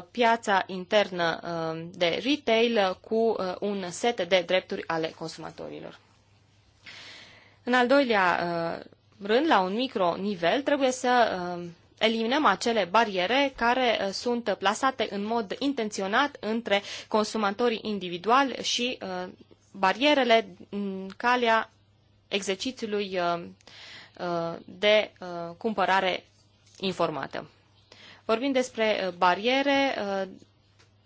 piața internă uh, de retail cu uh, un set de drepturi ale consumatorilor. În al doilea uh, rând, la un micro nivel, trebuie să eliminăm acele bariere care sunt plasate în mod intenționat între consumatorii individuali și barierele în calea exercițiului de cumpărare informată. Vorbim despre uh, bariere uh,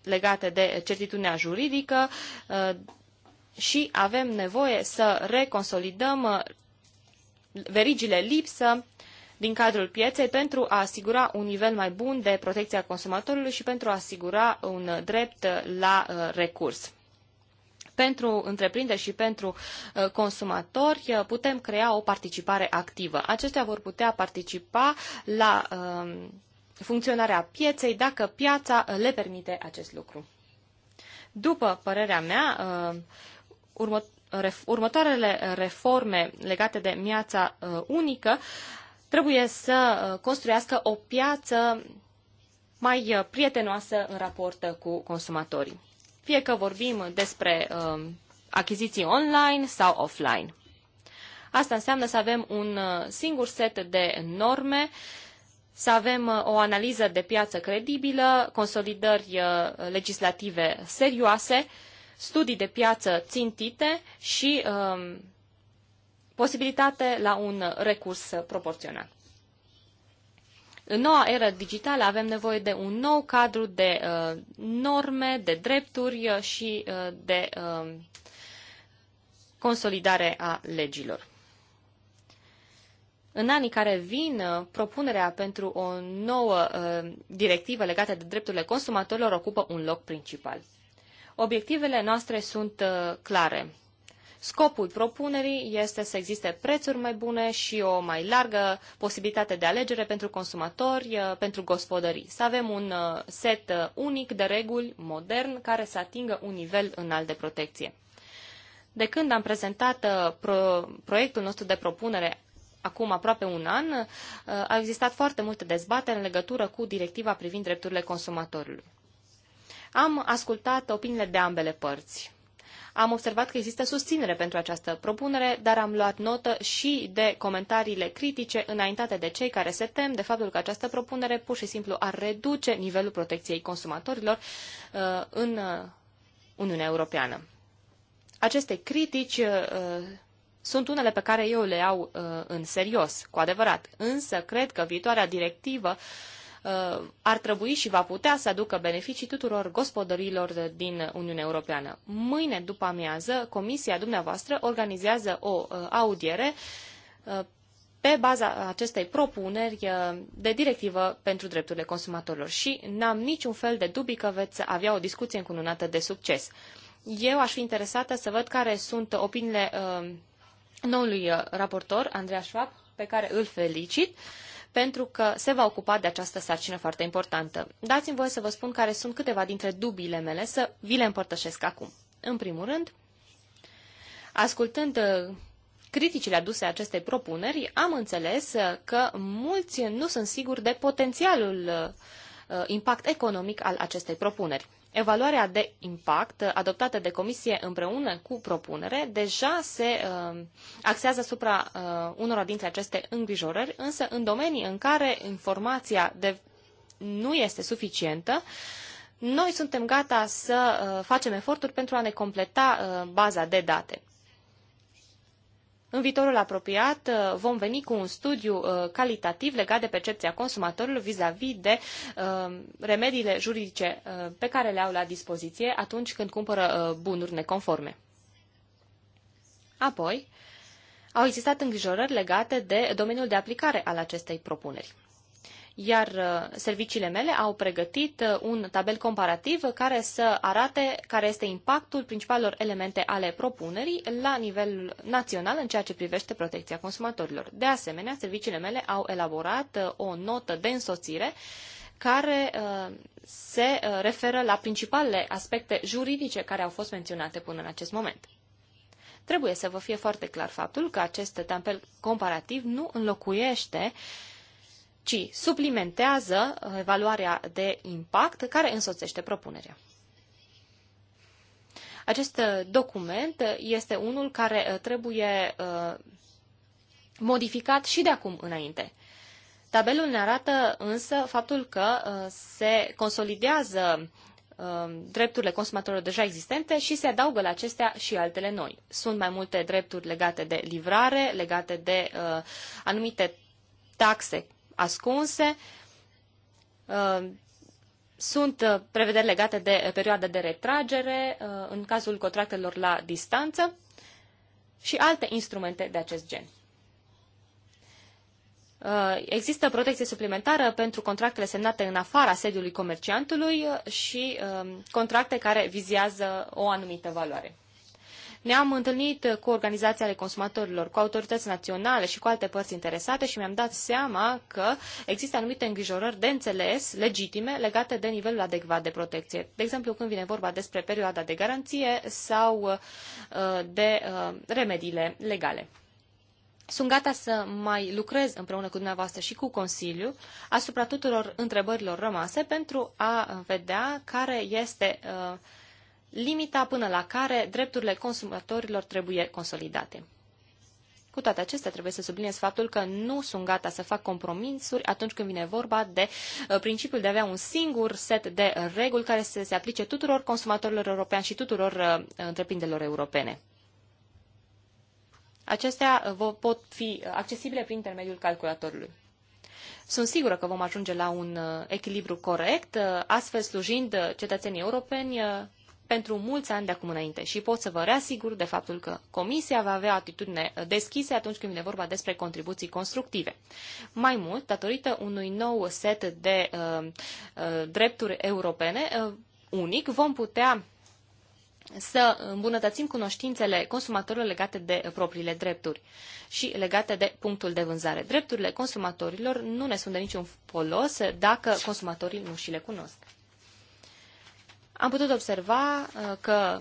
legate de certitudinea juridică uh, și avem nevoie să reconsolidăm verigile lipsă din cadrul pieței pentru a asigura un nivel mai bun de protecție a consumatorului și pentru a asigura un drept la recurs pentru întreprinderi și pentru consumatori putem crea o participare activă. Aceștia vor putea participa la funcționarea pieței dacă piața uh, le permite acest lucru. După părerea mea, uh, următoarele reforme legate de piața uh, unică trebuie să construiască o piață mai prietenoasă în raport cu consumatorii. Fie că vorbim despre achiziții online sau offline. Asta înseamnă să avem un singur set de norme uh, să avem uh, o analiză de piață credibilă, consolidări uh, legislative serioase, studii de piață țintite și um, posibilitate la un recurs proporțional. În noua eră digitală avem nevoie de un nou cadru de uh, norme, de drepturi uh, și uh, de uh, consolidare a legilor în anii care vin, uh, propunerea pentru o nouă uh, directivă legată de drepturile consumatorilor ocupă un loc principal. Obiectivele noastre sunt uh, clare. Scopul propunerii este să existe prețuri mai bune și o mai largă posibilitate de alegere pentru consumatori, pentru gospodării. Să avem un set unic de reguli modern care să atingă un nivel înalt de protecție. De când am prezentat proiectul nostru de propunere acum aproape un an, uh, a existat foarte multe dezbateri în legătură cu directiva privind drepturile consumatorului. Am ascultat opiniile de ambele părți. Am observat că există susținere pentru această propunere, dar am luat notă și de comentariile critice înaintate de cei care se tem de faptul că această propunere pur și simplu ar reduce nivelul protecției consumatorilor uh, în uh, Uniunea Europeană. Aceste critici sunt unele pe care eu le iau uh, în serios, cu adevărat, însă cred că viitoarea directivă uh, ar trebui și va putea să aducă beneficii tuturor gospodărilor din Uniunea Europeană. Mâine, după amiază, Comisia dumneavoastră organizează o uh, audiere uh, pe baza acestei propuneri uh, de directivă pentru drepturile consumatorilor și n-am niciun fel de dubii că veți avea o discuție încununată de succes. Eu aș fi interesată să văd care sunt opiniile uh, noului uh, raportor, Andreea Schwab, pe care îl felicit pentru că se va ocupa de această sarcină foarte importantă. Dați-mi voie să vă spun care sunt câteva dintre dubiile mele, să vi le împărtășesc acum. În primul rând, ascultând uh, criticile aduse acestei propuneri, am înțeles uh, că mulți nu sunt siguri de potențialul impact economic al acestei propuneri evaluarea de impact adoptată de comisie împreună cu propunere deja se uh, axează asupra uh, unora dintre aceste îngrijorări, însă în domenii în care informația de nu este suficientă, noi suntem gata să uh, facem eforturi pentru a ne completa uh, baza de date. În viitorul apropiat uh, vom veni cu un studiu uh, calitativ legat de percepția consumatorilor vis-a-vis de uh, remediile juridice pe care le au la dispoziție atunci când cumpără bunuri neconforme. Apoi, au existat îngrijorări legate de domeniul de aplicare al acestei propuneri iar uh, serviciile mele au pregătit uh, un tabel comparativ care să arate care este impactul principalelor elemente ale propunerii la nivel național în ceea ce privește protecția consumatorilor. De asemenea, serviciile mele au elaborat uh, o notă de însoțire care se referă la principalele aspecte juridice care au fost menționate până în acest moment. Trebuie să vă fie foarte clar faptul că acest tabel comparativ nu înlocuiește uh, ci suplimentează uh, evaluarea de impact care însoțește propunerea. Acest uh, document este unul care uh, trebuie modificat și de acum înainte. Tabelul ne arată însă faptul că se consolidează drepturile consumatorilor deja existente și se adaugă la acestea și altele noi. Sunt mai multe drepturi legate de livrare, legate de anumite taxe ascunse. Uh, sunt uh, prevederi legate de uh, perioada de retragere în cazul contractelor la distanță și alte instrumente de acest gen. Există protecție suplimentară pentru contractele semnate în afara sediului comerciantului și contracte care vizează o anumită valoare. Ne-am întâlnit cu organizații ale consumatorilor, cu autorități naționale și cu alte părți interesate și mi-am dat seama că există anumite îngrijorări de înțeles, legitime, legate de nivelul adecvat de protecție. De exemplu, când vine vorba despre perioada de garanție sau uh, de uh, remediile legale. Sunt gata să mai lucrez împreună cu dumneavoastră și cu Consiliu asupra tuturor întrebărilor rămase pentru a vedea care este uh, limita până la care drepturile consumatorilor trebuie consolidate. Cu toate acestea, trebuie să subliniez faptul că nu sunt gata să fac compromisuri atunci când vine vorba de uh, principiul de a avea un singur set de reguli care să se aplice tuturor consumatorilor europeni și tuturor uh, întreprinderilor europene. Acestea uh, pot fi accesibile prin intermediul calculatorului. Sunt sigură că vom ajunge la un echilibru corect, astfel slujind cetățenii europeni, pentru mulți ani de acum înainte și pot să vă reasigur de faptul că Comisia va avea atitudine deschise atunci când vine vorba despre contribuții constructive. Mai mult, datorită unui nou set de uh, uh, drepturi europene uh, unic, vom putea să îmbunătățim cunoștințele consumatorilor legate de propriile drepturi și legate de punctul de vânzare. Drepturile consumatorilor nu ne sunt de niciun folos dacă consumatorii nu și le cunosc am putut observa uh, că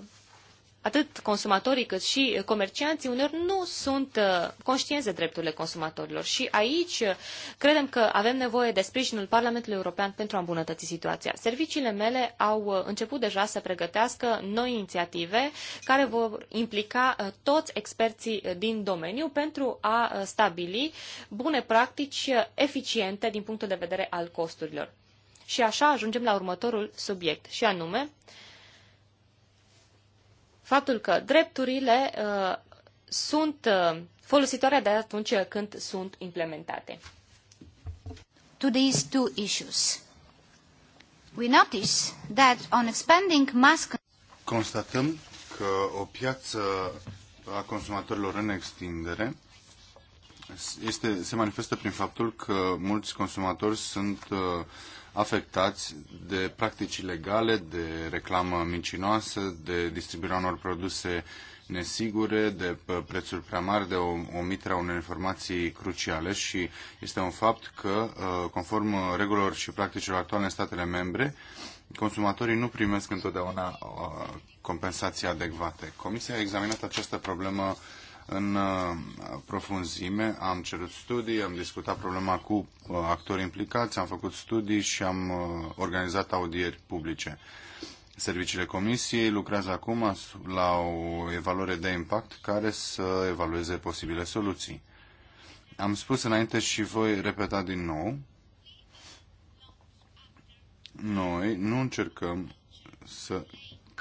atât consumatorii cât și comercianții uneori nu sunt uh, conștienți de drepturile consumatorilor. Și aici uh, credem că avem nevoie de sprijinul Parlamentului European pentru a îmbunătăți situația. Serviciile mele au început deja să pregătească noi inițiative care vor implica toți experții din domeniu pentru a stabili bune practici eficiente din punctul de vedere al costurilor. Și așa ajungem la următorul subiect, și anume faptul că drepturile uh, sunt uh, folositoare de atunci când sunt implementate. To these two issues. We notice that on expanding mass Constatăm că o piață a consumatorilor în extindere este, se manifestă prin faptul că mulți consumatori sunt uh, afectați de practici ilegale, de reclamă mincinoasă, de distribuirea unor produse nesigure, de prețuri prea mari, de omiterea unor informații cruciale și este un fapt că, uh, conform regulilor și practicilor actuale în statele membre, consumatorii nu primesc întotdeauna uh, compensații adecvate. Comisia a examinat această problemă în uh, profunzime, am cerut studii, am discutat problema cu uh, actori implicați, am făcut studii și am uh, organizat audieri publice. Serviciile Comisiei lucrează acum la o evaluare de impact care să evalueze posibile soluții. Am spus înainte și voi repeta din nou, noi nu încercăm să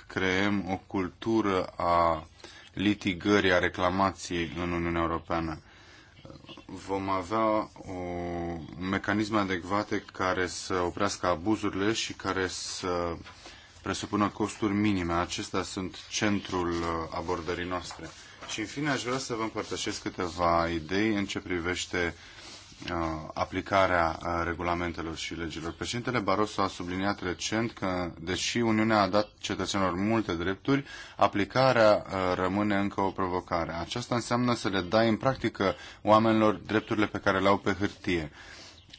creăm o cultură a litigării, a reclamației în Uniunea Europeană. Vom avea o, mecanisme adecvate care să oprească abuzurile și care să presupună costuri minime. Acestea sunt centrul uh, abordării noastre. Și în fine aș vrea să vă împărtășesc câteva idei în ce privește Uh, aplicarea uh, regulamentelor și legilor. Președintele Barroso a subliniat recent că, deși Uniunea a dat cetățenilor multe drepturi, aplicarea uh, rămâne încă o provocare. Aceasta înseamnă să le dai în practică oamenilor drepturile pe care le au pe hârtie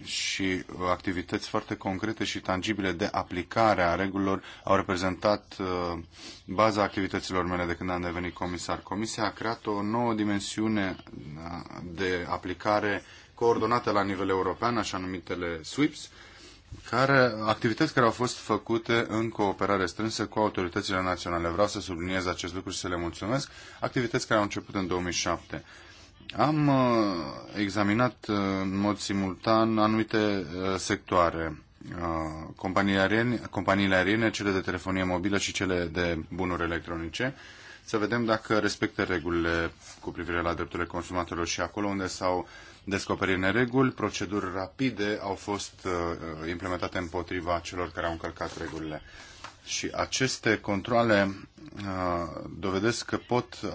și activități foarte concrete și tangibile de aplicare a regulilor au reprezentat baza activităților mele de când am devenit comisar. Comisia a creat o nouă dimensiune de aplicare coordonate la nivel european, așa numitele SWIPS, care, activități care au fost făcute în cooperare strânsă cu autoritățile naționale. Vreau să subliniez acest lucru și să le mulțumesc. Activități care au început în 2007. Am uh, examinat uh, în mod simultan anumite uh, sectoare. Companiile aeriene, companiile aeriene, cele de telefonie mobilă și cele de bunuri electronice, să vedem dacă respectă regulile cu privire la drepturile consumatorilor și acolo unde s-au descoperi nereguli. Proceduri rapide au fost uh, implementate împotriva celor care au încălcat regulile. Și aceste controle uh, dovedesc că pot uh,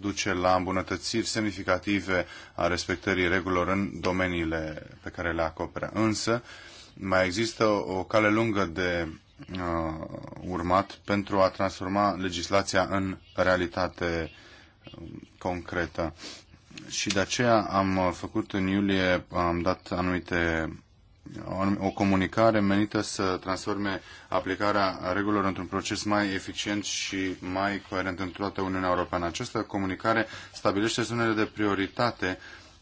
duce la îmbunătățiri semnificative a respectării regulilor în domeniile pe care le acoperă. Însă, mai există o cale lungă de uh, urmat pentru a transforma legislația în realitate concretă și de aceea am uh, făcut în iulie, am dat anumite o comunicare menită să transforme aplicarea regulilor într-un proces mai eficient și mai coerent în toată Uniunea Europeană. Această comunicare stabilește zonele de prioritate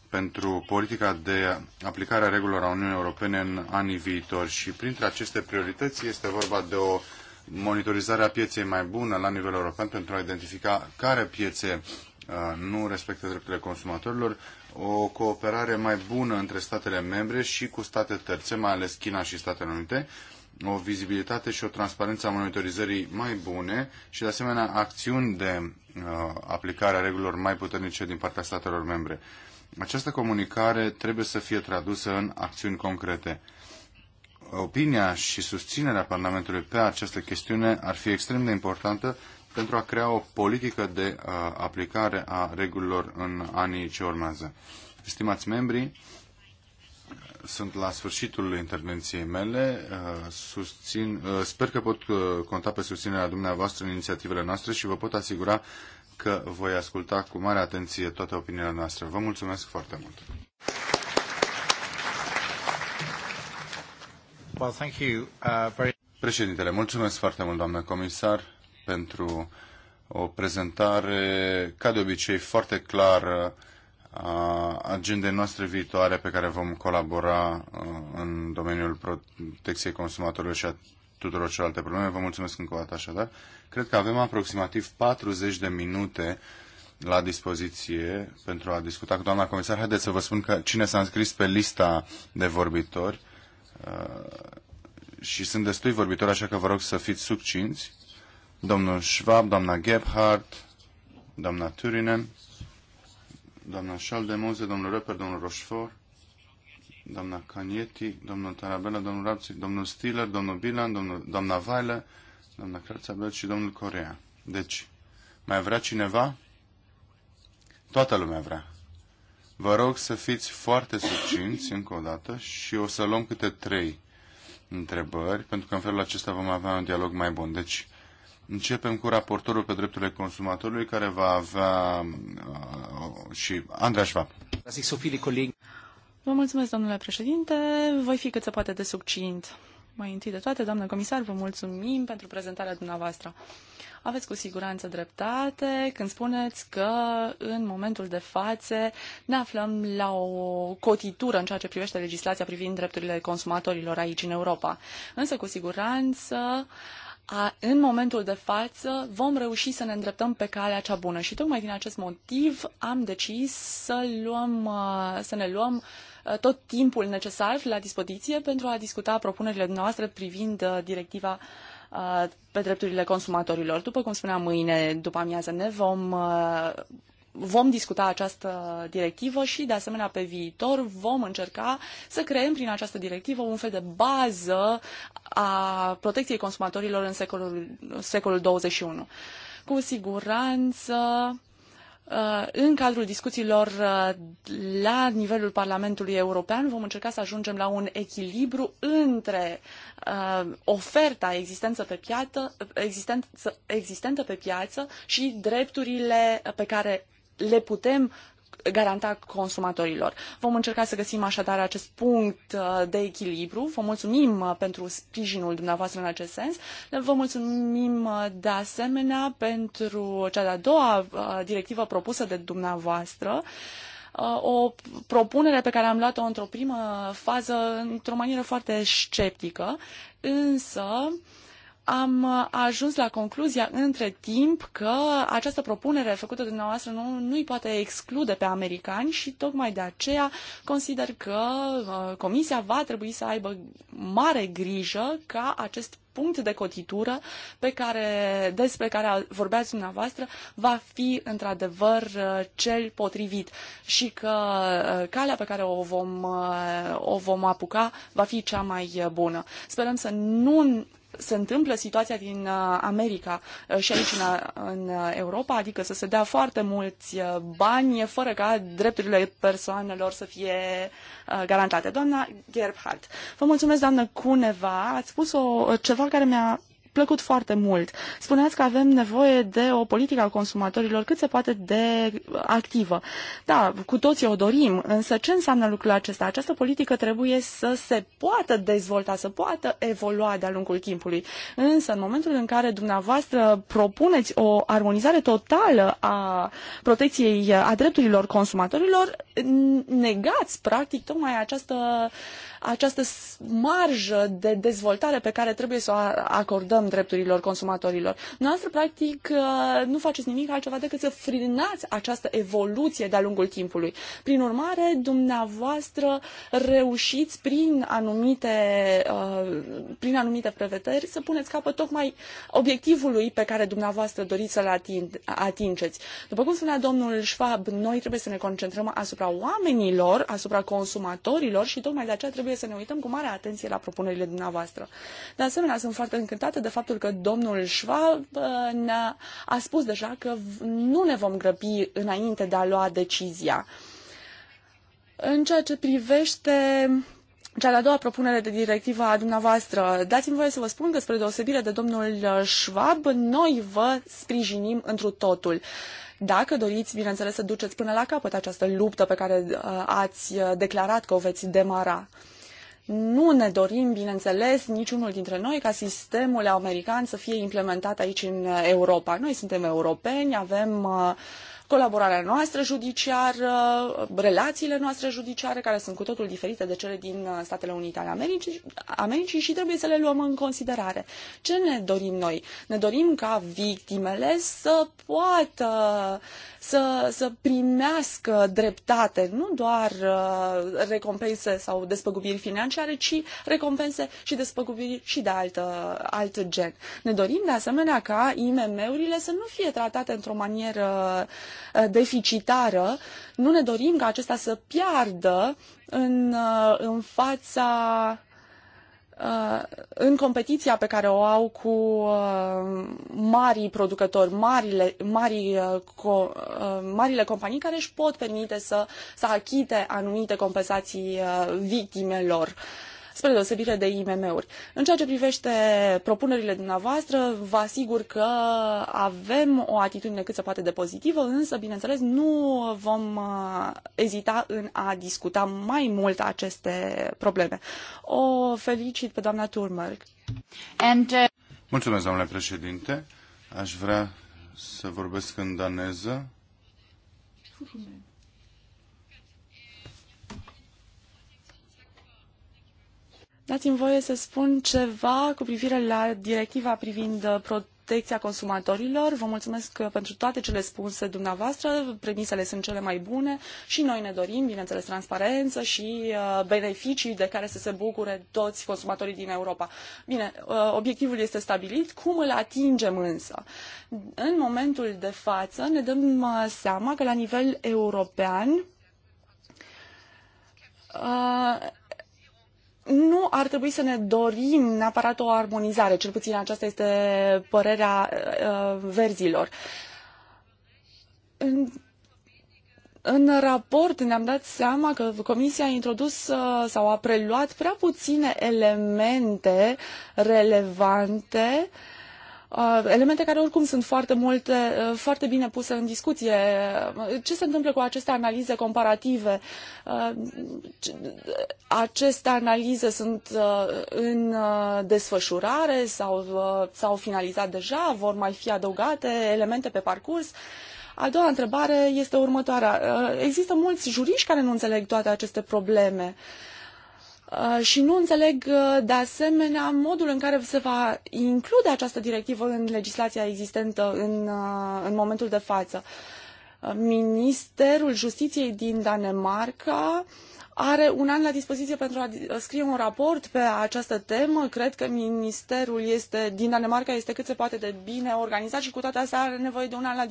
pentru politica de aplicare a regulilor a Uniunii Europene în anii viitori și printre aceste priorități este vorba de o monitorizare a pieței mai bună la nivel european pentru a identifica care piețe nu respectă drepturile consumatorilor, o cooperare mai bună între statele membre și cu state terțe, mai ales China și Statele Unite, o vizibilitate și o transparență a monitorizării mai bune și, de asemenea, acțiuni de uh, aplicare a regulilor mai puternice din partea statelor membre. Această comunicare trebuie să fie tradusă în acțiuni concrete. Opinia și susținerea Parlamentului pe această chestiune ar fi extrem de importantă pentru a crea o politică de uh, aplicare a regulilor în anii ce urmează. Stimați membri, sunt la sfârșitul intervenției mele. Uh, susțin, uh, sper că pot conta pe susținerea dumneavoastră în inițiativele noastre și vă pot asigura că voi asculta cu mare atenție toate opiniile noastre. Vă mulțumesc foarte mult! Președintele, mulțumesc foarte mult, doamnă comisar pentru o prezentare, ca de obicei, foarte clară a agendei noastre viitoare pe care vom colabora uh, în domeniul protecției consumatorilor și a tuturor celelalte probleme. Vă mulțumesc încă o dată așadar. Cred că avem aproximativ 40 de minute la dispoziție pentru a discuta cu doamna comisar. Haideți să vă spun că cine s-a înscris pe lista de vorbitori uh, și sunt destui vorbitori, așa că vă rog să fiți succinți domnul Schwab, doamna Gebhardt, doamna Turinen, doamna Schaldemose, domnul Röper, domnul Rochefort, doamna Canieti, domnul Tarabella, domnul Rapsi, domnul Stiller, domnul Bilan, domnul, doamna Vaile, doamna Crațabel și domnul Corea. Deci, mai vrea cineva? Toată lumea vrea. Vă rog să fiți foarte succinți încă o dată și o să luăm câte trei întrebări, pentru că în felul acesta vom avea un dialog mai bun. Deci, Începem cu raportorul pe drepturile consumatorului care va avea uh, și Andrea Schwab. Vă mulțumesc, domnule președinte. Voi fi cât se poate de succint. Mai întâi de toate, doamnă comisar, vă mulțumim pentru prezentarea dumneavoastră. Aveți cu siguranță dreptate când spuneți că în momentul de față ne aflăm la o cotitură în ceea ce privește legislația privind drepturile consumatorilor aici în Europa. Însă, cu siguranță, a, în momentul de față vom reuși să ne îndreptăm pe calea cea bună și tocmai din acest motiv am decis să, luăm, uh, să ne luăm uh, tot timpul necesar la dispoziție pentru a discuta propunerile noastre privind uh, directiva pe drepturile consumatorilor. După cum spuneam, mâine după amiază ne vom vom discuta această directivă și, de asemenea, pe viitor vom încerca să creăm prin această directivă un fel de bază a protecției consumatorilor în secolul, secolul 21. Cu siguranță uh, în cadrul discuțiilor uh, la nivelul Parlamentului European vom încerca să ajungem la un echilibru între uh, oferta existență pe piață, existență, existentă pe piață și drepturile pe care le putem garanta consumatorilor. Vom încerca să găsim așadar acest punct uh, de echilibru. Vă mulțumim uh, pentru sprijinul dumneavoastră în acest sens. Vă mulțumim uh, de asemenea pentru cea de-a doua directivă propusă de dumneavoastră o propunere pe care am luat-o într-o primă fază într-o manieră foarte sceptică, însă uh, am uh, ajuns la concluzia între timp că această propunere făcută de dumneavoastră nu, nu îi poate exclude pe americani și tocmai de aceea consider că uh, Comisia va trebui să aibă mare grijă ca acest punct de cotitură pe care, despre care vorbeați dumneavoastră va fi într-adevăr uh, cel potrivit și că uh, calea pe care o vom, o vom apuca va fi cea mai bună. Sperăm să nu se întâmplă situația din uh, America uh, și aici în, uh, Europa, adică să se dea foarte mulți bani fără ca drepturile persoanelor să fie garantate. Doamna Gerbhardt, vă mulțumesc, doamnă Cuneva, ați spus o, ceva care mi-a plăcut foarte mult. Spuneați că avem nevoie de o politică a consumatorilor cât se poate de activă. Da, cu toții o dorim, însă ce înseamnă lucrul acesta? Această politică trebuie să se poată dezvolta, să poată evolua de-a lungul timpului. Însă, în momentul în care dumneavoastră propuneți o armonizare totală a protecției a drepturilor consumatorilor, negați, practic, tocmai această această marjă de dezvoltare pe care trebuie să o acordăm drepturilor consumatorilor. Noastră, practic, uh, nu faceți nimic altceva decât să frinați această evoluție de-a lungul timpului. Prin urmare, dumneavoastră reușiți prin anumite, uh, prin anumite prevederi să puneți capăt tocmai obiectivului pe care dumneavoastră doriți să-l atingeți. După cum spunea domnul Schwab, noi trebuie să ne concentrăm asupra oamenilor, asupra consumatorilor și tocmai de aceea trebuie să ne uităm cu mare atenție la propunerile dumneavoastră. De asemenea, sunt foarte încântată de faptul că domnul Schwab uh, ne-a a spus deja că nu ne vom grăbi înainte de a lua decizia. În ceea ce privește cea de-a doua propunere de directivă a dumneavoastră. Dați-mi voie să vă spun că, spre deosebire de domnul Schwab, noi vă sprijinim întru totul. Dacă doriți, bineînțeles, să duceți până la capăt această luptă pe care uh, ați uh, declarat că o veți demara. Nu ne dorim, bineînțeles, niciunul dintre noi ca sistemul american să fie implementat aici în Europa. Noi suntem europeni, avem uh, colaborarea noastră judiciară, relațiile noastre judiciare, care sunt cu totul diferite de cele din uh, Statele Unite ale Americii, Americii și trebuie să le luăm în considerare. Ce ne dorim noi? Ne dorim ca victimele să poată să, să primească dreptate, nu doar uh, recompense sau despăgubiri financiare, ci recompense și despăgubiri și de altă, alt gen. Ne dorim de asemenea ca IMM-urile să nu fie tratate într-o manieră uh, deficitară, nu ne dorim ca acesta să piardă în, uh, în fața Uh, în competiția pe care o au cu uh, marii producători, marile, mari, uh, co, marile companii care își pot permite să, să achite anumite compensații victimelor. Uh, spre deosebire de IMM-uri. În ceea ce privește propunerile dumneavoastră, vă asigur că avem o atitudine cât se poate de pozitivă, însă, bineînțeles, nu vom uh, ezita în a discuta mai mult aceste probleme. O felicit pe doamna Turmerg. And, uh... Mulțumesc, domnule președinte. Aș vrea să vorbesc în daneză. Dați-mi voie să spun ceva cu privire la directiva privind uh, protecția consumatorilor. Vă mulțumesc uh, pentru toate cele spuse dumneavoastră. Premisele sunt cele mai bune și noi ne dorim, bineînțeles, transparență și uh, beneficii de care să se bucure toți consumatorii din Europa. Bine, obiectivul este stabilit. Cum îl atingem însă? În momentul de față ne dăm seama că la nivel european nu ar trebui să ne dorim neapărat o armonizare, cel puțin aceasta este părerea uh, verzilor. În, în raport ne-am dat seama că Comisia a introdus uh, sau a preluat prea puține elemente relevante uh, Uh, elemente care oricum sunt foarte multe, uh, foarte bine puse în discuție. Uh, ce se întâmplă cu aceste analize comparative? Aceste analize sunt în desfășurare sau s-au finalizat deja? Vor mai fi adăugate elemente pe parcurs? A doua întrebare este următoarea. Există mulți juriști care nu înțeleg toate aceste probleme. Uh, Uh, și nu înțeleg, uh, de asemenea, modul în care se va include această directivă în legislația existentă în, uh, în momentul de față. Ministerul Justiției din Danemarca are un an la dispoziție pentru a scrie un raport pe această temă. Cred că ministerul este, din Danemarca este cât se poate de bine organizat și cu toate astea are nevoie de un an la,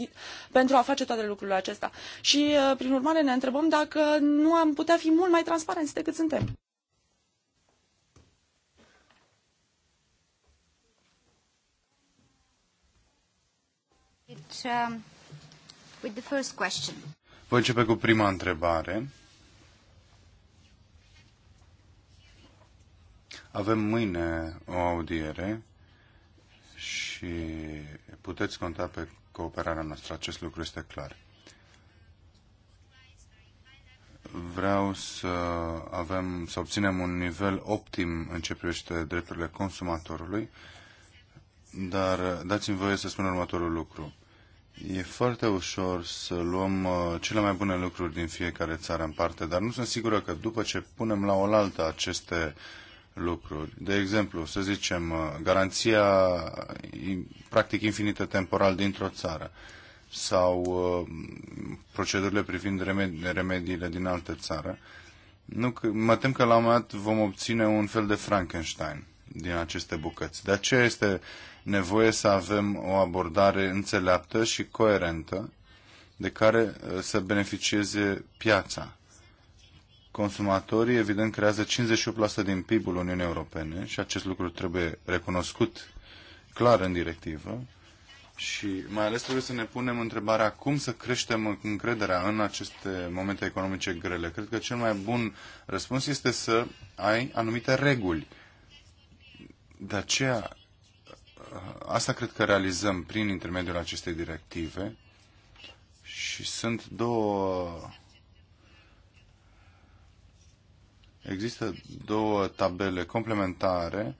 pentru a face toate lucrurile acestea. Și, prin urmare, ne întrebăm dacă nu am putea fi mult mai transparenți decât suntem. Deci, um, with the first question. Voi începe cu prima întrebare. Avem mâine o audiere și puteți conta pe cooperarea noastră. Acest lucru este clar. Vreau să avem, să obținem un nivel optim în ce privește drepturile consumatorului, dar dați-mi voie să spun următorul lucru. E foarte ușor să luăm uh, cele mai bune lucruri din fiecare țară în parte, dar nu sunt sigură că după ce punem la oaltă aceste lucruri, de exemplu, să zicem, uh, garanția practic infinită temporal dintr-o țară sau uh, procedurile privind remediile din altă țară, nu, mă tem că la un moment dat vom obține un fel de Frankenstein din aceste bucăți. De aceea este nevoie să avem o abordare înțeleaptă și coerentă de care uh, să beneficieze piața. Consumatorii, evident, creează 58% din PIB-ul Uniunii Europene și acest lucru trebuie recunoscut clar în directivă și mai ales trebuie să ne punem întrebarea cum să creștem încrederea în aceste momente economice grele. Cred că cel mai bun răspuns este să ai anumite reguli. De aceea asta cred că realizăm prin intermediul acestei directive și sunt două Există două tabele complementare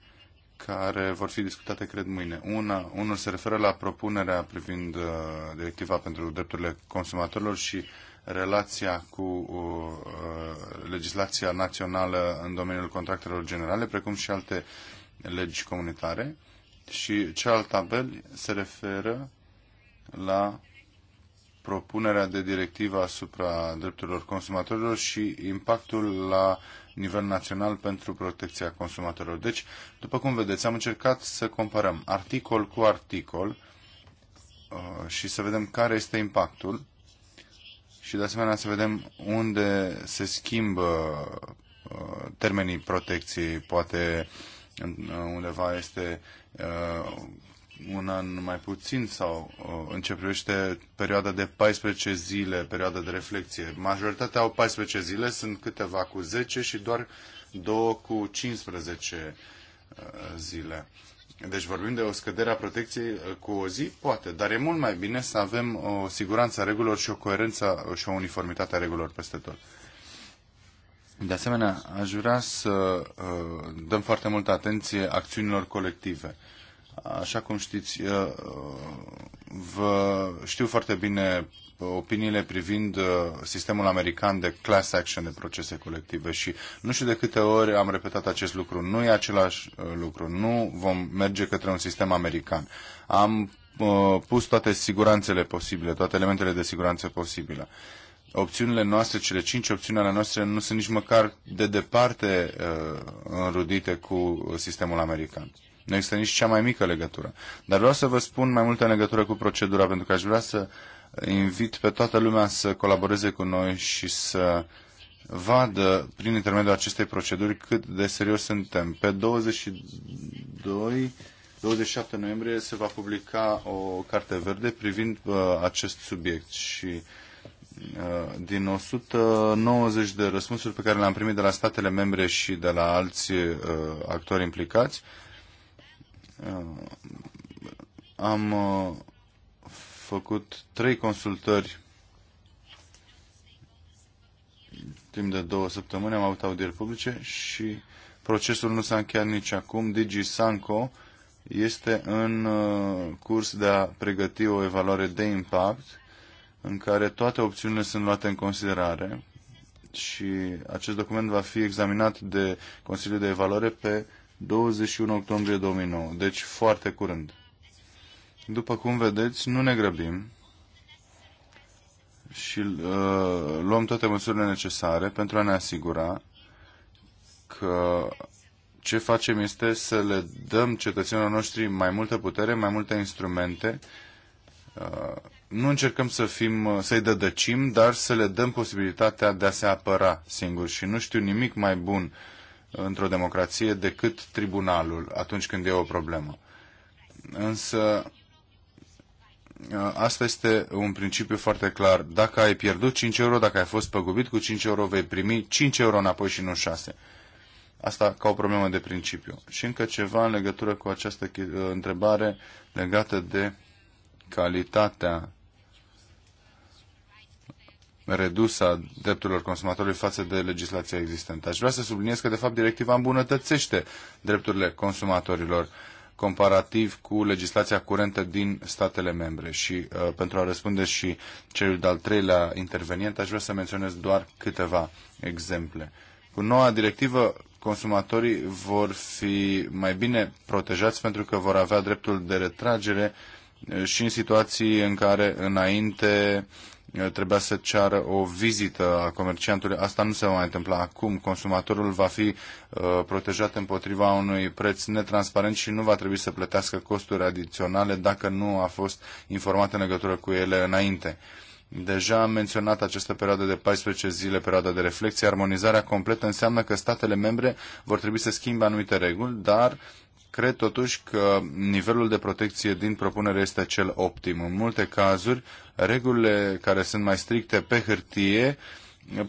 care vor fi discutate, cred, mâine. Una, unul se referă la propunerea privind uh, directiva pentru drepturile consumatorilor și relația cu uh, uh legislația națională în domeniul contractelor generale, precum și alte legi comunitare. Și cealaltă tabel se referă la propunerea de directivă asupra drepturilor consumatorilor și impactul la nivel național pentru protecția consumatorilor. Deci, după cum vedeți, am încercat să comparăm articol cu articol uh, și să vedem care este impactul și de asemenea să vedem unde se schimbă uh, termenii protecției, poate uh, Uh, undeva este uh, un an mai puțin sau uh, în ce privește perioada de 14 zile, perioada de reflexie. Majoritatea au 14 zile, sunt câteva cu 10 și doar două cu 15 zile. Deci vorbim de o scădere a protecției cu o zi? Poate, dar e mult mai bine să avem o siguranță a regulilor și o coerență și o uniformitate a regulilor peste tot. De asemenea, aș vrea să uh, dăm foarte multă atenție acțiunilor colective. Așa cum știți, uh, vă știu foarte bine opiniile privind uh, sistemul american de class action de procese colective și nu știu de câte ori am repetat acest lucru. Nu e același uh, lucru. Nu vom merge către un sistem american. Am uh, pus toate siguranțele posibile, toate elementele de siguranță posibile. Uh, opțiunile noastre, cele cinci opțiuni ale noastre, nu sunt nici măcar de departe uh, înrudite cu sistemul american. Nu există nici cea mai mică legătură. Dar vreau să vă spun mai multe legătură cu procedura, pentru că aș vrea să invit pe toată lumea să colaboreze cu noi și să vadă prin intermediul acestei proceduri cât de serios suntem. Pe 22 27 noiembrie se va publica o carte verde privind uh, acest subiect și uh, Uh, din 190 de răspunsuri pe care le-am primit de la statele membre și de la alți uh, actori implicați, uh, am făcut trei consultări timp de două săptămâni, am avut audieri publice și procesul nu s-a încheiat nici acum. Digi Sanco este în curs de a pregăti o evaluare de impact în care toate opțiunile sunt luate în considerare și acest document va fi examinat de Consiliul de Evaluare pe 21 octombrie 2009, deci foarte curând. După cum vedeți, nu ne grăbim și uh, luăm toate măsurile necesare pentru a ne asigura că ce facem este să le dăm cetățenilor noștri mai multă putere, mai multe instrumente uh, nu încercăm să fim, să-i dădăcim, dar să le dăm posibilitatea de a se apăra singuri. Și nu știu nimic mai bun într-o democrație decât tribunalul atunci când e o problemă. Însă asta este un principiu foarte clar. Dacă ai pierdut 5 euro, dacă ai fost păgubit cu 5 euro, vei primi 5 euro înapoi și nu 6. Asta ca o problemă de principiu. Și încă ceva în legătură cu această întrebare legată de calitatea redusă a drepturilor consumatorului față de legislația existentă. Aș vrea să subliniez că, de fapt, directiva îmbunătățește drepturile consumatorilor comparativ cu legislația curentă din statele membre. Și uh, pentru a răspunde și celui de-al treilea intervenient, aș vrea să menționez doar câteva exemple. Cu noua directivă, consumatorii vor fi mai bine protejați pentru că vor avea dreptul de retragere uh, și în situații în care înainte trebuia să ceară o vizită a comerciantului. Asta nu se va mai întâmpla acum. Consumatorul va fi uh, protejat împotriva unui preț netransparent și nu va trebui să plătească costuri adiționale dacă nu a fost informat în legătură cu ele înainte. Deja am menționat această perioadă de 14 zile, perioada de reflexie. Armonizarea completă înseamnă că statele membre vor trebui să schimbe anumite reguli, dar cred totuși că nivelul de protecție din propunere este cel optim. În multe cazuri, regulile care sunt mai stricte pe hârtie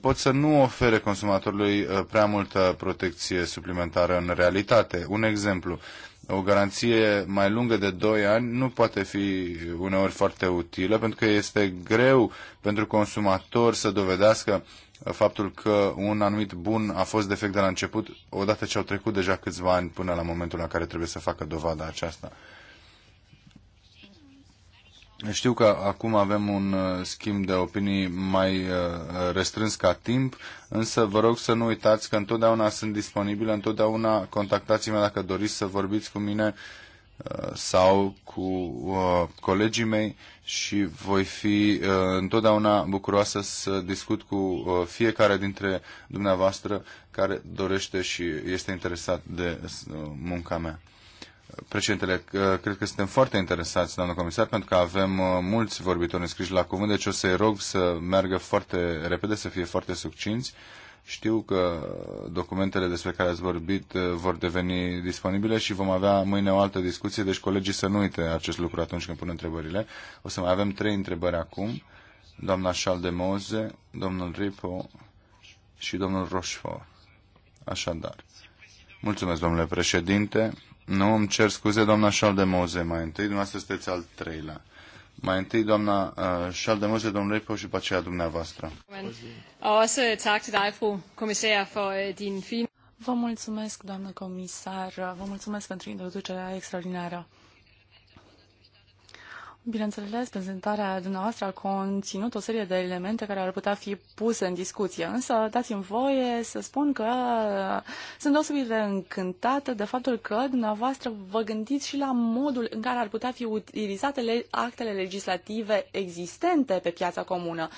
pot să nu ofere consumatorului uh, prea multă protecție suplimentară în realitate. Un exemplu, o garanție mai lungă de 2 ani nu poate fi uneori foarte utilă pentru că este greu pentru consumator să dovedească uh, faptul că un anumit bun a fost defect de la început odată ce au trecut deja câțiva ani până la momentul la care trebuie să facă dovada aceasta. Știu că acum avem un uh, schimb de opinii mai uh, restrâns ca timp, însă vă rog să nu uitați că întotdeauna sunt disponibile, întotdeauna contactați-mă dacă doriți să vorbiți cu mine uh, sau cu colegii mei și voi fi întotdeauna bucuroasă să discut cu fiecare dintre dumneavoastră care dorește și este interesat de munca mea. Președintele, cred că suntem foarte interesați, doamnă comisar, pentru că avem uh, mulți vorbitori înscriși la cuvânt, deci o să-i rog să meargă foarte repede, să fie foarte succinți. Știu că documentele despre care ați vorbit uh, vor deveni disponibile și vom avea mâine o altă discuție, deci colegii să nu uite acest lucru atunci când pun întrebările. O să mai avem trei întrebări acum. Doamna Moze, domnul Ripo și domnul Roșfor. Așadar. Mulțumesc, domnule președinte. Nu, îmi cer scuze, doamna Moze, mai întâi, dumneavoastră sunteți al treilea. Mai întâi, doamna uh, Moze, domnul Repo și după aceea dumneavoastră. Øh, vă mulțumesc, doamnă comisar, vă mulțumesc pentru introducerea extraordinară. Bineînțeles, prezentarea dumneavoastră a conținut o serie de elemente care ar putea fi puse în discuție, însă dați-mi voie să spun că sunt deosebit de încântată de faptul că dumneavoastră vă gândiți și la modul în care ar putea fi utilizate actele legislative existente pe piața comună.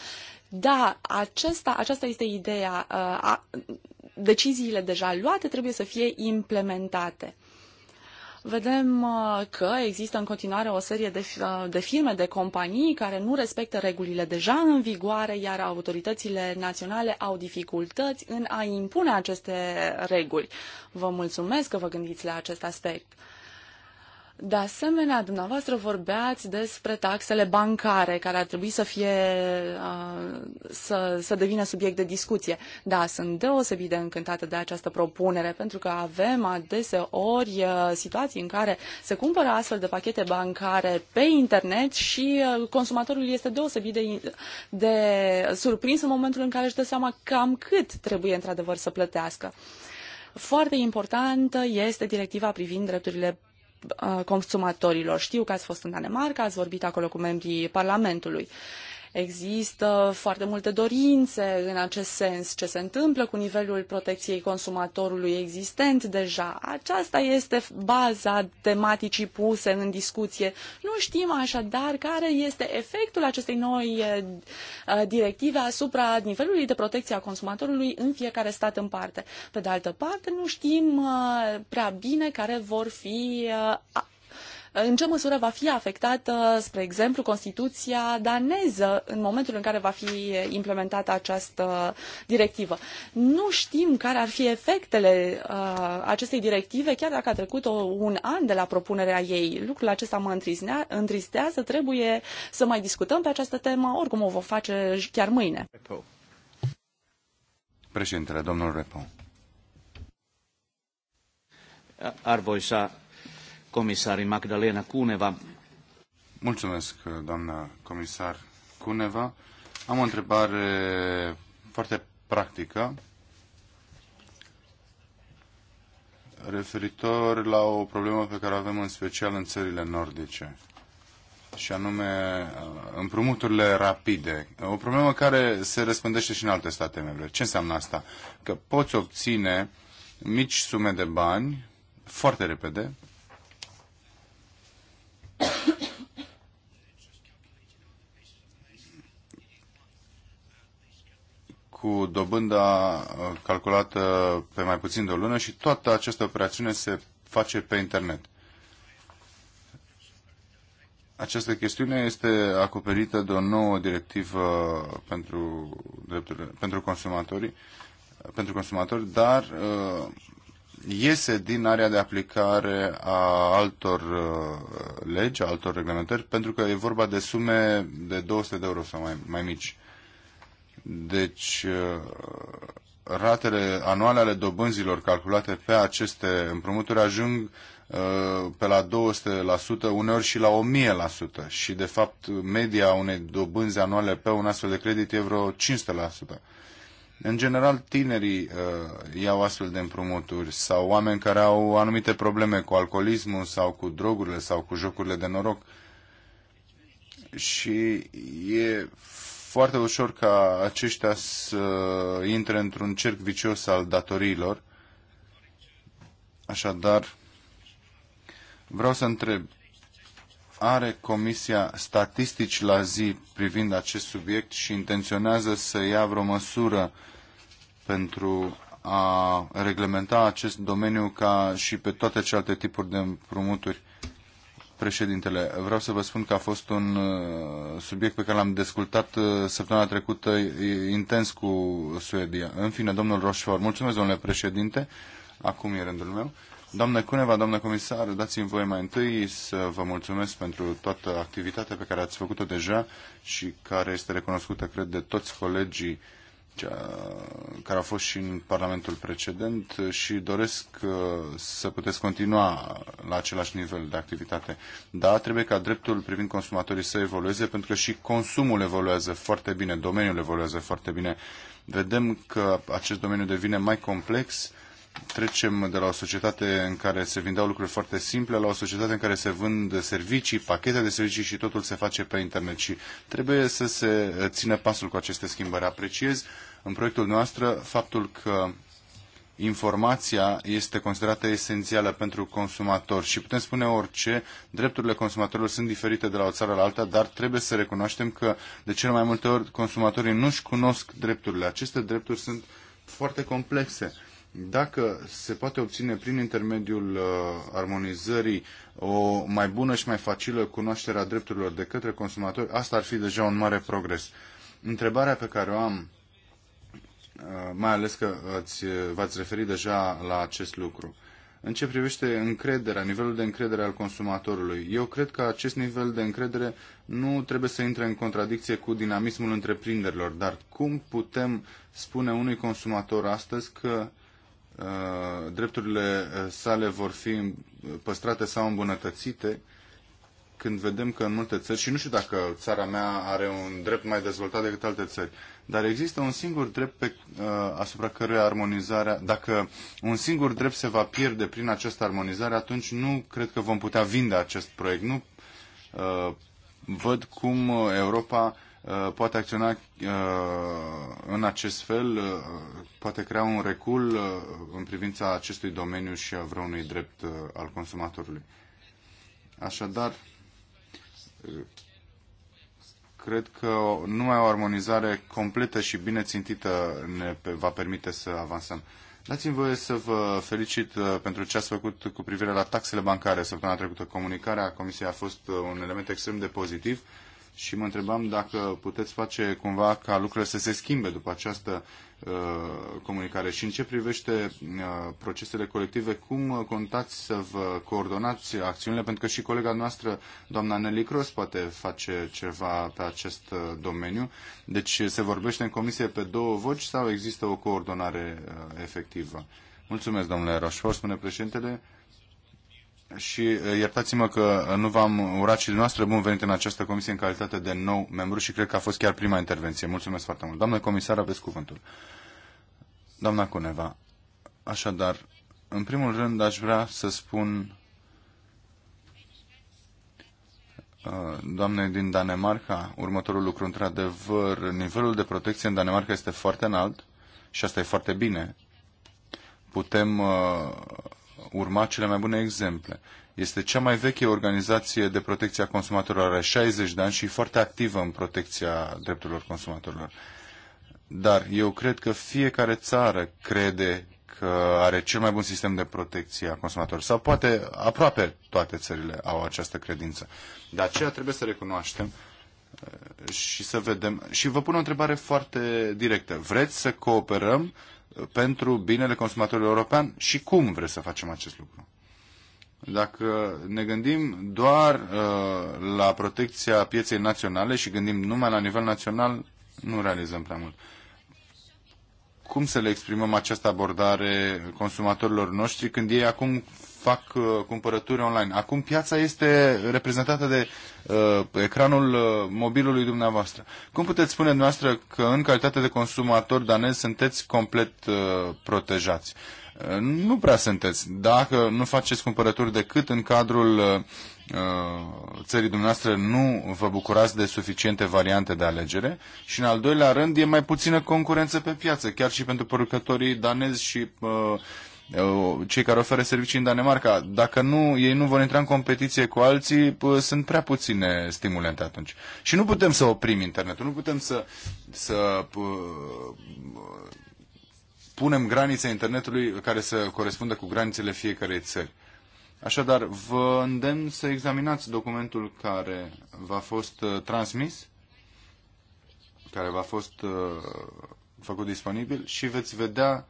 Da, acesta, aceasta este ideea. Uh, a, deciziile deja luate trebuie să fie implementate vedem uh, că există în continuare o serie de, uh, de firme, de companii care nu respectă regulile deja în vigoare, iar autoritățile naționale au dificultăți în a impune aceste reguli. Vă mulțumesc că vă gândiți la acest aspect. De asemenea, dumneavoastră vorbeați despre taxele bancare care ar trebui să fie să, să devină subiect de discuție. Da, sunt deosebit de încântată de această propunere pentru că avem adeseori situații în care se cumpără astfel de pachete bancare pe internet și consumatorul este deosebit de, de surprins în momentul în care își dă seama cam cât trebuie într-adevăr să plătească. Foarte importantă este directiva privind drepturile consumatorilor. Știu că ați fost în Danemarca, ați vorbit acolo cu membrii Parlamentului. Uh, Există foarte multe dorințe în acest sens. Ce se întâmplă cu nivelul protecției consumatorului existent deja? Aceasta este baza tematicii puse în discuție. Nu știm așadar care este efectul acestei noi eh, eh, directive asupra nivelului de protecție a consumatorului în fiecare stat în parte. Pe de altă parte, nu știm eh, prea bine care vor fi Uh, în ce măsură va fi afectată, uh, spre exemplu, Constituția daneză în momentul în care va fi uh, implementată această directivă. Nu știm care ar fi efectele uh, acestei directive, chiar dacă a trecut o, un an de la propunerea ei. Lucrul acesta mă întristează, trebuie să mai discutăm pe această temă, oricum o vom face chiar mâine. Președintele, domnul Repo. Arvoisa comisarii Magdalena Cuneva. Mulțumesc, doamna comisar Cuneva. Am o întrebare foarte practică referitor la o problemă pe care o avem în special în țările nordice și anume împrumuturile rapide. O problemă care se răspândește și în alte state membre. Ce înseamnă asta? Că poți obține mici sume de bani foarte repede cu dobânda uh, calculată pe mai puțin de o lună și toată această operațiune se face pe internet. Această chestiune este acoperită de o nouă directivă pentru, drepturile, pentru, consumatorii, pentru consumatori, dar uh, iese din area de aplicare a altor uh, legi, a altor reglementări, pentru că e vorba de sume de 200 de euro sau mai, mai mici. Deci, uh, ratele anuale ale dobânzilor calculate pe aceste împrumuturi ajung uh, pe la 200%, uneori și la 1000%. Și, de fapt, media unei dobânzi anuale pe un astfel de credit e vreo 500%. În general, tinerii uh, iau astfel de împrumuturi sau oameni care au anumite probleme cu alcoolismul sau cu drogurile sau cu jocurile de noroc. Și e foarte ușor ca aceștia să intre într-un cerc vicios al datoriilor. Așadar, vreau să întreb, are Comisia statistici la zi privind acest subiect și intenționează să ia vreo măsură pentru a reglementa acest domeniu ca și pe toate celelalte tipuri de împrumuturi președintele. Vreau să vă spun că a fost un uh, subiect pe care l-am descultat uh, săptămâna trecută intens cu Suedia. În fine, domnul Roșfor, mulțumesc, domnule președinte. Acum e rândul meu. Doamne Cuneva, doamne comisar, dați-mi voie mai întâi să vă mulțumesc pentru toată activitatea pe care ați făcut-o deja și care este recunoscută, cred, de toți colegii care au fost și în Parlamentul precedent și doresc uh, să puteți continua la același nivel de activitate. Da, trebuie ca dreptul privind consumatorii să evolueze, pentru că și consumul evoluează foarte bine, domeniul evoluează foarte bine. Vedem că acest domeniu devine mai complex trecem de la o societate în care se vindeau lucruri foarte simple la o societate în care se vând servicii, pachete de servicii și totul se face pe internet și trebuie să se eh, țină pasul cu aceste schimbări. Apreciez în proiectul noastră faptul că informația este considerată esențială pentru consumator și putem spune orice, drepturile consumatorilor sunt diferite de la o țară la alta, dar trebuie să recunoaștem că de cele mai multe ori consumatorii nu-și cunosc drepturile. Aceste drepturi sunt foarte complexe dacă se poate obține prin intermediul uh, armonizării o mai bună și mai facilă cunoașterea drepturilor de către consumatori, asta ar fi deja un mare progres. Întrebarea pe care o am, uh, mai ales că ați, uh, v-ați referit deja la acest lucru, în ce privește încrederea, nivelul de încredere al consumatorului, eu cred că acest nivel de încredere nu trebuie să intre în contradicție cu dinamismul întreprinderilor, dar cum putem spune unui consumator astăzi că Uh, drepturile uh, sale vor fi uh, păstrate sau îmbunătățite când vedem că în multe țări, și nu știu dacă țara mea are un drept mai dezvoltat decât alte țări, dar există un singur drept pe, asupra căruia armonizarea, dacă un singur drept se va pierde prin această armonizare, atunci nu cred că vom putea vinde acest proiect. Nu uh, văd cum Europa Uh, poate acționa uh, în acest fel, uh, poate crea un recul în privința acestui domeniu și a vreunui drept al consumatorului. Așadar, cred că numai o armonizare completă și bine țintită ne va permite să avansăm. Dați-mi voie să vă felicit pentru ce ați făcut cu privire la taxele bancare săptămâna trecută. Comunicarea Comisiei a fost un element extrem de pozitiv și mă întrebam dacă puteți face cumva ca lucrurile să se schimbe după această uh, comunicare. Și în ce privește uh, procesele colective, cum contați să vă coordonați acțiunile? Pentru că și colega noastră, doamna Nelly Cross, poate face ceva pe acest uh, domeniu. Deci se vorbește în comisie pe două voci sau există o coordonare uh, efectivă? Mulțumesc, domnule Roșfort, spune președintele și iertați-mă că nu v-am urat și dumneavoastră bun venit în această comisie în calitate de nou membru și cred că a fost chiar prima intervenție. Mulțumesc foarte mult. Doamnă comisar, aveți cuvântul. Doamna Cuneva, așadar, în primul rând aș vrea să spun uh, doamnei din Danemarca următorul lucru. Într-adevăr, nivelul de protecție în Danemarca este foarte înalt și asta e foarte bine. Putem uh, urma cele mai bune exemple. Este cea mai veche organizație de protecție a consumatorilor, are 60 de ani și foarte activă în protecția drepturilor consumatorilor. Dar eu cred că fiecare țară crede că are cel mai bun sistem de protecție a consumatorilor. Sau poate aproape toate țările au această credință. De aceea trebuie să recunoaștem uh, și să vedem. Și vă pun o întrebare foarte directă. Vreți să cooperăm pentru binele consumatorilor european și cum vreți să facem acest lucru. Dacă ne gândim doar uh, la protecția pieței naționale și gândim numai la nivel național, nu realizăm prea mult. Cum să le exprimăm această abordare consumatorilor noștri când ei acum fac uh, cumpărături online. Acum piața este reprezentată de uh, ecranul uh, mobilului dumneavoastră. Cum puteți spune dumneavoastră că în calitate de consumator danez sunteți complet uh, protejați? Uh, nu prea sunteți. Dacă nu faceți cumpărături decât în cadrul uh, uh țării dumneavoastră nu vă bucurați de suficiente variante de alegere și în al doilea rând e mai puțină concurență pe piață, chiar și pentru producătorii danezi și uh, cei care oferă servicii în Danemarca. Dacă nu, ei nu vor intra în competiție cu alții, sunt prea puține stimulente atunci. Și nu putem să oprim internetul, nu putem să, să punem granițe internetului care să corespundă cu granițele fiecarei țări. Așadar, vă îndemn să examinați documentul care v-a fost uh, transmis, care v-a fost uh, făcut disponibil și veți vedea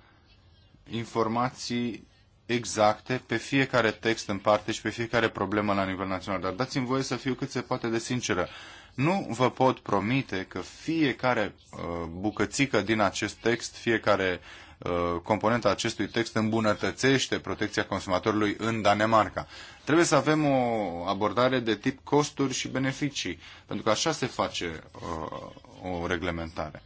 informații exacte pe fiecare text în parte și pe fiecare problemă la nivel național. Dar dați-mi voie să fiu cât se poate de sinceră. Nu vă pot promite că fiecare uh, bucățică din acest text, fiecare uh, componentă a acestui text îmbunătățește protecția consumatorului în Danemarca. Trebuie să avem o abordare de tip costuri și beneficii, pentru că așa se face uh, o reglementare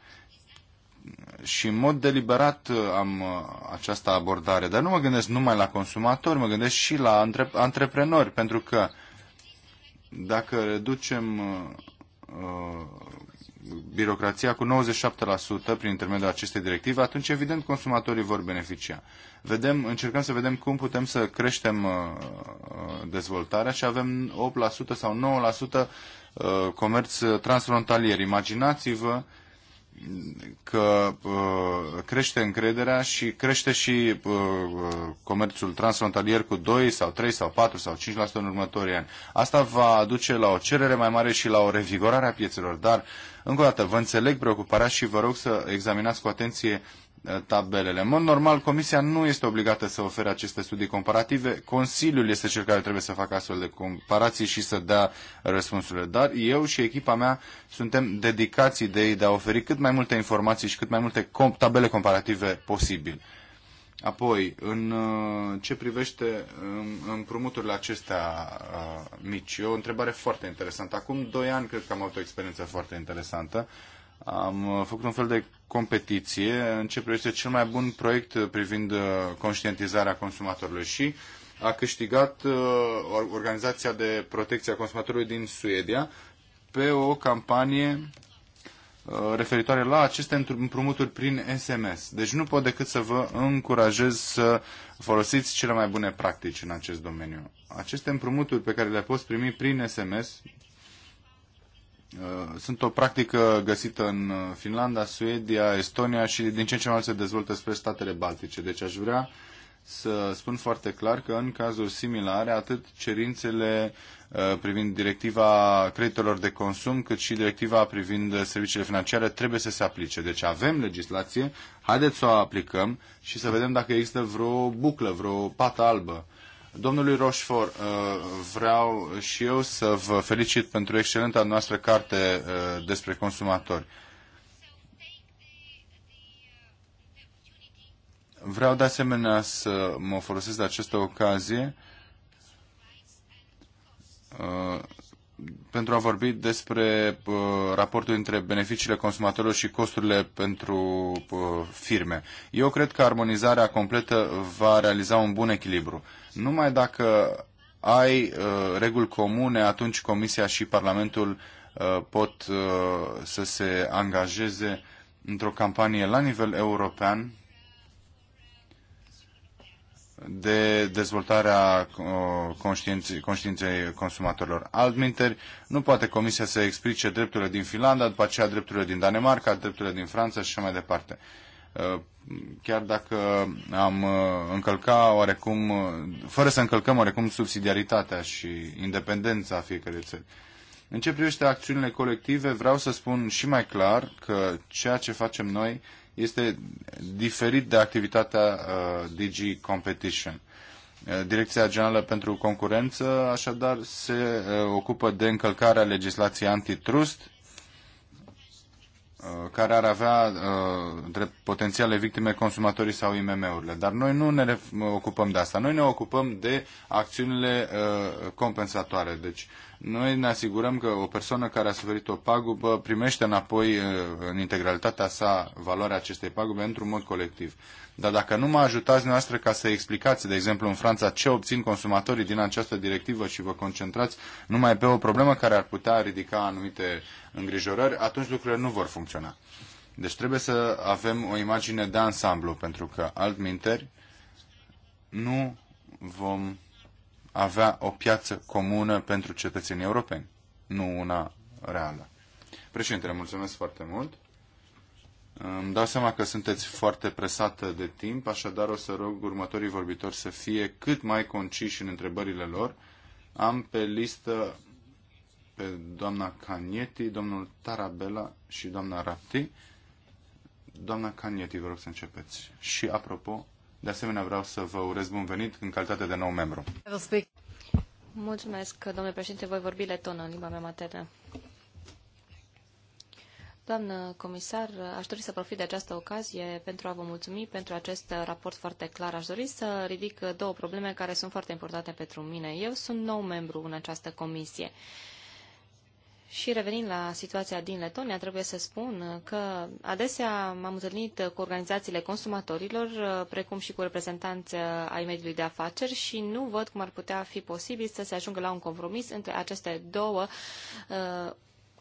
și în mod deliberat uh, am uh, această abordare, dar nu mă gândesc numai la consumatori, mă gândesc și la antre- antreprenori, pentru că dacă reducem uh, uh birocrația cu 97% prin intermediul acestei directive, atunci evident consumatorii vor beneficia. Vedem, încercăm să vedem cum putem să creștem uh, dezvoltarea și avem 8% sau 9% uh, comerț transfrontalier. Imaginați-vă uh, că uh, crește încrederea și crește și uh, uh, comerțul transfrontalier cu 2 sau 3 sau 4 sau 5% în următorii ani. Asta va aduce la o cerere mai mare și la o revigorare a piețelor, dar încă o dată vă înțeleg preocuparea și vă rog să examinați cu atenție Eh, tabelele. În mod normal, Comisia nu este obligată să ofere aceste studii comparative. Consiliul este cel care trebuie să facă astfel de comparații și să dea răspunsurile. Dar eu și echipa mea suntem dedicați ideii de a oferi cât mai multe informații și cât mai multe tabele comparative posibil. Apoi, în eh, ce privește împrumuturile acestea eh, mici, e o întrebare foarte interesantă. Acum doi ani cred că am avut o experiență foarte interesantă. Am făcut un fel de competiție în ce privește cel mai bun proiect privind uh, conștientizarea consumatorului și a câștigat uh, Organizația de Protecție a Consumatorului din Suedia pe o campanie uh, referitoare la aceste împrumuturi prin SMS. Deci nu pot decât să vă încurajez să folosiți cele mai bune practici în acest domeniu. Aceste împrumuturi pe care le poți primi prin SMS, Uh, sunt o practică găsită în uh, Finlanda, Suedia, Estonia și din ce în ce mai mult se dezvoltă spre statele baltice. Deci aș vrea să spun foarte clar că în cazuri similare, atât cerințele uh, privind directiva creditelor de consum, cât și directiva privind serviciile financiare trebuie să se aplice. Deci avem legislație, haideți să o aplicăm și să vedem dacă există vreo buclă, vreo pată albă Domnului Roșfor, uh, vreau și eu să vă felicit pentru excelenta noastră carte uh, despre consumatori. Vreau de asemenea să mă folosesc de această ocazie uh, pentru a vorbi despre raportul între beneficiile consumatorilor și costurile pentru firme. Eu cred că armonizarea completă va realiza un bun echilibru. Numai dacă ai uh, reguli comune, atunci Comisia și Parlamentul uh, pot uh, să se angajeze într-o campanie la nivel european de dezvoltarea uh, conștiinței, conștiinței consumatorilor. Altminteri, nu poate Comisia să explice drepturile din Finlanda, după aceea drepturile din Danemarca, drepturile din Franța și așa mai departe. Uh, chiar dacă am uh, încălca oarecum, uh, fără să încălcăm oarecum subsidiaritatea și independența fiecărei țări. În ce privește acțiunile colective, vreau să spun și mai clar că ceea ce facem noi este diferit de activitatea uh, DG Competition. Direcția Generală pentru Concurență, așadar, se uh, ocupă de încălcarea legislației antitrust Uh, care ar avea uh, drept potențiale victime consumatorii sau IMM-urile. Dar noi nu ne ocupăm de asta. Noi ne ocupăm de acțiunile uh, compensatoare. Deci noi ne asigurăm că o persoană care a suferit o pagubă primește înapoi în integralitatea sa valoarea acestei pagube într-un mod colectiv. Dar dacă nu mă ajutați noastră ca să explicați, de exemplu, în Franța ce obțin consumatorii din această directivă și vă concentrați numai pe o problemă care ar putea ridica anumite îngrijorări, atunci lucrurile nu vor funcționa. Deci trebuie să avem o imagine de ansamblu, pentru că altminteri nu vom avea o piață comună pentru cetățenii europeni, nu una reală. Președintele, mulțumesc foarte mult. Îmi dau seama că sunteți foarte presată de timp, așadar o să rog următorii vorbitori să fie cât mai conciși în întrebările lor. Am pe listă pe doamna Canieti, domnul Tarabella și doamna Rapti. Doamna Canieti, vă rog să începeți. Și apropo, de asemenea vreau să vă urez bun venit în calitate de nou membru. Mulțumesc, domnule președinte, voi vorbi letonă în limba mea maternă. Doamnă comisar, aș dori să profit de această ocazie pentru a vă mulțumi pentru acest raport foarte clar. Aș dori să ridic două probleme care sunt foarte importante pentru mine. Eu sunt nou membru în această comisie. Și revenind la situația din Letonia, trebuie să spun că adesea m-am întâlnit cu organizațiile consumatorilor, precum și cu reprezentanți ai mediului de afaceri și nu văd cum ar putea fi posibil să se ajungă la un compromis între aceste două uh,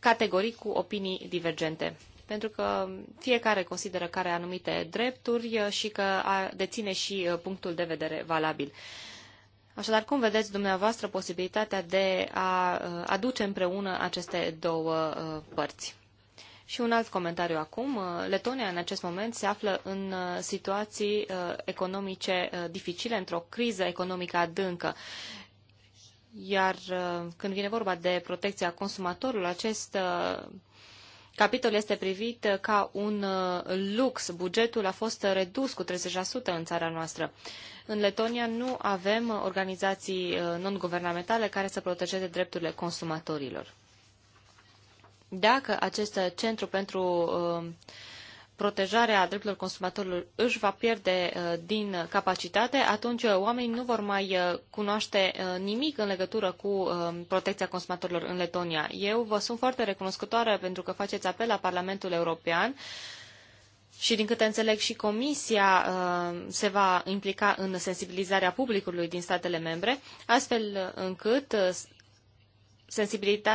categoric cu opinii divergente. Pentru că fiecare consideră că are anumite drepturi uh, și că deține și uh, punctul de vedere valabil. Așadar, cum vedeți dumneavoastră posibilitatea de a uh, aduce împreună aceste două părți? Și un alt comentariu acum. Letonia în acest moment se află în situații economice dificile, într-o criză economică adâncă iar uh, când vine vorba de protecția consumatorului, acest uh, capitol este privit uh, ca un lux. Bugetul a fost redus cu 30% în țara noastră. În Letonia nu avem organizații non-guvernamentale care să protejeze drepturile consumatorilor. Dacă acest centru pentru uh, protejarea drepturilor consumatorilor își va pierde uh, din capacitate, atunci uh, oamenii nu vor mai uh, cunoaște nimic în legătură cu um, protecția consumatorilor în Letonia. Eu vă sunt foarte recunoscătoare pentru că faceți apel la Parlamentul European și din câte înțeleg și Comisia se va implica în sensibilizarea publicului din statele membre, astfel încât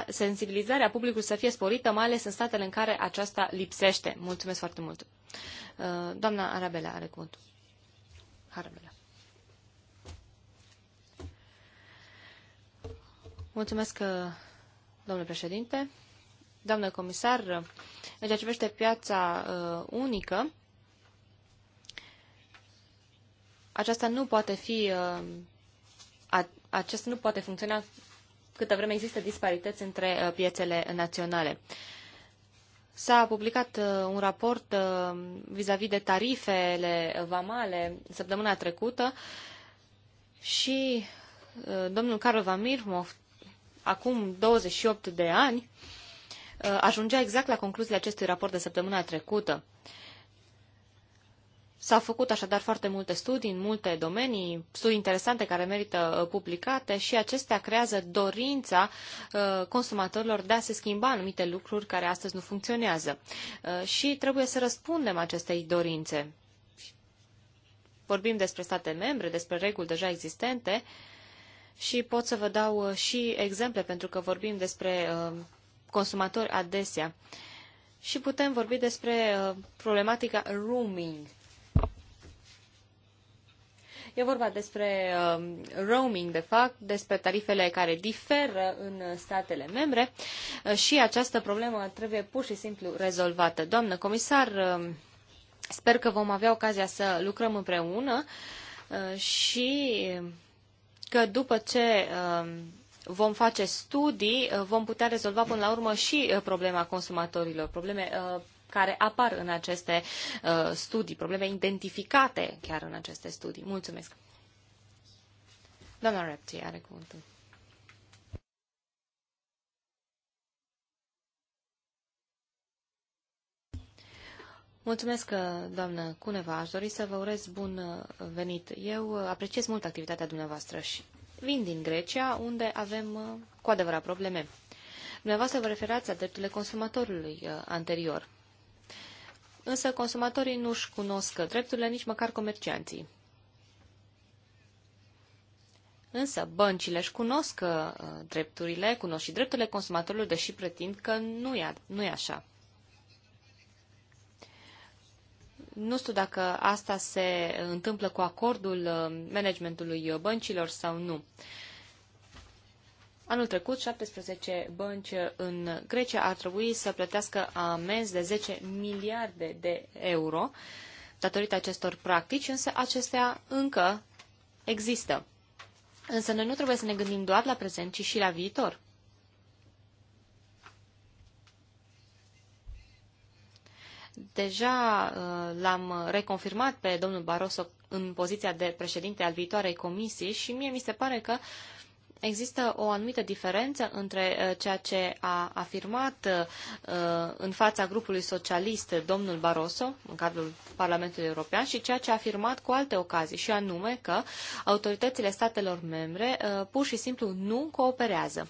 sensibilizarea publicului să fie sporită, mai ales în statele în care aceasta lipsește. Mulțumesc foarte mult. Uh, doamna Arabela are cuvântul. Arabela. Mulțumesc, uh, domnule președinte. Doamnă comisar, uh, în ceea ce privește piața unică, aceasta nu poate fi aceasta nu poate funcționa câtă vreme există disparități între uh, piețele naționale. S-a publicat uh, un raport uh, vis-a-vis de tarifele vamale săptămâna trecută și domnul Carol Vamirmov, acum 28 de ani, ajungea exact la concluziile acestui raport de săptămâna trecută. S-au făcut așadar foarte multe studii în multe domenii, studii interesante care merită uh, publicate și acestea creează dorința uh, consumatorilor de a se schimba anumite lucruri care astăzi nu funcționează. Uh, și trebuie să răspundem acestei dorințe. Vorbim despre state membre, despre reguli deja existente și pot să vă dau și exemple pentru că vorbim despre consumatori adesea. Și putem vorbi despre problematica rooming E vorba despre um, roaming, de fapt, despre tarifele care diferă în statele membre uh, și această problemă trebuie pur și simplu rezolvată. Doamnă comisar, um, sper că vom avea ocazia să lucrăm împreună uh, și că după ce um, vom face studii, uh, vom putea rezolva până la urmă și problema consumatorilor, probleme care apar în aceste uh, studii, probleme identificate chiar în aceste studii. Mulțumesc. Doamna Repti are cuvântul. Mulțumesc, uh, doamnă Cuneva. Aș dori să vă urez bun uh, venit. Eu uh, apreciez mult activitatea dumneavoastră și vin din Grecia, unde avem cu adevărat probleme. Dumneavoastră vă referați a drepturile consumatorului anterior însă consumatorii nu își cunosc drepturile, nici măcar comercianții. Însă băncile își cunosc uh, drepturile, cunosc și drepturile consumatorilor, deși pretind că nu e, nu e așa. Nu știu dacă asta se întâmplă cu acordul uh, managementului băncilor sau nu. Uh, Anul trecut, 17 bănci în Grecia ar trebui să plătească amenzi de 10 miliarde de euro datorită acestor practici, însă acestea încă există. Însă noi nu trebuie să ne gândim doar la prezent, ci și la viitor. Deja uh, l-am reconfirmat pe domnul Barroso în poziția de președinte al viitoarei comisii și mie mi se pare că uh, există o anumită diferență între uh, ceea ce a afirmat uh, uh, în fața grupului socialist domnul Barroso, în cadrul Parlamentului European, și ceea ce a afirmat cu alte ocazii, și anume că autoritățile statelor membre pur și simplu nu cooperează.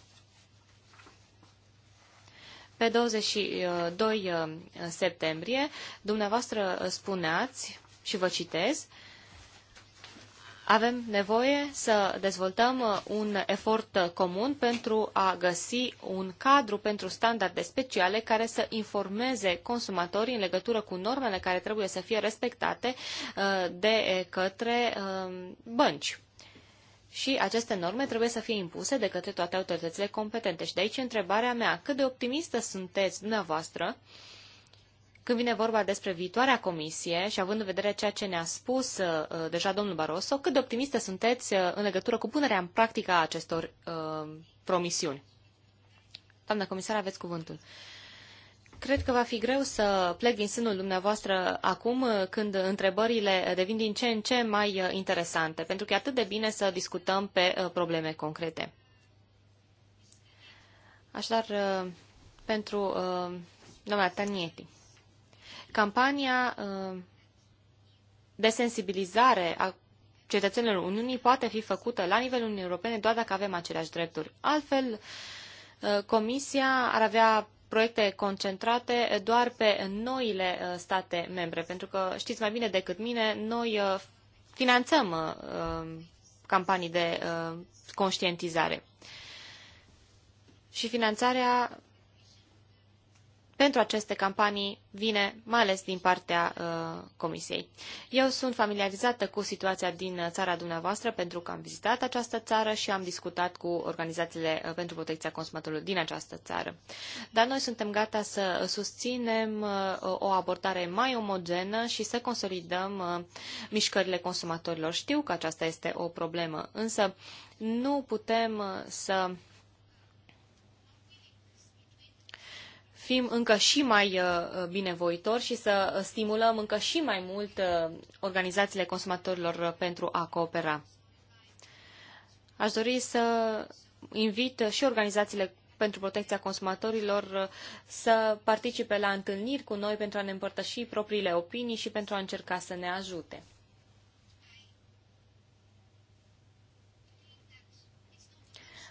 Pe 22 septembrie, dumneavoastră spuneați, și vă citez, avem nevoie să dezvoltăm uh, un efort uh, comun pentru a găsi un cadru pentru standarde speciale care să informeze consumatorii în legătură cu normele care trebuie să fie respectate uh, de către um, bănci. Și aceste norme trebuie să fie impuse de către toate autoritățile competente. Și de aici întrebarea mea, cât de optimistă sunteți dumneavoastră uh, când vine vorba despre viitoarea comisie și având în vedere ceea ce ne-a spus uh, uh, deja domnul Barroso, cât de optimistă sunteți uh, în legătură cu punerea în practică a acestor uh, promisiuni? Doamna comisar, aveți cuvântul. Cred că va fi greu să plec din sânul dumneavoastră acum când întrebările devin din ce în ce mai interesante, pentru că e atât de bine să discutăm pe probleme concrete. Așadar, pentru doamna Tanieti. Campania uh, de sensibilizare a cetățenilor Uniunii poate fi făcută la nivelul Uniunii Europene doar dacă avem aceleași drepturi. Altfel, uh, Comisia ar avea proiecte concentrate doar pe noile uh, state membre, pentru că știți mai bine decât mine, noi finanțăm campanii de conștientizare. Și finanțarea pentru aceste campanii vine mai ales din partea uh, Comisiei. Eu sunt familiarizată cu situația din uh, țara dumneavoastră pentru că am vizitat această țară și am discutat cu organizațiile uh, pentru protecția consumatorului din această țară. Dar noi suntem gata să susținem uh, o abordare mai omogenă și să consolidăm uh, mișcările consumatorilor. Știu că aceasta este o problemă, însă nu putem uh, să fim încă și mai uh, binevoitori și să uh, stimulăm încă și mai mult uh, organizațiile consumatorilor pentru a coopera. Aș dori să invit și organizațiile pentru protecția consumatorilor să participe la întâlniri cu noi pentru a ne împărtăși propriile opinii și pentru a încerca să ne ajute.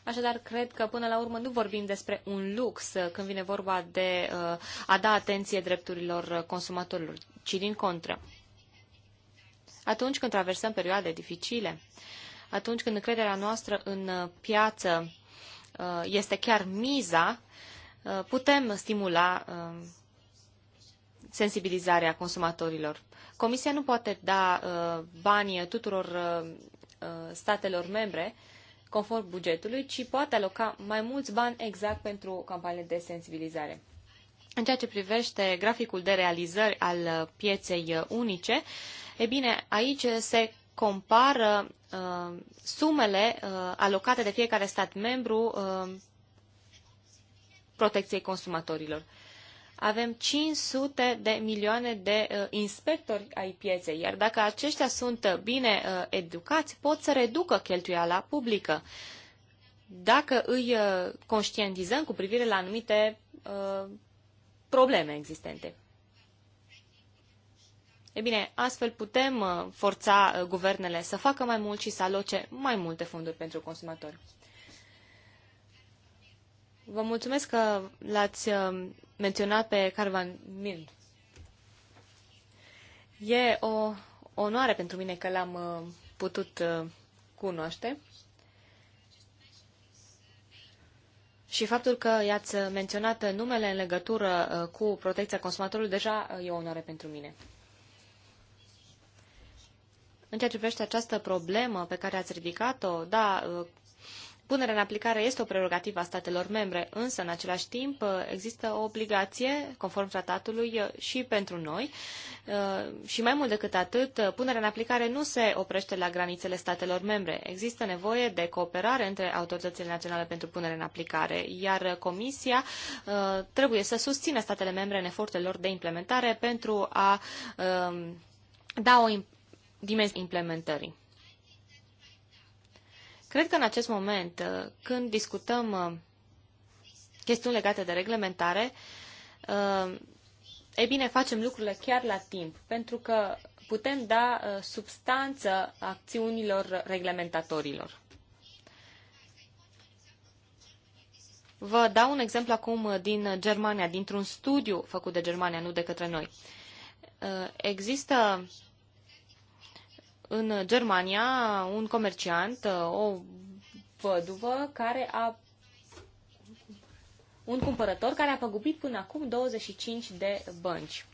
Așadar, cred că până la urmă nu vorbim despre un lux uh, când vine vorba de uh, a da atenție drepturilor uh, consumatorilor, ci din contră. Atunci când traversăm perioade dificile, atunci când încrederea noastră în piață este chiar miza, putem stimula sensibilizarea consumatorilor. Comisia nu poate da bani tuturor statelor membre, conform bugetului, ci poate aloca mai mulți bani exact pentru campanie de sensibilizare. În ceea ce privește graficul de realizări al pieței unice, e bine, aici se compară uh, sumele uh, alocate de fiecare stat membru uh, protecției consumatorilor avem 500 de milioane de uh, inspectori ai pieței, iar dacă aceștia sunt uh, bine uh, educați, pot să reducă cheltuiala publică. Dacă îi uh, conștientizăm cu privire la anumite uh, probleme existente. E bine, astfel putem uh, forța uh, guvernele să facă mai mult și să aloce mai multe fonduri pentru consumatori. Vă mulțumesc că l-ați uh, menționat pe Carvan Mil. E o onoare pentru mine că l-am uh, putut uh, cunoaște. Și faptul că i-ați menționat numele în legătură cu protecția consumatorului deja e o onoare pentru mine. În ceea ce privește această problemă pe care ați ridicat-o, da, Punerea în aplicare este o prerogativă a statelor membre, însă în același timp există o obligație, conform tratatului, și pentru noi. Uh, și mai mult decât atât, punerea în aplicare nu se oprește la granițele statelor membre. Există nevoie de cooperare între autoritățile naționale pentru punere în aplicare, iar Comisia uh, trebuie să susțină statele membre în efortul lor de implementare pentru a uh, da o dimensiune implementării. Cred că în acest moment, uh, când discutăm uh, chestiuni legate de reglementare, uh, e bine, facem lucrurile chiar la timp, pentru că putem da substanță acțiunilor reglementatorilor. Vă dau un exemplu acum din Germania, dintr-un studiu făcut de Germania, nu de către noi. Există în Germania un comerciant, o văduvă care a un cumpărător care a păgubit până acum 25 de bănci.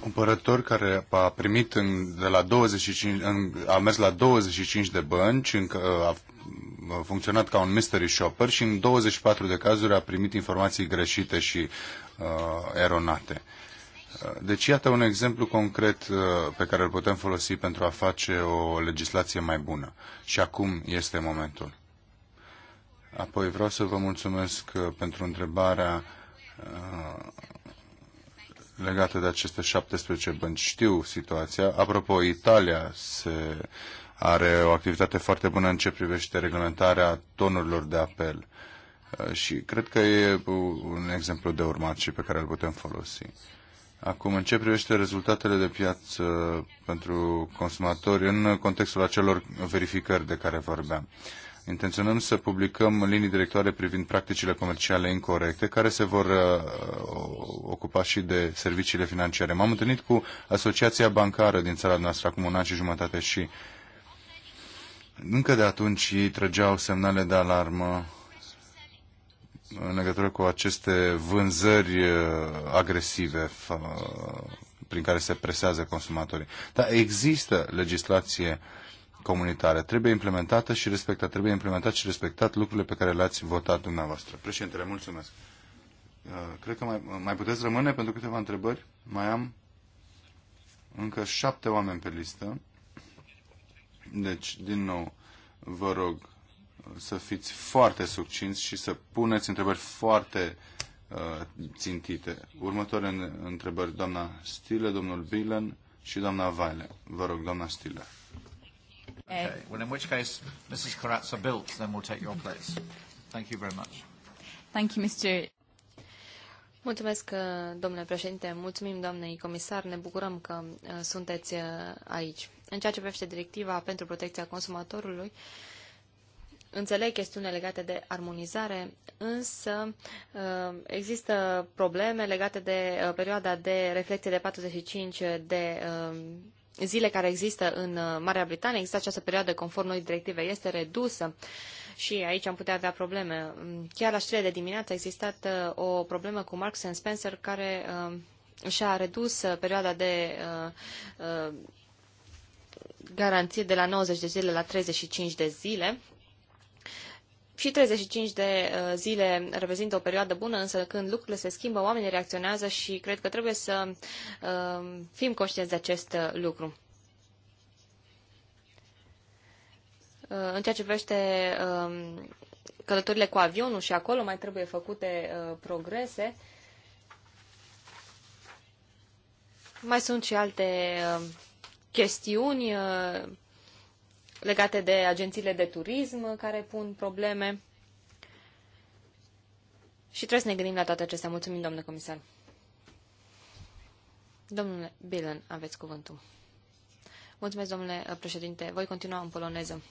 Cumpărător care a primit în, de la 25, în, a mers la 25 de bănci, în, a funcționat ca un mystery shopper și în 24 de cazuri a primit informații greșite și uh, eronate. Deci iată un exemplu concret uh, pe care îl putem folosi pentru a face o legislație mai bună. Și acum este momentul. Apoi vreau să vă mulțumesc uh, pentru întrebarea uh, legată de aceste 17 bănci. Știu situația. Apropo, Italia se are o activitate foarte bună în ce privește reglementarea tonurilor de apel. Și cred că e un exemplu de urmat și pe care îl putem folosi. Acum, în ce privește rezultatele de piață pentru consumatori în contextul acelor verificări de care vorbeam? Intenționăm să publicăm linii directoare privind practicile comerciale incorrecte, care se vor uh, ocupa și de serviciile financiare. M-am întâlnit cu Asociația Bancară din țara noastră acum un an și jumătate și încă de atunci ei trăgeau semnale de alarmă în legătură cu aceste vânzări uh, agresive prin care se presează consumatorii. Dar există legislație comunitară. Trebuie implementată și respectat. Trebuie implementat și respectat lucrurile pe care le-ați votat dumneavoastră. Președintele, mulțumesc. Uh, cred că mai, mai puteți rămâne pentru câteva întrebări. Mai am încă șapte oameni pe listă. Deci, din nou, vă rog să fiți foarte succinți și să puneți întrebări foarte uh, țintite. Următoare întrebări, doamna Stile, domnul Bilen și doamna Vaile. Vă rog, doamna Stile. Okay. Well, in which case, Mrs. Corazza built, then we'll take your place. Thank you very much. Thank you, Mr. Mulțumesc, uh, domnule președinte. Mulțumim, doamnei comisar. Ne bucurăm că uh, sunteți uh, aici. În ceea ce privește directiva pentru protecția consumatorului, uh, Înțeleg chestiune legate de armonizare, însă uh, există probleme legate de uh, perioada de reflecție de 45 de uh, zile care există în Marea Britanie. Există această perioadă conform noi directive, este redusă și aici am putea avea probleme. Mm, chiar la știre de dimineață a existat o problemă cu Marks and Spencer care și-a redus perioada de garanție de la 90 de zile la 35 de zile și 35 de uh, zile reprezintă o perioadă bună, însă când lucrurile se schimbă, oamenii reacționează și cred că trebuie să uh, fim conștienți de acest uh, lucru. În ceea ce privește um, călătorile cu avionul și acolo mai trebuie făcute progrese. Mai sunt și alte chestiuni legate de agențiile de turism care pun probleme. Și trebuie să ne gândim la toate acestea. Mulțumim, domnule comisar. Domnule Bilen, aveți cuvântul. Mulțumesc, domnule uh, președinte. Voi continua în poloneză.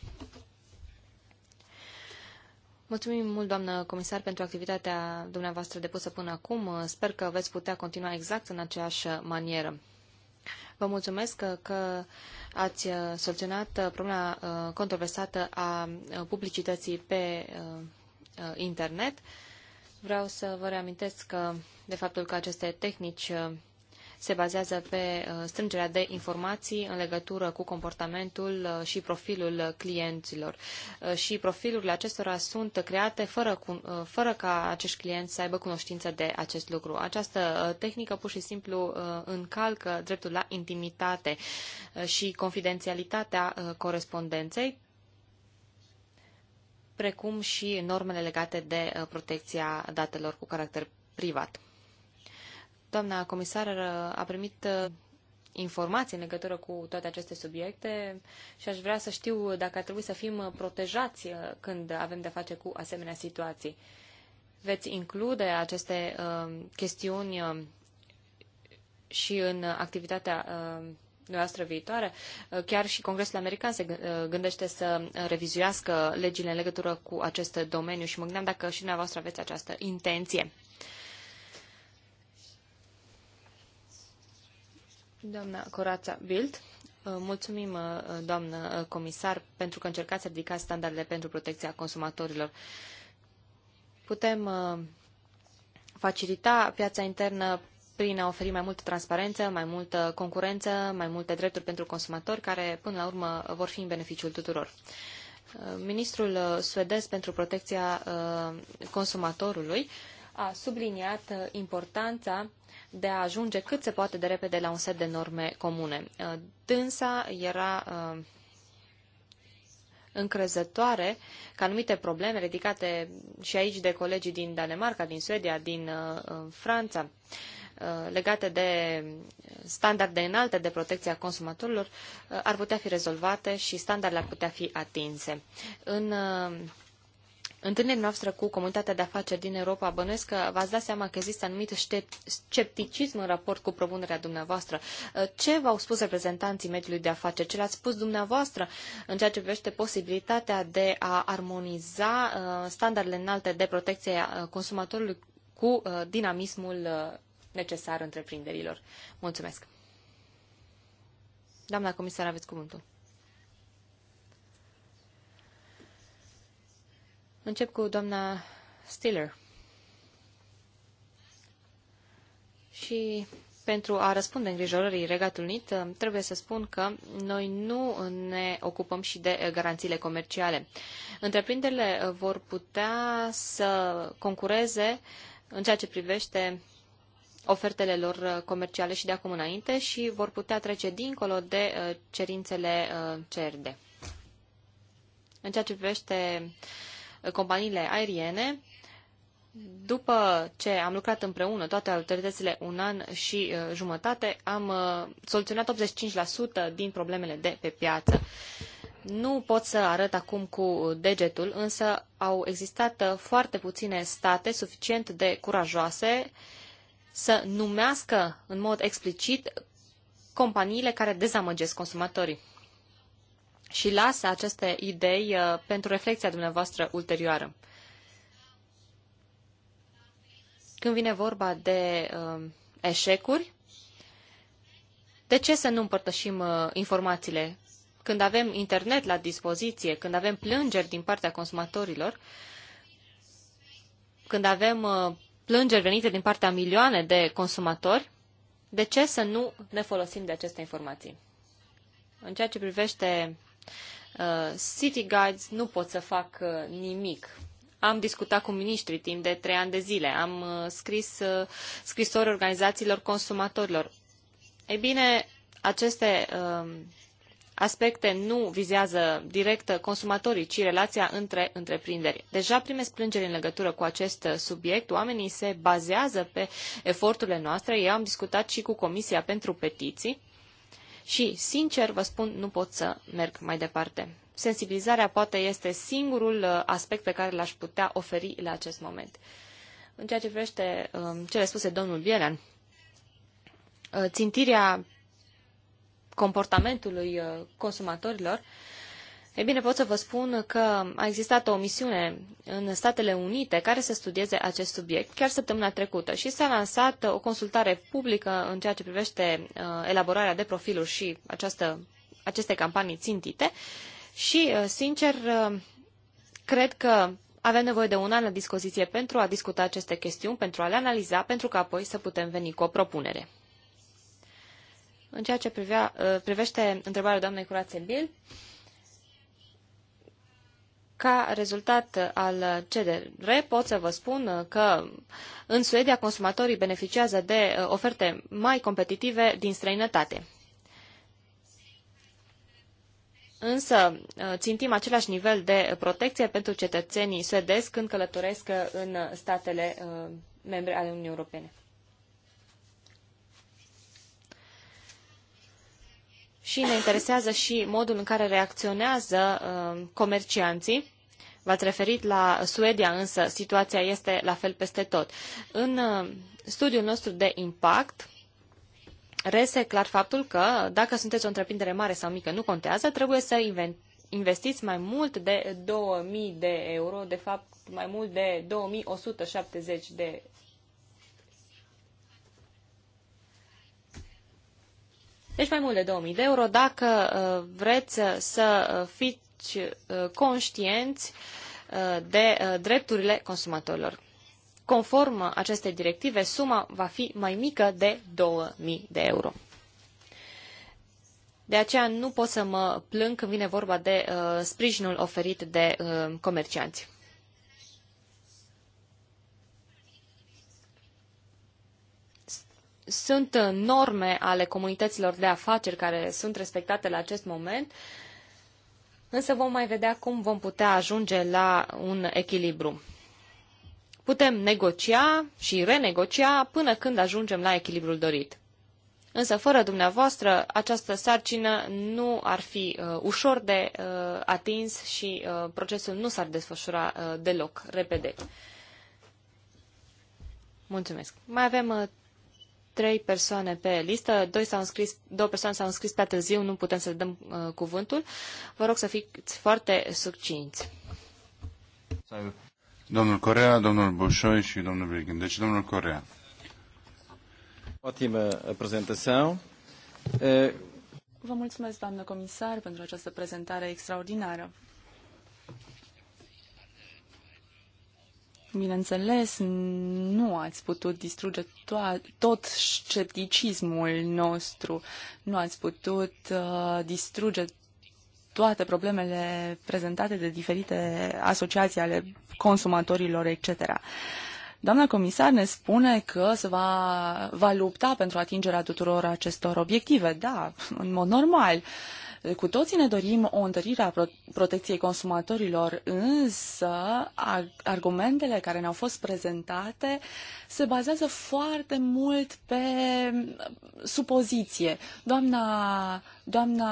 Mulțumim mult, doamnă comisar, pentru activitatea dumneavoastră depusă până acum. Sper că veți putea continua exact în aceeași manieră. Vă mulțumesc că, că ați uh, soluționat uh, problema uh, controversată a publicității pe internet. Vreau să vă reamintesc că de faptul că aceste tehnici se bazează pe uh, strângerea de informații în legătură cu comportamentul uh, și profilul clienților. Uh, și profilurile acestora sunt create fără, fără ca acești clienți să aibă cunoștință de acest lucru. Această tehnică pur și simplu încalcă dreptul la intimitate și confidențialitatea corespondenței precum și normele legate de protecția datelor cu caracter privat. Doamna comisar a primit uh, informații în legătură cu toate aceste subiecte și aș vrea să știu dacă ar trebui să fim protejați uh, când avem de face cu asemenea situații. Veți include aceste uh, chestiuni uh, și în activitatea uh, noastră viitoare. Uh, chiar și Congresul American se gândește să revizuiască legile în legătură cu acest domeniu și mă gândeam dacă și dumneavoastră aveți această intenție. Doamna Corața Bild, uh, mulțumim, uh, doamnă uh, comisar, pentru că încercați să ridicați standardele pentru protecția consumatorilor. Putem facilita piața internă prin a oferi mai multă transparență, mai multă concurență, mai multe drepturi pentru consumatori, care până la urmă vor fi în beneficiul tuturor. Ministrul suedez pentru protecția consumatorului a subliniat uh, importanța de a ajunge cât se poate de repede la un set de norme comune. Uh, dânsa era uh, încrezătoare că anumite probleme ridicate și aici de colegii din Danemarca, din Suedia, din Franța, legate de standarde înalte de protecție a consumatorilor ar putea fi rezolvate și standardele ar putea fi atinse. În întâlnirii noastră cu comunitatea de afaceri din Europa, bănuiesc că v-ați dat seama că există anumit scepticism în raport cu propunerea dumneavoastră. Uh, ce v-au spus reprezentanții mediului de afaceri? Ce le-ați spus dumneavoastră în ceea ce privește posibilitatea de a armoniza uh, standardele înalte de protecție a uh, consumatorului cu dinamismul necesar întreprinderilor? Mulțumesc! Doamna comisar, aveți cuvântul. Încep cu doamna Stiller. Și pentru a răspunde îngrijorării Regatului Unit, trebuie să spun că noi nu ne ocupăm și de garanțiile comerciale. Întreprinderile vor putea să concureze în ceea ce privește ofertele lor comerciale și de acum înainte și vor putea trece dincolo de uh, cerințele uh, cerde. În ceea ce privește companiile aeriene. După ce am lucrat împreună toate autoritățile un an și uh, jumătate, am uh, soluționat 85% din problemele de pe piață. Nu pot să arăt acum cu degetul, însă au existat uh, foarte puține state suficient de curajoase să numească în mod explicit companiile care dezamăgesc consumatorii și lasă aceste idei uh, pentru reflexia dumneavoastră ulterioară. Când vine vorba de uh, eșecuri, de ce să nu împărtășim uh, informațiile? Când avem internet la dispoziție, când avem plângeri din partea consumatorilor, când avem plângeri venite din partea milioane de consumatori, de ce să nu ne folosim de aceste informații? În ceea ce privește Uh, city Guides nu pot să facă uh, nimic. Am discutat cu miniștrii timp de trei ani de zile. Am uh, scris scrisori organizațiilor consumatorilor. Ei bine, aceste aspecte nu vizează direct consumatorii, ci relația între întreprinderi. Deja primesc plângeri în legătură cu acest subiect, oamenii se bazează pe eforturile noastre, eu am discutat și cu Comisia pentru Petiții și, sincer, vă spun, nu pot să merg mai departe. Sensibilizarea poate este singurul uh, aspect pe care l-aș putea oferi la acest moment. În ceea ce privește um, cele spuse domnul Bielan, uh, țintirea comportamentului uh, consumatorilor, ei bine, pot să vă spun că a existat o misiune în Statele Unite care să studieze acest subiect chiar săptămâna trecută și s-a lansat o consultare publică în ceea ce privește uh, elaborarea de profiluri și această, aceste campanii țintite și, uh, sincer, uh, cred că avem nevoie de un an la dispoziție pentru a discuta aceste chestiuni, pentru a le analiza, pentru că apoi să putem veni cu o propunere. În ceea ce privea, privește întrebarea doamnei Curație Bill, ca rezultat al CDR pot să vă spun că în Suedia consumatorii beneficiază de uh, oferte mai competitive din străinătate. Însă uh, țintim același nivel de protecție pentru cetățenii suedezi când călătoresc în statele uh, membre ale Uniunii Europene. și ne interesează și modul în care reacționează uh, comercianții. V-ați referit la Suedia, însă situația este la fel peste tot. În uh, studiul nostru de impact, rese clar faptul că dacă sunteți o întreprindere mare sau mică, nu contează, trebuie să investiți mai mult de 2000 de euro, de fapt mai mult de 2170 de Deci mai mult de 2000 de euro dacă uh, vreți să uh, fiți uh, conștienți de drepturile consumatorilor. Conform acestei directive, suma va fi mai mică de 2000 de euro. De aceea nu pot să mă plâng când vine vorba de uh, sprijinul oferit de uh, comercianți. sunt uh, norme ale comunităților de afaceri care sunt respectate la acest moment, însă vom mai vedea cum vom putea ajunge la un echilibru. Putem negocia și renegocia până când ajungem la echilibrul dorit. Însă, fără dumneavoastră, această sarcină nu ar fi uh, ușor de uh, atins și uh, procesul nu s-ar desfășura uh, deloc repede. Mulțumesc. Mai avem uh, trei persoane pe listă, doi s-au înscris, două persoane s-au înscris pe târziu, nu putem să le dăm uh, cuvântul. Vă rog să fiți foarte succinți. Domnul Corea, domnul Bușoi și domnul Brighin. Deci, domnul Corea. Otimă uh, prezentação. Uh, Vă mulțumesc, doamnă comisar, pentru această prezentare extraordinară. Bineînțeles, nu ați putut distruge to- tot scepticismul nostru, nu ați putut uh, distruge toate problemele prezentate de diferite asociații ale consumatorilor, etc. Doamna comisar ne spune că se va, va lupta pentru atingerea tuturor acestor obiective. Da, în mod normal. Uh, cu toții ne dorim o întărire a protecției consumatorilor, însă argumentele care ne-au fost prezentate se bazează foarte mult pe supoziție. Doamna doamna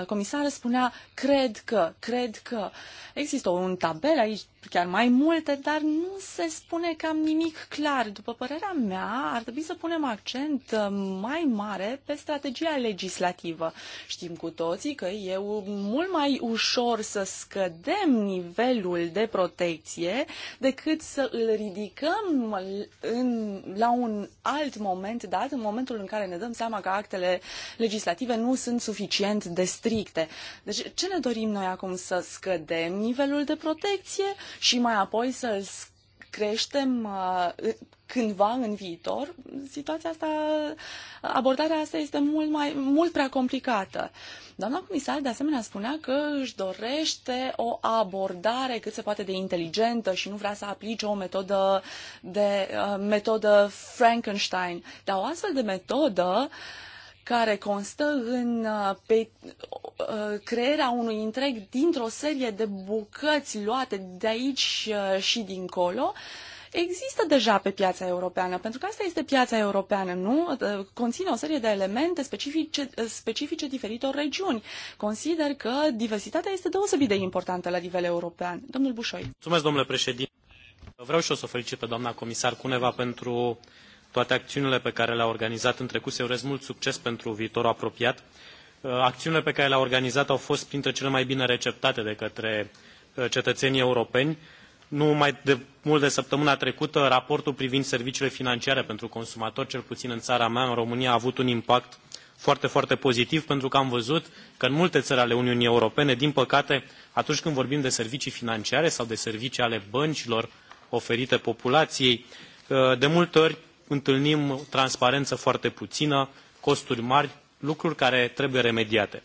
uh, comisară spunea, cred că, cred că. Există un tabel aici, chiar mai multe, dar nu se spune cam nimic clar. După părerea mea, ar trebui să punem accent uh, mai mare pe strategia legislativă. Știm cu toții că e mult mai ușor să scădem nivelul de protecție decât să îl ridicăm în, la un alt moment dat, în momentul în care ne dăm seama că actele legislative nu sunt suficient de stricte. Deci ce ne dorim noi acum? Să scădem nivelul de protecție și mai apoi să-l creștem uh, cândva în viitor, situația asta, abordarea asta este mult, mai, mult prea complicată. Doamna comisar, de asemenea, spunea că își dorește o abordare cât se poate de inteligentă și nu vrea să aplice o metodă de uh, metodă Frankenstein. Dar o astfel de metodă uh, care constă în uh, pe, uh, crearea unui întreg dintr-o serie de bucăți luate de aici uh, și dincolo, există deja pe piața europeană, pentru că asta este piața europeană, nu? Conține o serie de elemente specifice, specifice diferitor regiuni. Consider că diversitatea este deosebit de importantă la nivel european. Domnul Bușoi. Mulțumesc, domnule președinte. Vreau și eu să o felicit pe doamna comisar Cuneva pentru uh, toate acțiunile pe care le-a organizat în trecut. Se urez mult succes pentru viitorul apropiat. Uh, acțiunile pe care le-a organizat au fost printre cele mai bine receptate de către uh, cetățenii europeni. Nu mai de mult de săptămâna trecută, raportul privind serviciile financiare pentru consumatori, cel puțin în țara mea, în România, a avut un impact foarte, foarte pozitiv, pentru că am văzut că în multe țări ale Uniunii Europene, din păcate, atunci când vorbim de servicii financiare sau de servicii ale băncilor oferite populației, uh, de multe ori întâlnim transparență foarte puțină, costuri mari, lucruri care trebuie remediate.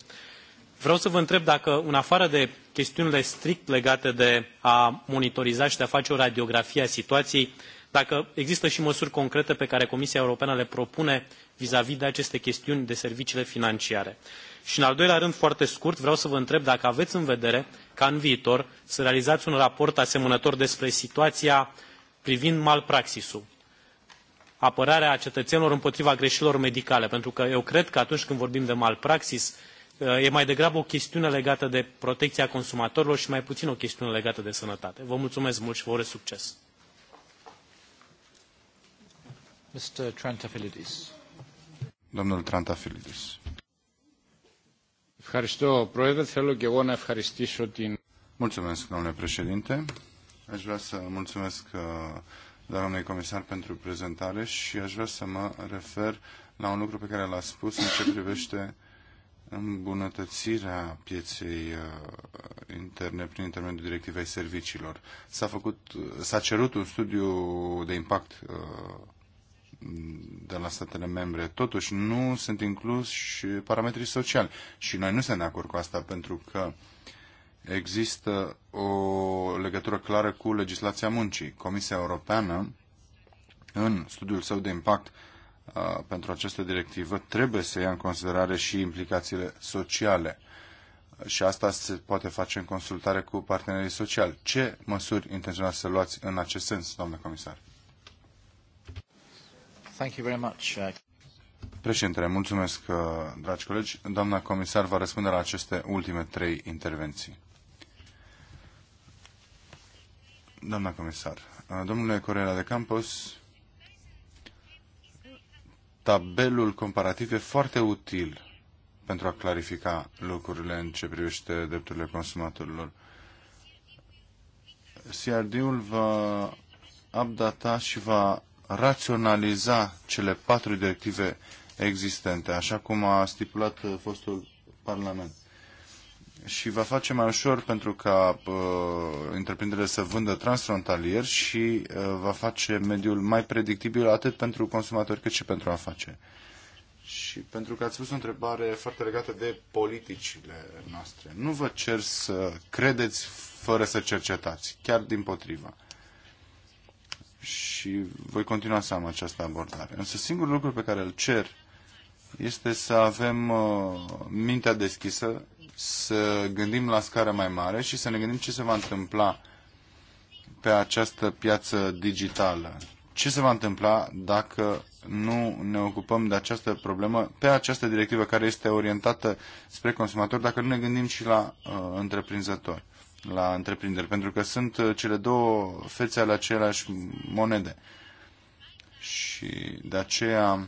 Vreau să vă întreb dacă, în afară de chestiunile strict legate de a monitoriza și de a face o radiografie a situației, dacă există și măsuri concrete pe care Comisia Europeană le propune vis-a-vis -vis de aceste chestiuni de serviciile financiare. Și în al doilea rând, foarte scurt, vreau să vă întreb dacă aveți în vedere ca în viitor să realizați un raport asemănător despre situația privind malpraxisul apărarea cetățenilor împotriva greșelilor medicale, pentru că eu cred că atunci când vorbim de malpraxis, uh, e mai degrabă o chestiune legată de protecția consumatorilor și mai puțin o chestiune legată de sănătate. Vă mulțumesc mult și vă urez succes. Mr. Trantafilidis. Domnul Trantafilidis. Ευχαριστώ, Πρόεδρε. Θέλω και εγώ να Mulțumesc, domnule președinte. Aș vrea să mulțumesc uh, doamnei comisar pentru prezentare și aș vrea să mă refer la un lucru pe care l-a spus în ce privește îmbunătățirea pieței uh, interne prin intermediul directivei serviciilor. S-a, făcut, s-a cerut un studiu de impact uh, de la statele membre. Totuși, nu sunt inclus și parametrii sociali. Și noi nu suntem de acord cu asta, pentru că uh, există o legătură clară cu legislația muncii. Comisia Europeană, în studiul său de impact uh, pentru această directivă, trebuie să ia în considerare și implicațiile sociale. Și asta se poate face în consultare cu partenerii sociali. Ce măsuri intenționați să luați în acest sens, domnule comisar? Thank you very much. Uh, Președintele, mulțumesc, uh, dragi colegi. Doamna comisar va răspunde la aceste ultime trei intervenții. Doamna comisar, uh, domnule Correa de Campos, tabelul comparativ e foarte util pentru a clarifica lucrurile în ce privește drepturile consumatorilor. CRD-ul va updata și va raționaliza cele patru directive existente, așa cum a stipulat uh, fostul Parlament și va face mai ușor pentru ca uh, întreprinderile să vândă transfrontalier și uh, va face mediul mai predictibil atât pentru consumatori cât și pentru afaceri. Și pentru că ați pus o întrebare foarte legată de politicile noastre. Nu vă cer să credeți fără să cercetați, chiar din potriva. Și voi continua să am această abordare. Însă singurul lucru pe care îl cer este să avem uh, mintea deschisă să gândim la scară mai mare și să ne gândim ce se va întâmpla pe această piață digitală. Ce se va întâmpla dacă nu ne ocupăm de această problemă pe această directivă care este orientată spre consumator, dacă nu ne gândim și la uh, întreprinzători, la întreprinderi, pentru că sunt uh, cele două fețe ale aceleași monede. Și de aceea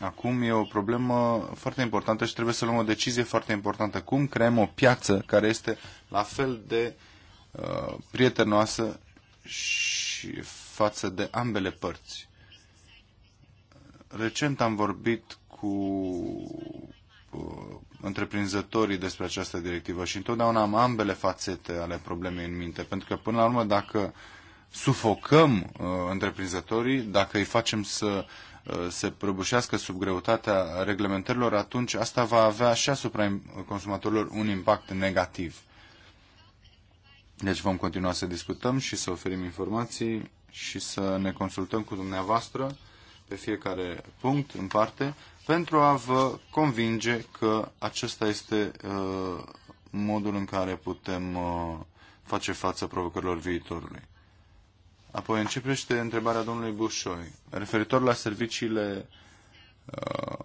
Acum e o problemă foarte importantă și trebuie să luăm o decizie foarte importantă. Cum creăm o piață care este la fel de uh, prietenoasă și față de ambele părți? Recent am vorbit cu uh, întreprinzătorii despre această directivă și întotdeauna am ambele fațete ale problemei în minte, pentru că până la urmă dacă sufocăm uh, întreprinzătorii, dacă îi facem să uh, Uh, se prăbușească sub greutatea reglementărilor, atunci asta va avea și asupra consumatorilor un impact negativ. Deci vom continua să discutăm și să oferim informații și să ne consultăm cu dumneavoastră pe fiecare punct în parte pentru a vă convinge că acesta este uh, modul în care putem uh, face față provocărilor viitorului. Apoi începește întrebarea domnului Bușoi, referitor la serviciile uh,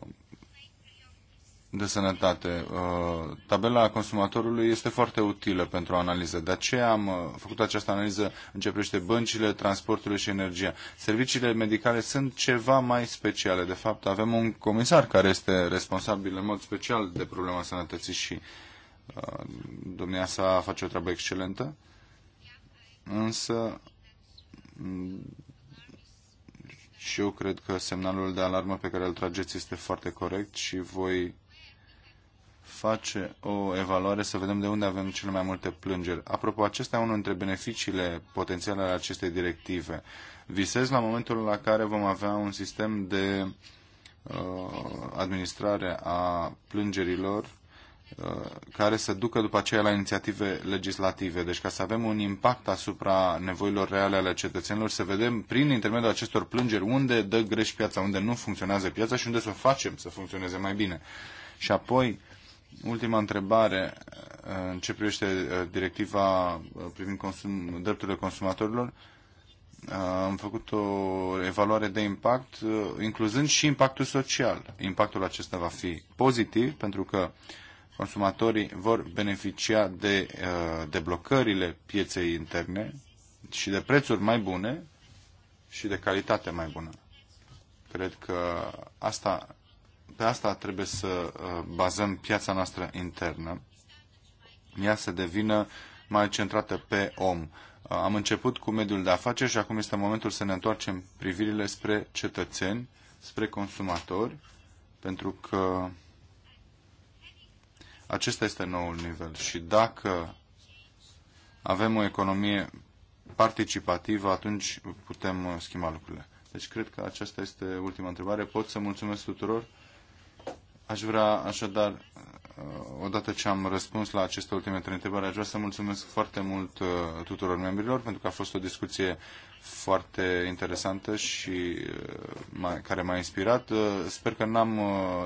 de sănătate. Uh, tabela consumatorului este foarte utilă pentru o analiză. De aceea am uh, făcut această analiză în ce privește băncile, transporturile și energia. Serviciile medicale sunt ceva mai speciale. De fapt, avem un comisar care este responsabil în mod special de problema sănătății și domnia sa face o treabă excelentă. Însă Mm, și eu cred că semnalul de alarmă pe care îl trageți este foarte corect și voi face o evaluare să vedem de unde avem cele mai multe plângeri. Apropo, acesta e unul dintre beneficiile potențiale ale acestei directive. Visez la momentul la care vom avea un sistem de uh, administrare a plângerilor Uh, care să ducă după aceea la inițiative legislative. Deci ca să avem un impact asupra nevoilor reale ale cetățenilor, să vedem prin intermediul acestor plângeri unde dă greș piața, unde nu funcționează piața și unde să o facem să funcționeze mai bine. Și apoi, ultima întrebare uh, în ce privește uh, directiva privind consum, drepturile consumatorilor. Am făcut o evaluare de impact, incluzând și impactul social. Impactul acesta va fi pozitiv, pentru că uh, consumatorii vor beneficia de uh, deblocările pieței interne și de prețuri mai bune și de calitate mai bună. Cred că asta, pe asta trebuie să uh, bazăm piața noastră internă. Ea să devină mai centrată pe om. Uh, am început cu mediul de afaceri și acum este momentul să ne întoarcem privirile spre cetățeni, spre consumatori, pentru că acesta este noul nivel. Și dacă avem o economie participativă, atunci putem uh, schimba lucrurile. Deci cred că aceasta este ultima întrebare. Pot să mulțumesc tuturor. Aș vrea așadar, uh, odată ce am răspuns la aceste ultime trei întrebări, aș vrea să mulțumesc foarte mult uh, tuturor membrilor, pentru că a fost o discuție foarte interesantă și care m-a inspirat. Sper că n-am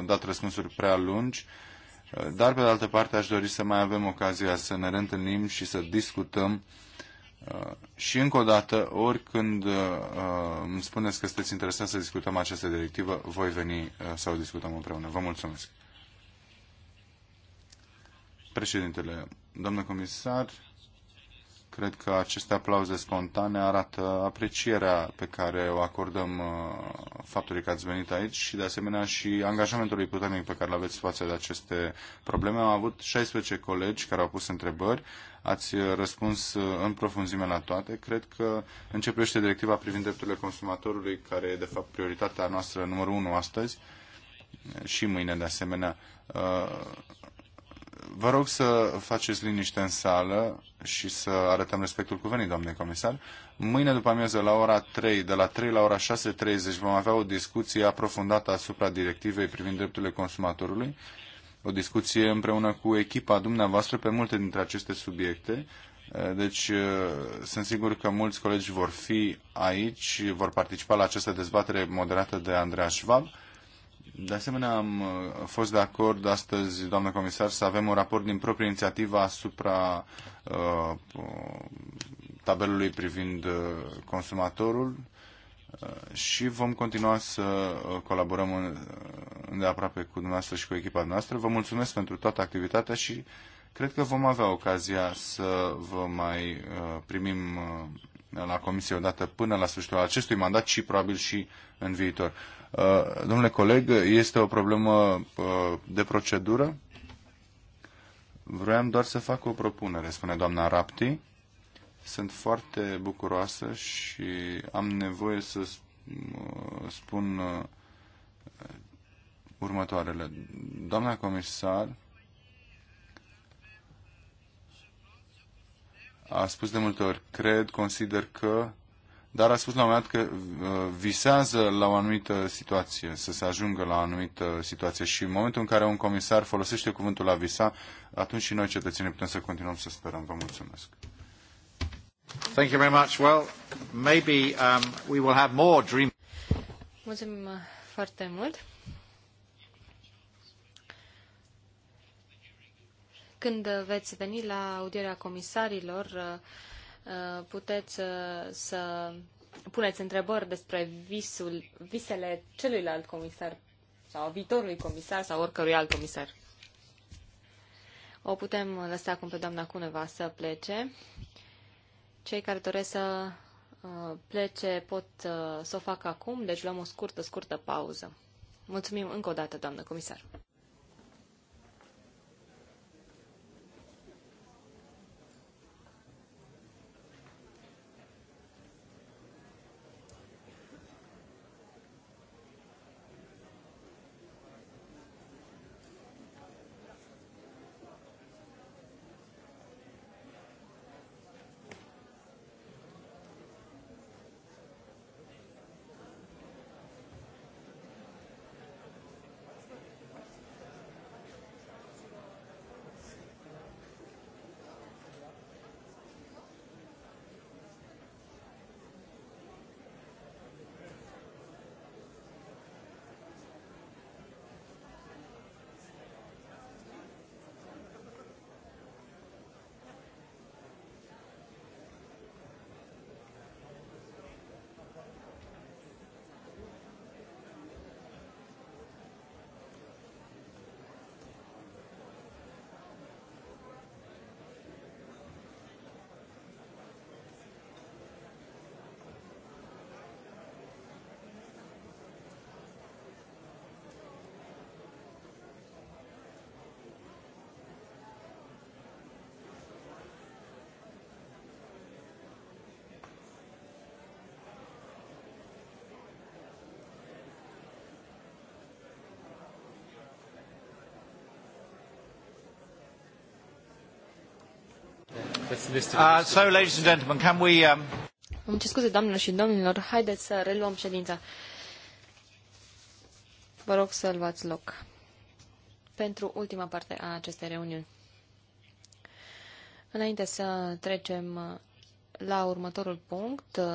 dat răspunsuri prea lungi. Dar, pe de altă parte, aș dori să mai avem ocazia să ne reîntâlnim și să discutăm uh, și încă o dată, oricând uh, uh, îmi spuneți că sunteți interesat să discutăm această directivă, voi veni să o discutăm împreună. Vă mulțumesc. Președintele, domnule comisar, Cred că aceste aplauze spontane arată aprecierea pe care o acordăm uh, faptului că ați venit aici și de asemenea și angajamentului puternic pe care l aveți față de aceste probleme. Am avut 16 colegi care au pus întrebări, ați uh, răspuns uh, în profunzime la toate. Cred că începește directiva privind drepturile consumatorului, care e de fapt prioritatea noastră numărul 1 astăzi și mâine de asemenea Vă rog să faceți liniște în sală și să arătăm respectul cuvenit, domnule comisar. Mâine după amiază la ora 3, de la 3 la ora 6.30 vom avea o discuție aprofundată asupra directivei privind drepturile consumatorului. O discuție împreună cu echipa dumneavoastră pe multe dintre aceste subiecte. Deci sunt sigur că mulți colegi vor fi aici, vor participa la această dezbatere moderată de Andreea Schwab de asemenea, am uh, fost de acord astăzi, doamnă comisar, să avem un raport din proprie inițiativă asupra uh, tabelului privind uh, consumatorul uh, și vom continua să colaborăm îndeaproape cu dumneavoastră și cu echipa noastră. Vă mulțumesc pentru toată activitatea și cred că vom avea ocazia să vă mai primim la comisie odată până la sfârșitul acestui mandat și probabil și în viitor. Uh, domnule coleg, este o problemă uh, de procedură? Vroiam doar să fac o propunere, spune doamna Rapti. Sunt foarte bucuroasă și am nevoie să uh, spun următoarele. Doamna comisar a spus de multe ori, cred, consider că dar a spus la un moment dat că uh, visează la o anumită situație, să se ajungă la o anumită situație și în momentul în care un comisar folosește cuvântul la visa, atunci și noi cetățenii putem să continuăm să sperăm. Vă mulțumesc. Thank you very much. Well, maybe um, we will have more dream. Mulțumim uh, foarte mult. Când veți veni la audierea comisarilor, uh, Uh, puteți uh, să puneți întrebări despre visul, visele celuilalt comisar sau viitorului comisar sau oricărui alt comisar. O putem lăsa acum pe doamna Cuneva să plece. Cei care doresc să uh, plece pot să o facă acum, deci luăm o scurtă, scurtă pauză. Mulțumim încă o dată, doamnă comisar. Uh, um, Îmi cer scuze, doamnelor și domnilor, haideți să reluăm ședința. Vă rog să luați loc pentru ultima parte a acestei reuniuni. Înainte să trecem la următorul punct, uh,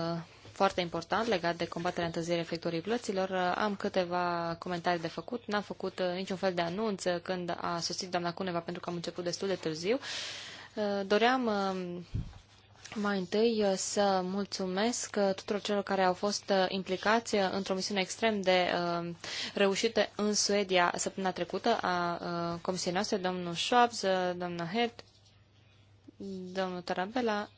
foarte important legat de combaterea întârzierii efectorii plăților. Uh, am câteva comentarii de făcut. N-am făcut niciun fel de anunț când a sosit doamna Cuneva pentru că am început destul de târziu Doream uh, mai întâi uh, să mulțumesc uh, tuturor celor care au fost implicați într-o misiune extrem de reușită în Suedia săptămâna trecută a comisiei noastre, domnul Schwabs, doamna Hert, domnul Tarabella,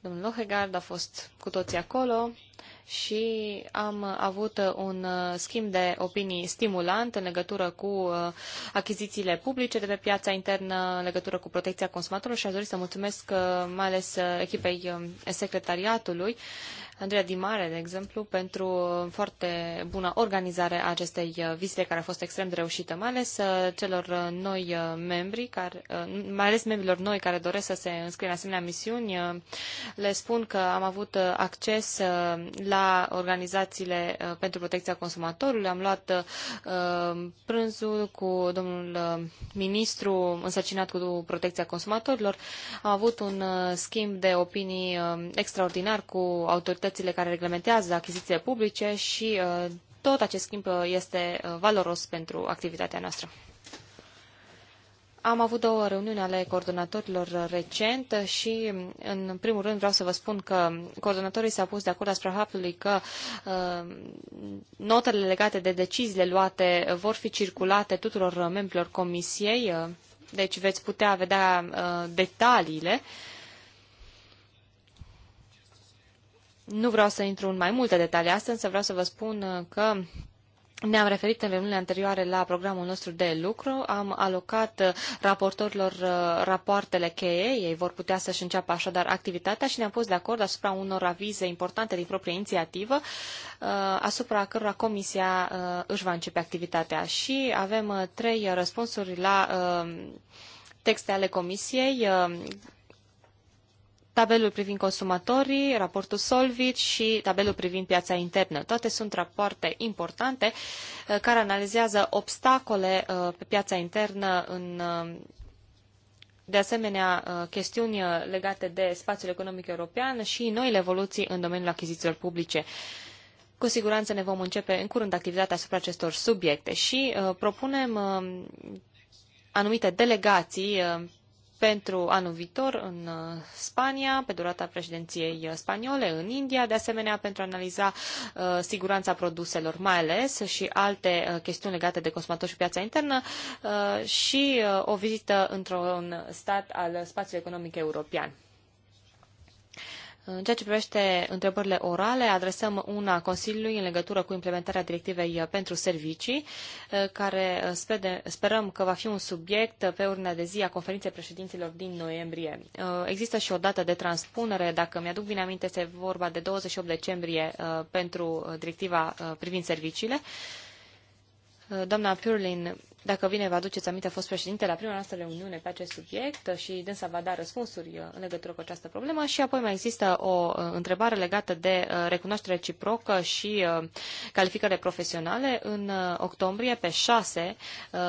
domnul Lohegard, a fost cu toții acolo și am avut uh, un uh, schimb de opinii stimulant în legătură cu uh, achizițiile publice de pe piața internă, în legătură cu protecția consumatorilor și aș dori să mulțumesc mai ales echipei secretariatului Andreea Dimare, de exemplu, pentru foarte bună organizare a acestei uh, vizite care a fost extrem de reușită, mai ales uh, celor uh, noi membri, care, mai ales membrilor noi care doresc să se înscrie în asemenea misiuni. Le spun că am avut acces la organizațiile pentru protecția consumatorului, am luat prânzul cu domnul ministru însărcinat cu protecția consumatorilor, am avut un schimb de opinii extraordinar cu autoritățile autoritățile care reglementează achizițiile publice și uh, tot acest schimb uh, este uh, valoros pentru activitatea noastră. Am avut două reuniuni ale coordonatorilor recent și, um, în primul rând, vreau să vă spun că coordonatorii s-au pus de acord asupra faptului că uh, notele legate de deciziile luate vor fi circulate tuturor membrilor comisiei, uh, deci veți putea vedea uh, detaliile uh, Nu vreau să intru în mai multe detalii astăzi, însă vreau să vă spun uh, că ne-am referit în reuniunile anterioare la programul nostru de lucru, am alocat uh, raportorilor uh, rapoartele cheie, ei vor putea să-și înceapă așadar activitatea și ne-am pus de acord asupra unor avize importante din proprie inițiativă, asupra cărora comisia își va începe activitatea. Și avem trei răspunsuri la texte ale comisiei tabelul privind consumatorii, raportul Solvit și tabelul privind piața internă. Toate sunt rapoarte importante uh, care analizează obstacole uh, pe piața internă în uh, de asemenea, chestiuni legate de spațiul economic european și noile evoluții în domeniul achizițiilor publice. Cu siguranță ne vom începe în curând activitatea asupra acestor subiecte și propunem anumite delegații pentru anul viitor în uh, Spania, pe durata președinției uh, spaniole, în India, de asemenea pentru a analiza uh, siguranța produselor, mai ales și alte chestiuni legate de consumator și piața internă și o vizită într-un stat al spațiului economic european. În ceea ce privește întrebările orale, adresăm una Consiliului în legătură cu implementarea directivei uh, pentru servicii, uh, care uh, sperăm că va fi un subiect pe ordinea de zi a conferinței președinților din noiembrie. Există și o dată de transpunere, dacă mi-aduc bine aminte, este vorba de 28 decembrie pentru directiva privind serviciile. Doamna Purlin dacă vine vă aduceți aminte, a fost președinte la prima noastră reuniune pe acest subiect și dânsa va da răspunsuri uh, în legătură cu această problemă și apoi mai există o uh, întrebare legată de uh, recunoaștere reciprocă și calificările profesionale. În octombrie, pe 6,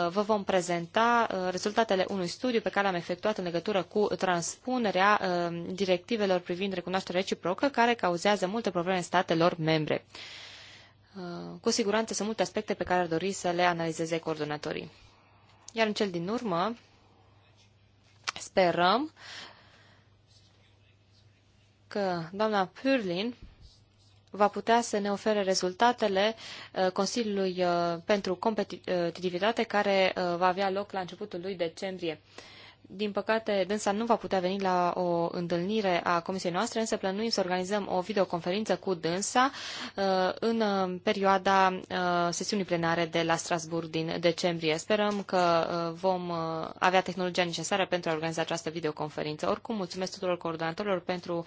vă vom prezenta rezultatele unui studiu pe care l-am efectuat în legătură cu transpunerea directivelor privind recunoașterea reciprocă, care cauzează multe probleme statelor membre. Uh, cu siguranță sunt multe aspecte pe care ar dori să le analizeze coordonatorii. Iar în cel din urmă, sperăm că doamna Purlin va putea să ne ofere rezultatele uh, Consiliului uh, pentru competitivitate care va avea loc la începutul lui decembrie. Din păcate, dânsa nu va putea veni la o întâlnire a comisiei noastre, însă plănuim să organizăm o videoconferință cu dânsa uh, în uh, perioada uh, sesiunii plenare de la Strasburg din decembrie. Sperăm că vom avea tehnologia necesară pentru a organiza această videoconferință. Oricum, mulțumesc tuturor coordonatorilor pentru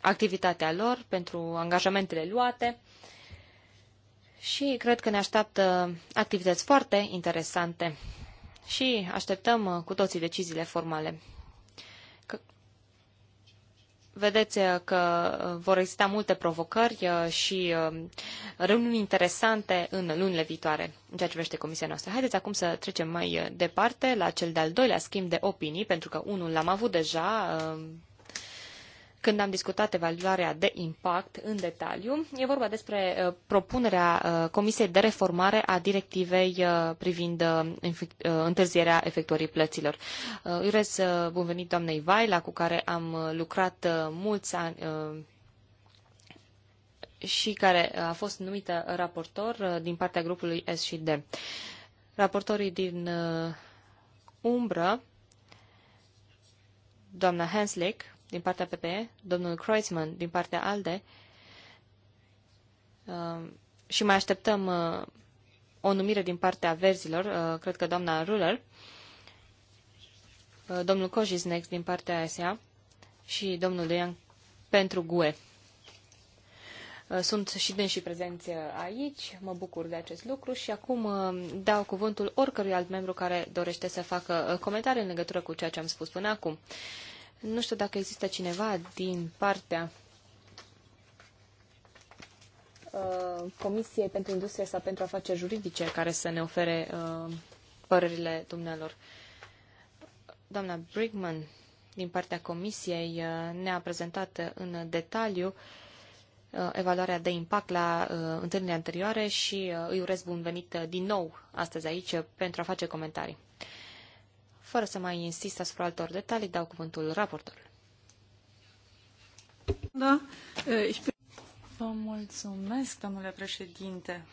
activitatea lor, pentru angajamentele luate și cred că ne așteaptă activități foarte interesante și așteptăm uh, cu toții deciziile formale. Că... Vedeți uh, că uh, vor exista multe provocări și reuniuni interesante în lunile viitoare în ceea ce privește comisia noastră. Haideți acum să trecem mai departe la cel de-al doilea schimb de opinii, pentru că unul l-am avut deja când am discutat evaluarea de impact în detaliu. E vorba despre uh, propunerea uh, Comisiei de reformare a directivei uh, privind întârzierea efectuării plăților. Îi urez bun venit doamnei Vaila, cu care am lucrat mulți ani și care a fost numită raportor din partea grupului S și D. Raportorii din umbră, doamna Henslick, din partea PPE, domnul Kreuzmann, din partea ALDE um, și mai așteptăm uh, o numire din partea verzilor, uh, cred că doamna Ruler, uh, domnul Kojiznek din partea SA și domnul Dejan pentru GUE. Sunt și și prezenți aici, mă bucur de acest lucru și acum dau cuvântul oricărui alt membru care dorește să facă comentarii în legătură cu ceea ce am spus până acum. Nu știu dacă există cineva din partea uh, Comisiei pentru Industrie sau pentru Afaceri Juridice care să ne ofere uh, părerile dumnealor. Doamna Brigman, din partea Comisiei, uh, ne-a prezentat în detaliu uh, evaluarea de impact la întâlnirile anterioare și îi urez bun venit din nou astăzi aici pentru a face comentarii. Fără să mai insist asupra altor detalii, dau cuvântul raportorului. Da, Vă mulțumesc, domnule președinte.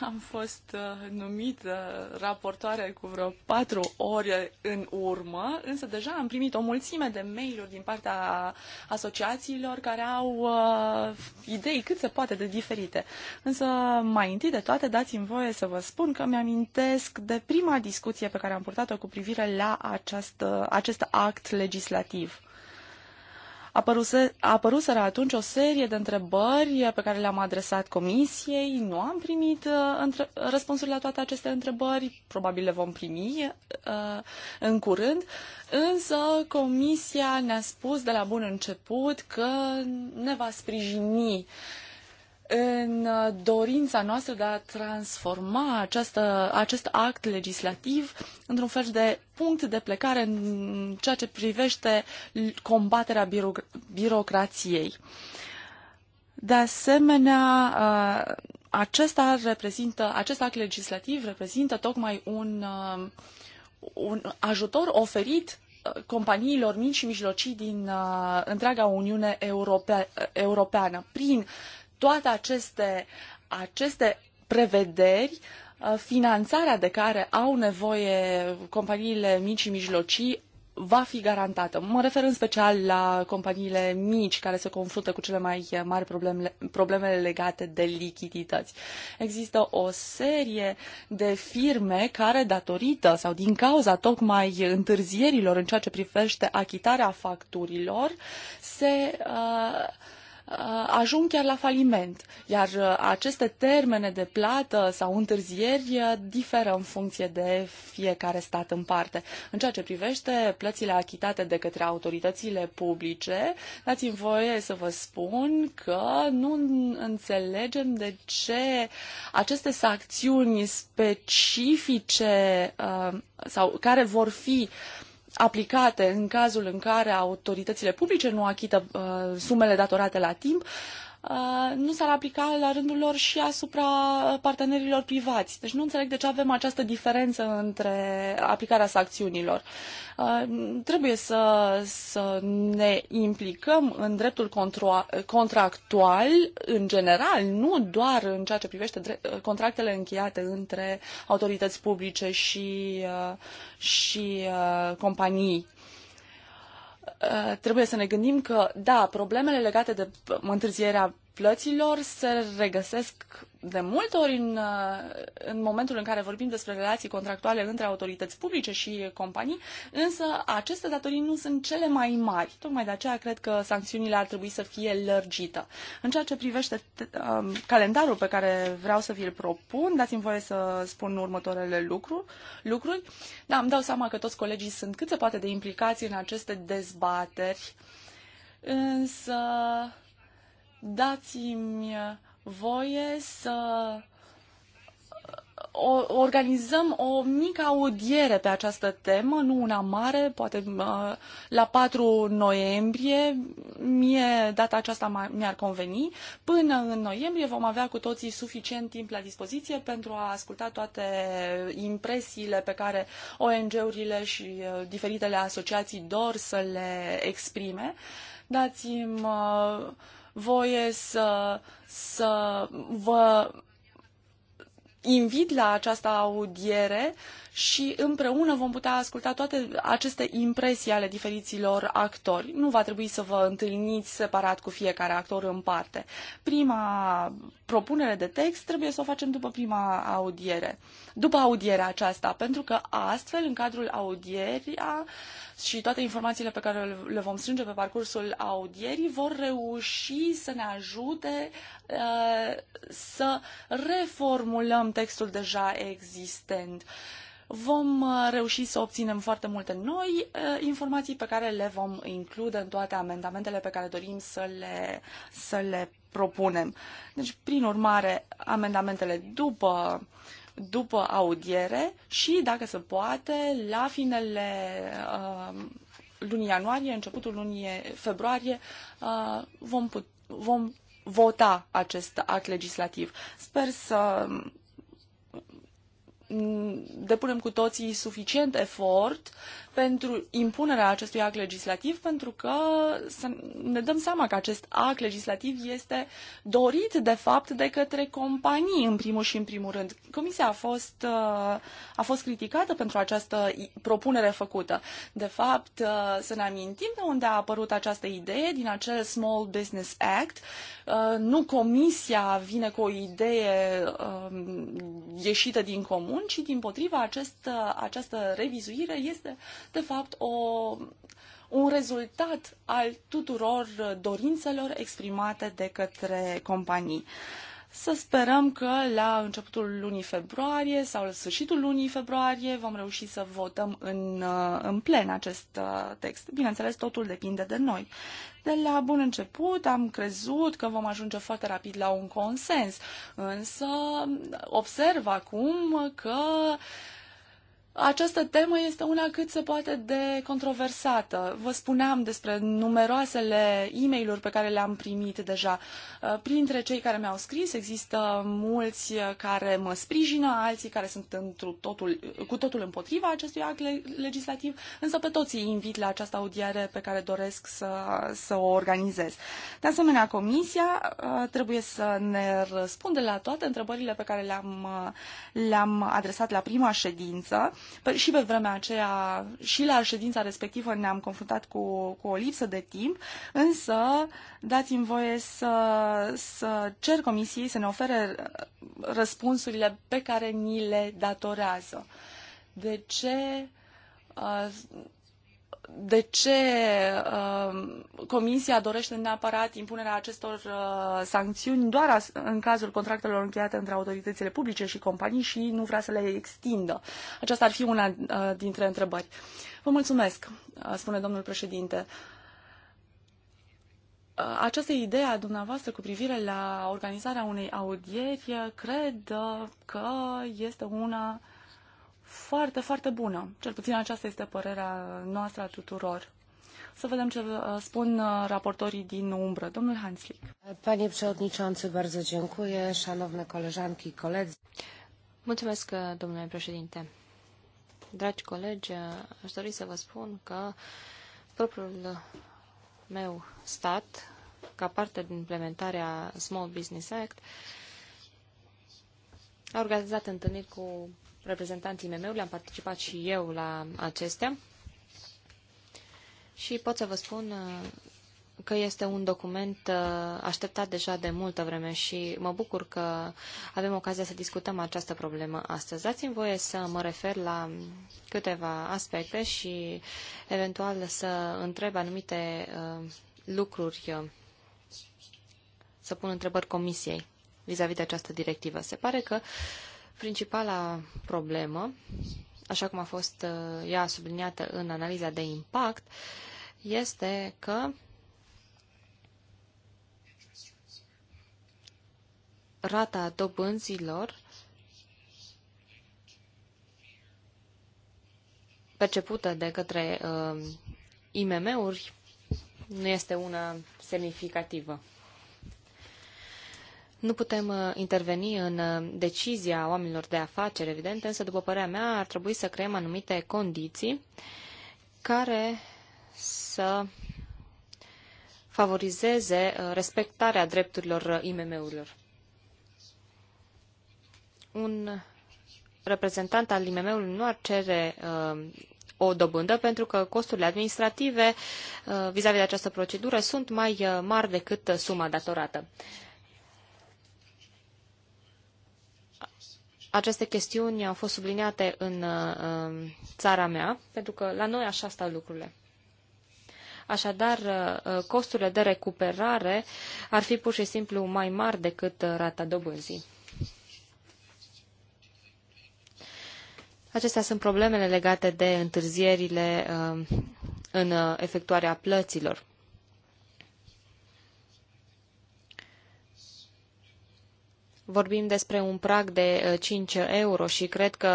Am fost uh, numită uh, raportoare cu vreo patru ore în urmă, însă deja am primit o mulțime de mail-uri din partea asociațiilor care au uh, idei cât se poate de diferite. Însă, mai întâi de toate, dați-mi voie să vă spun că mi-amintesc de prima discuție pe care am purtat-o cu privire la această, acest act legislativ. Apăruse, apăruseră atunci o serie de întrebări pe care le-am adresat comisiei. Nu am primit uh, răspunsuri la toate aceste întrebări, probabil le vom primi uh, în curând, însă comisia ne-a spus de la bun început că ne va sprijini în dorința noastră de a transforma această, acest act legislativ într-un fel de punct de plecare în ceea ce privește combaterea biro, birocrației. De asemenea, uh, acesta reprezintă, acest act legislativ reprezintă tocmai un, uh, un ajutor oferit uh, companiilor mici și mijlocii din uh, întreaga Uniune Europe- Europeană prin toate aceste, aceste prevederi uh, finanțarea de care au nevoie companiile mici și mijlocii va fi garantată. Mă refer în special la companiile mici care se confruntă cu cele mai mari probleme, problemele legate de lichidități. Există o serie de firme care, datorită sau din cauza tocmai întârzierilor în ceea ce privește achitarea facturilor, se uh, Uh, ajung chiar la faliment, iar uh, aceste termene de plată sau întârzieri uh, diferă în funcție de fiecare stat în parte. În ceea ce privește plățile achitate de către autoritățile publice, dați-mi voie să vă spun că nu înțelegem de ce aceste sancțiuni specifice sau care vor fi uh, aplicate în cazul în care autoritățile publice nu achită uh, sumele datorate la timp, Uh, nu s-ar aplica la rândul lor și asupra partenerilor privați. Deci nu înțeleg de ce avem această diferență între aplicarea sancțiunilor. Uh, trebuie să, să ne implicăm în dreptul contractual în general, nu doar în ceea ce privește contractele încheiate între autorități publice și, uh, și companii Uh, trebuie să ne gândim că, da, problemele legate de întârzierea plăților se regăsesc de multe ori în, uh, în momentul în care vorbim despre relații contractuale între autorități publice și companii, însă aceste datorii nu sunt cele mai mari. Tocmai de aceea cred că sancțiunile ar trebui să fie lărgită. În ceea ce privește um, calendarul pe care vreau să vi-l propun, dați-mi voie să spun următoarele lucruri. lucruri. Da, îmi dau seama că toți colegii sunt cât se poate de implicați în aceste dezbateri dezbateri, însă dați-mi voie să o, organizăm o mică audiere pe această temă, nu una mare, poate uh, la 4 noiembrie, mie data aceasta mi-ar conveni. Până în noiembrie vom avea cu toții suficient timp la dispoziție pentru a asculta toate impresiile pe care ONG-urile și uh, diferitele asociații dor să le exprime. Dați-mi uh, voie să, să vă invit la această audiere uh, și împreună vom putea asculta toate aceste impresii ale diferiților actori. Nu va trebui să vă întâlniți separat cu fiecare actor în parte. Prima propunere de text trebuie să o facem după prima audiere, după audierea aceasta, pentru că astfel, în cadrul audierii și toate informațiile pe care le vom strânge pe parcursul audierii vor reuși să ne ajute uh, să reformulăm textul deja existent. Uh, vom uh, reuși să obținem foarte multe noi uh, informații pe care le vom include în toate amendamentele pe care dorim să le, să le propunem. Deci, prin urmare, amendamentele după după audiere și, dacă se poate, la finele uh, lunii ianuarie, începutul lunii februarie, uh, vom, vom vota acest act legislativ. Sper să depunem cu toții suficient efort pentru impunerea acestui act legislativ, pentru că să ne dăm seama că acest act legislativ este dorit, de fapt, de către companii, în primul și în primul rând. Comisia a fost, uh, a fost criticată pentru această propunere făcută. De fapt, uh, să ne amintim de unde a apărut această idee, din acel Small Business Act. Uh, nu Comisia vine cu o idee um, ieșită din comun, ci, din potriva, această această revizuire este de fapt, o, un rezultat al tuturor dorințelor exprimate de către companii. Să sperăm că la începutul lunii februarie sau la sfârșitul lunii februarie vom reuși să votăm în, în plen acest uh, text. Bineînțeles, totul depinde de noi. De la bun început am crezut că vom ajunge foarte rapid la un consens, însă observ acum că uh, această temă este una cât se poate de controversată. Vă spuneam despre numeroasele e mail pe care le-am primit deja. Uh, printre cei care mi-au scris există mulți care mă sprijină, alții care sunt întru totul, cu totul împotriva acestui act legislativ, însă pe toți îi invit la această audiere pe care doresc să, să o organizez. De asemenea, Comisia uh, trebuie să ne răspundă la toate întrebările pe care le-am, uh, le-am adresat la prima ședință Păi și pe vremea aceea și la ședința respectivă ne-am confruntat cu, cu o lipsă de timp, însă dați-mi voie să, să cer comisiei să ne ofere răspunsurile pe care ni le datorează. De ce uh, de ce uh, Comisia dorește neapărat impunerea acestor uh, sancțiuni doar în cazul contractelor încheiate între autoritățile publice și companii și nu vrea să le extindă? Aceasta ar fi una uh, dintre întrebări. Vă mulțumesc, spune domnul președinte. Această idee a dumneavoastră cu privire la organizarea unei audieri, cred că este una uh, foarte, foarte bună. Cel puțin aceasta este părerea noastră a tuturor. Să vedem ce uh, spun uh, raportorii din umbră. Domnul Hanslik. Panie przewodniczący, bardzo dziękuję. Szanowne koleżanki i koledzy. Mulțumesc, uh, domnule președinte. Dragi colegi, aș dori să vă spun că propriul meu stat, ca parte din implementarea Small Business Act, a organizat întâlniri cu reprezentanții IMM-ului, am participat și eu la acestea și pot să vă spun uh, că este un document uh, așteptat deja de multă vreme și mă bucur că avem ocazia să discutăm această problemă astăzi. Dați-mi voie să mă refer la câteva aspecte și eventual să întreb anumite uh, lucruri, să pun întrebări comisiei vis-a-vis -vis de această directivă. Se pare că uh, Principala problemă, așa cum a fost uh, ea subliniată în analiza de impact, este că rata dobânzilor percepută de către uh, IMM-uri nu este una semnificativă. Nu putem uh, interveni în uh, decizia oamenilor de afaceri, evident, însă, după părerea mea, ar trebui să creăm anumite condiții care să favorizeze uh, respectarea drepturilor IMM-urilor. Un reprezentant al IMM-ului nu ar cere o dobândă pentru că costurile administrative vis-a-vis -vis de această procedură sunt mai mari decât suma datorată. Aceste chestiuni au fost subliniate în uh, uh, țara mea, pentru că la noi așa stau lucrurile. Așadar, uh, costurile de recuperare ar fi pur și simplu mai mari decât rata dobânzii. Acestea sunt problemele legate de întârzierile în efectuarea plăților. Vorbim despre un prag de 5 uh, euro și cred că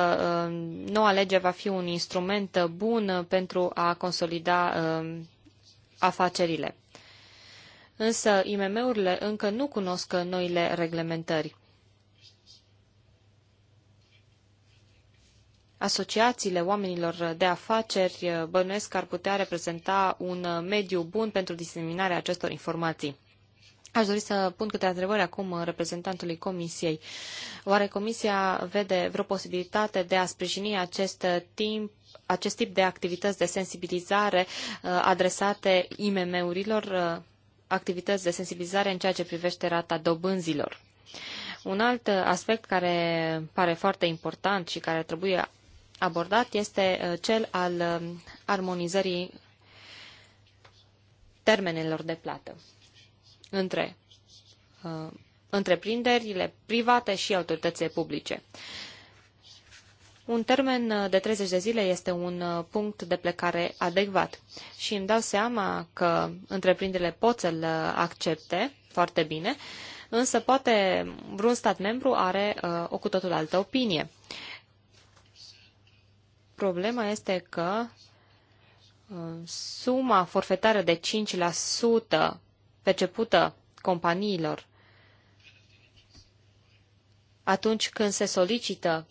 uh, noua lege va fi un instrument uh, bun pentru a consolida afacerile. Însă IMM-urile încă nu cunosc noile reglementări. asociațiile oamenilor de afaceri bănuiesc că ar putea reprezenta un mediu bun pentru diseminarea acestor informații. Aș dori să pun câte întrebări acum uh, reprezentantului Comisiei. Oare Comisia vede vreo posibilitate de a sprijini acest uh, timp acest tip de activități de sensibilizare uh, adresate IMM-urilor, activități de sensibilizare în ceea ce privește rata dobânzilor. Un alt aspect care pare foarte important și care trebuie abordat este cel al armonizării termenelor de plată între uh, întreprinderile private și autoritățile publice. Un termen uh, de 30 de zile este un uh, punct de plecare adecvat și îmi dau seama că întreprinderile pot să-l uh, accepte foarte bine, însă poate vreun stat membru are uh, o cu totul altă opinie. Problema este că uh, suma forfetară de 5% percepută companiilor atunci când se solicită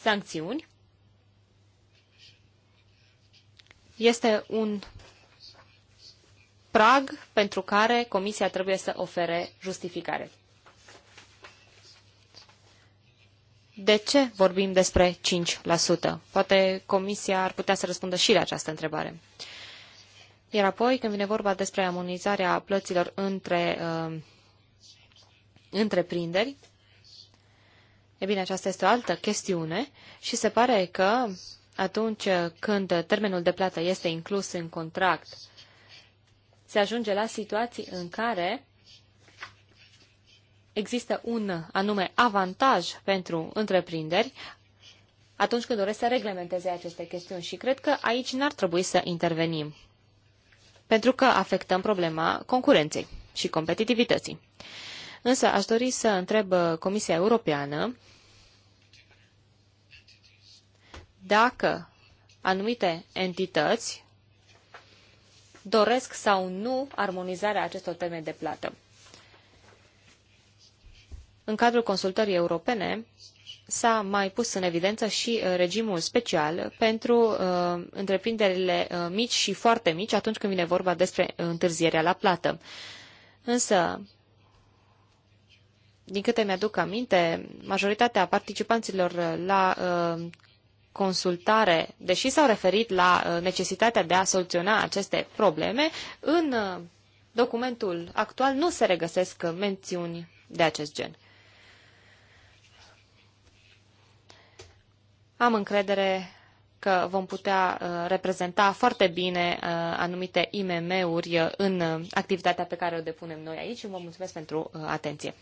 sancțiuni este un prag pentru care Comisia trebuie să ofere justificare. De ce vorbim despre 5%? Poate Comisia ar putea să răspundă și la această întrebare. Iar apoi, când vine vorba despre amunizarea plăților între uh, întreprinderi, e bine, aceasta este o altă chestiune și se pare că atunci când termenul de plată este inclus în contract, se ajunge la situații în care există un anume avantaj pentru întreprinderi atunci când doresc să reglementeze aceste chestiuni și cred că aici n-ar trebui să intervenim pentru că afectăm problema concurenței și competitivității. Însă aș dori să întreb uh, Comisia Europeană dacă anumite entități doresc sau nu armonizarea acestor teme de plată. În cadrul consultării europene, s-a mai pus în evidență și uh, regimul special pentru uh, întreprinderile uh, mici și foarte mici atunci când vine vorba despre întârzierea la plată. Însă, din câte mi-aduc aminte, majoritatea participanților uh, la uh, consultare, deși s-au referit la uh, necesitatea de a soluționa aceste probleme, în documentul actual nu se regăsesc mențiuni de acest gen. Am încredere că vom putea uh, reprezenta foarte bine uh, anumite IMM-uri uh, în activitatea pe care o depunem noi aici și vă mulțumesc pentru atenție.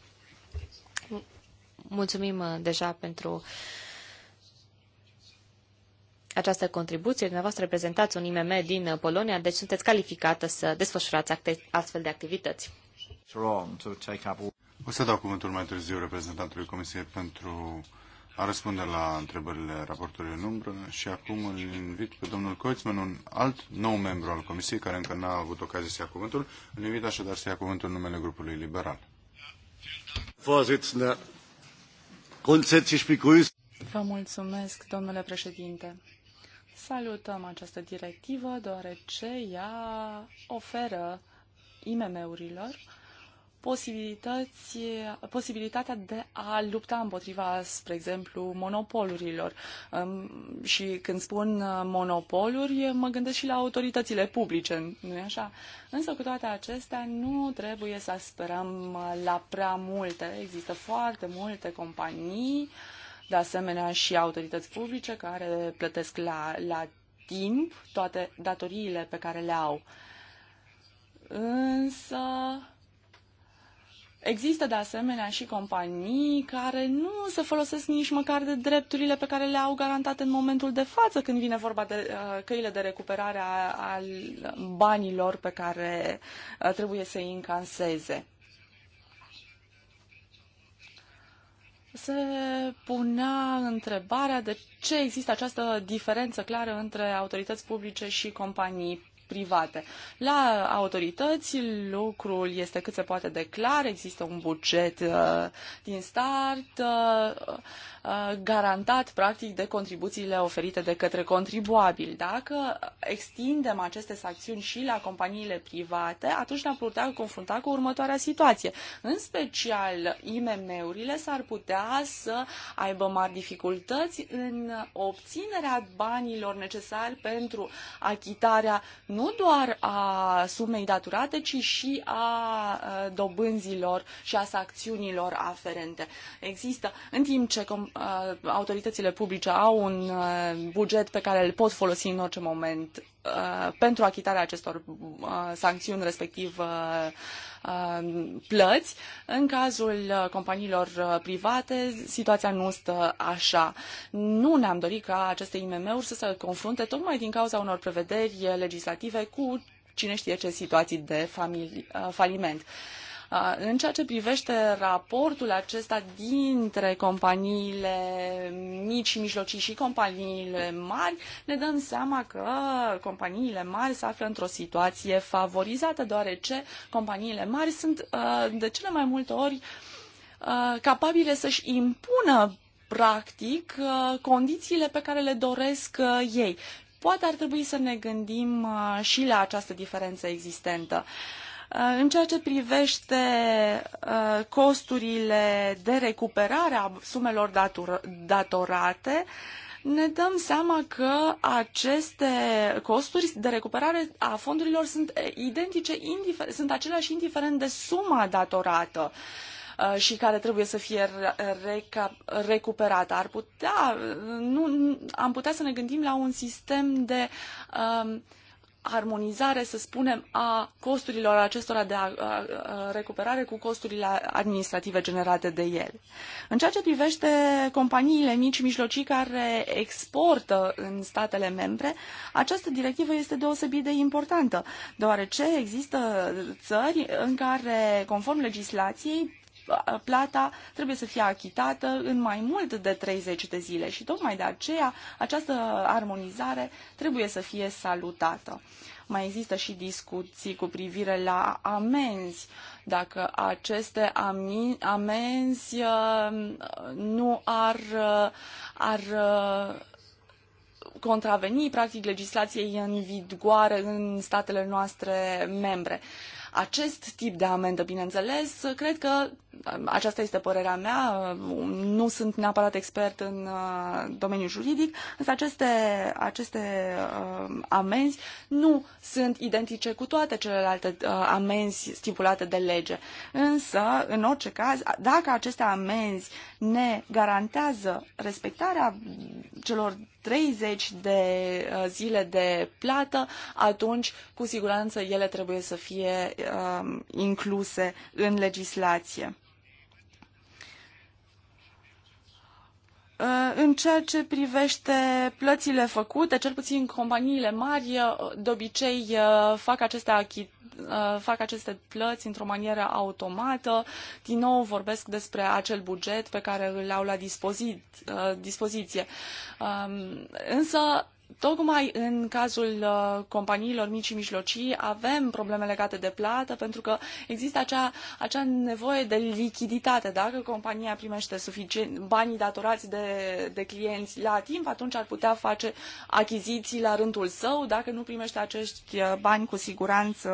Mulțumim deja pentru această contribuție. Dumneavoastră reprezentați un IMM din Polonia, deci sunteți calificată să desfășurați astfel de activități. O să dau cuvântul mai târziu reprezentantului Comisiei pentru a răspunde la întrebările raportului în umbră și acum îl invit pe domnul Coitzman, un alt nou membru al Comisiei, care încă n-a avut ocazie să ia cuvântul. Îl invit așadar să ia cuvântul în numele grupului liberal. Vă mulțumesc, domnule președinte. Salutăm această directivă, deoarece ea oferă IMM-urilor posibilități, posibilitatea de a lupta împotriva, spre exemplu, monopolurilor. Și când spun uh, monopoluri, mă gândesc și la autoritățile publice, nu e așa? Însă, cu toate acestea, nu trebuie să sperăm uh, la prea multe. Există foarte multe companii, de asemenea și autorități publice, care plătesc la, la timp toate datoriile pe care le au. Însă, Există de asemenea și companii care nu se folosesc nici măcar de drepturile pe care le-au garantat în momentul de față când vine vorba de uh, căile de recuperare a, a banilor pe care uh, trebuie să-i încanseze. Se punea întrebarea de ce există această diferență clară între autorități publice și companii private. La autorități lucrul este cât se poate de clar, există un buget uh, din start, uh, Uh, garantat, practic, de contribuțiile oferite de către contribuabili. Dacă extindem aceste sancțiuni și la companiile private, atunci ne-am putea confrunta cu următoarea situație. În special, IMM-urile s-ar putea să aibă mari dificultăți în obținerea banilor necesari pentru achitarea nu doar a sumei daturate, ci și a uh, dobânzilor și a sancțiunilor aferente. Există, în timp ce autoritățile publice au un buget pe care îl pot folosi în orice moment pentru achitarea acestor sancțiuni, respectiv plăți. În cazul companiilor private, situația nu stă așa. Nu ne-am dorit ca aceste IMM-uri să se confrunte tocmai din cauza unor prevederi legislative cu cine știe ce situații de faliment. În ceea ce privește raportul acesta dintre companiile mici și mijlocii și companiile mari, ne dăm seama că companiile mari se află într-o situație favorizată, deoarece companiile mari sunt de cele mai multe ori capabile să-și impună practic condițiile pe care le doresc ei. Poate ar trebui să ne gândim și la această diferență existentă. Uh, Uh, în ceea ce privește uh, costurile de recuperare a sumelor datorate, ne dăm seama că aceste costuri de recuperare a fondurilor sunt identice, sunt aceleași indiferent de suma datorată uh, și care trebuie să fie recuperată. Ar putea, nu, am putea să ne gândim la un sistem de um, armonizare, să spunem, a costurilor acestora de recuperare cu costurile administrative generate de el. În ceea ce privește companiile mici și mijlocii care exportă în statele membre, această directivă este deosebit de importantă, deoarece există țări în care, conform legislației, plata trebuie să fie achitată în mai mult de 30 de zile și tocmai de aceea această armonizare trebuie să fie salutată. Mai există și discuții cu privire la amenzi, dacă aceste amenzi uh, nu ar, uh, ar uh, contraveni practic legislației în vigoare în statele noastre membre. Acest tip de amendă, bineînțeles, cred că uh, aceasta este părerea mea, uh, nu sunt neapărat expert în uh, domeniul juridic, însă aceste, aceste amenzi nu sunt identice cu toate celelalte amenzi stipulate de lege. Însă, în orice caz, dacă aceste amenzi ne garantează respectarea celor 30 de uh, zile de plată, atunci cu siguranță ele trebuie să fie um, incluse în legislație. Uh, în ceea ce privește plățile făcute, cel puțin companiile mari uh, de obicei uh, fac aceste, achi, fac aceste plăți într-o manieră automată. Din nou vorbesc despre acel buget pe care îl au la dispozi, dispoziție. Um, însă Tocmai în cazul uh, companiilor mici și mijlocii avem probleme legate de plată pentru că există acea, acea nevoie de lichiditate. Dacă compania primește suficient banii datorați de, de clienți la timp, atunci ar putea face achiziții la rândul său. Dacă nu primește acești uh, bani, cu siguranță,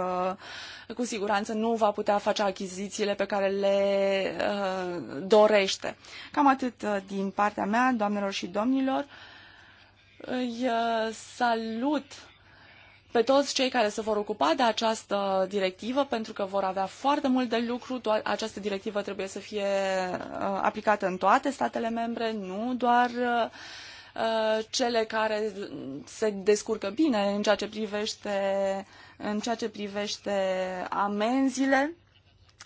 cu siguranță nu va putea face achizițiile pe care le uh, dorește. Cam atât uh, din partea mea, doamnelor și domnilor îi uh, salut pe toți cei care se vor ocupa de această directivă, pentru că vor avea foarte mult de lucru. Această directivă trebuie să fie uh, aplicată în toate statele membre, nu doar uh, cele care se descurcă bine în ceea ce privește, în ceea ce privește amenziile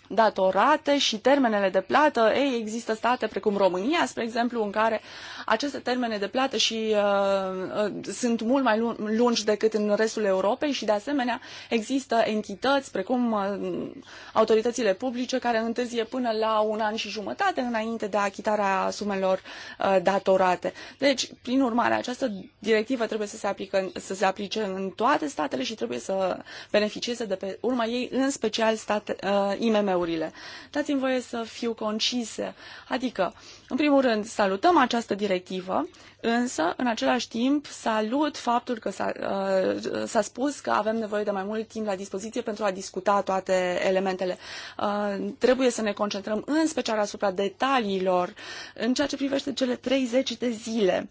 datorate și termenele de plată. Ei, există state precum România, spre exemplu, în care aceste termene de plată și uh, uh sunt mult mai lungi decât în restul Europei și, de asemenea, există entități precum uh, autoritățile publice care întârzie până la un an și jumătate înainte de achitarea sumelor uh, datorate. Deci, prin urmare, această directivă trebuie să se, aplică, să se aplice în toate statele și trebuie să beneficieze de pe urma ei, în special state, uh, IMM urile Dați-mi voie să fiu concise. Adică, în primul rând, salutăm această directivă, însă, în același timp, salut faptul că s-a, uh, spus că avem nevoie de mai mult timp la dispoziție pentru a discuta toate elementele. Uh, trebuie să ne concentrăm în special asupra detaliilor în ceea ce privește cele 30 de zile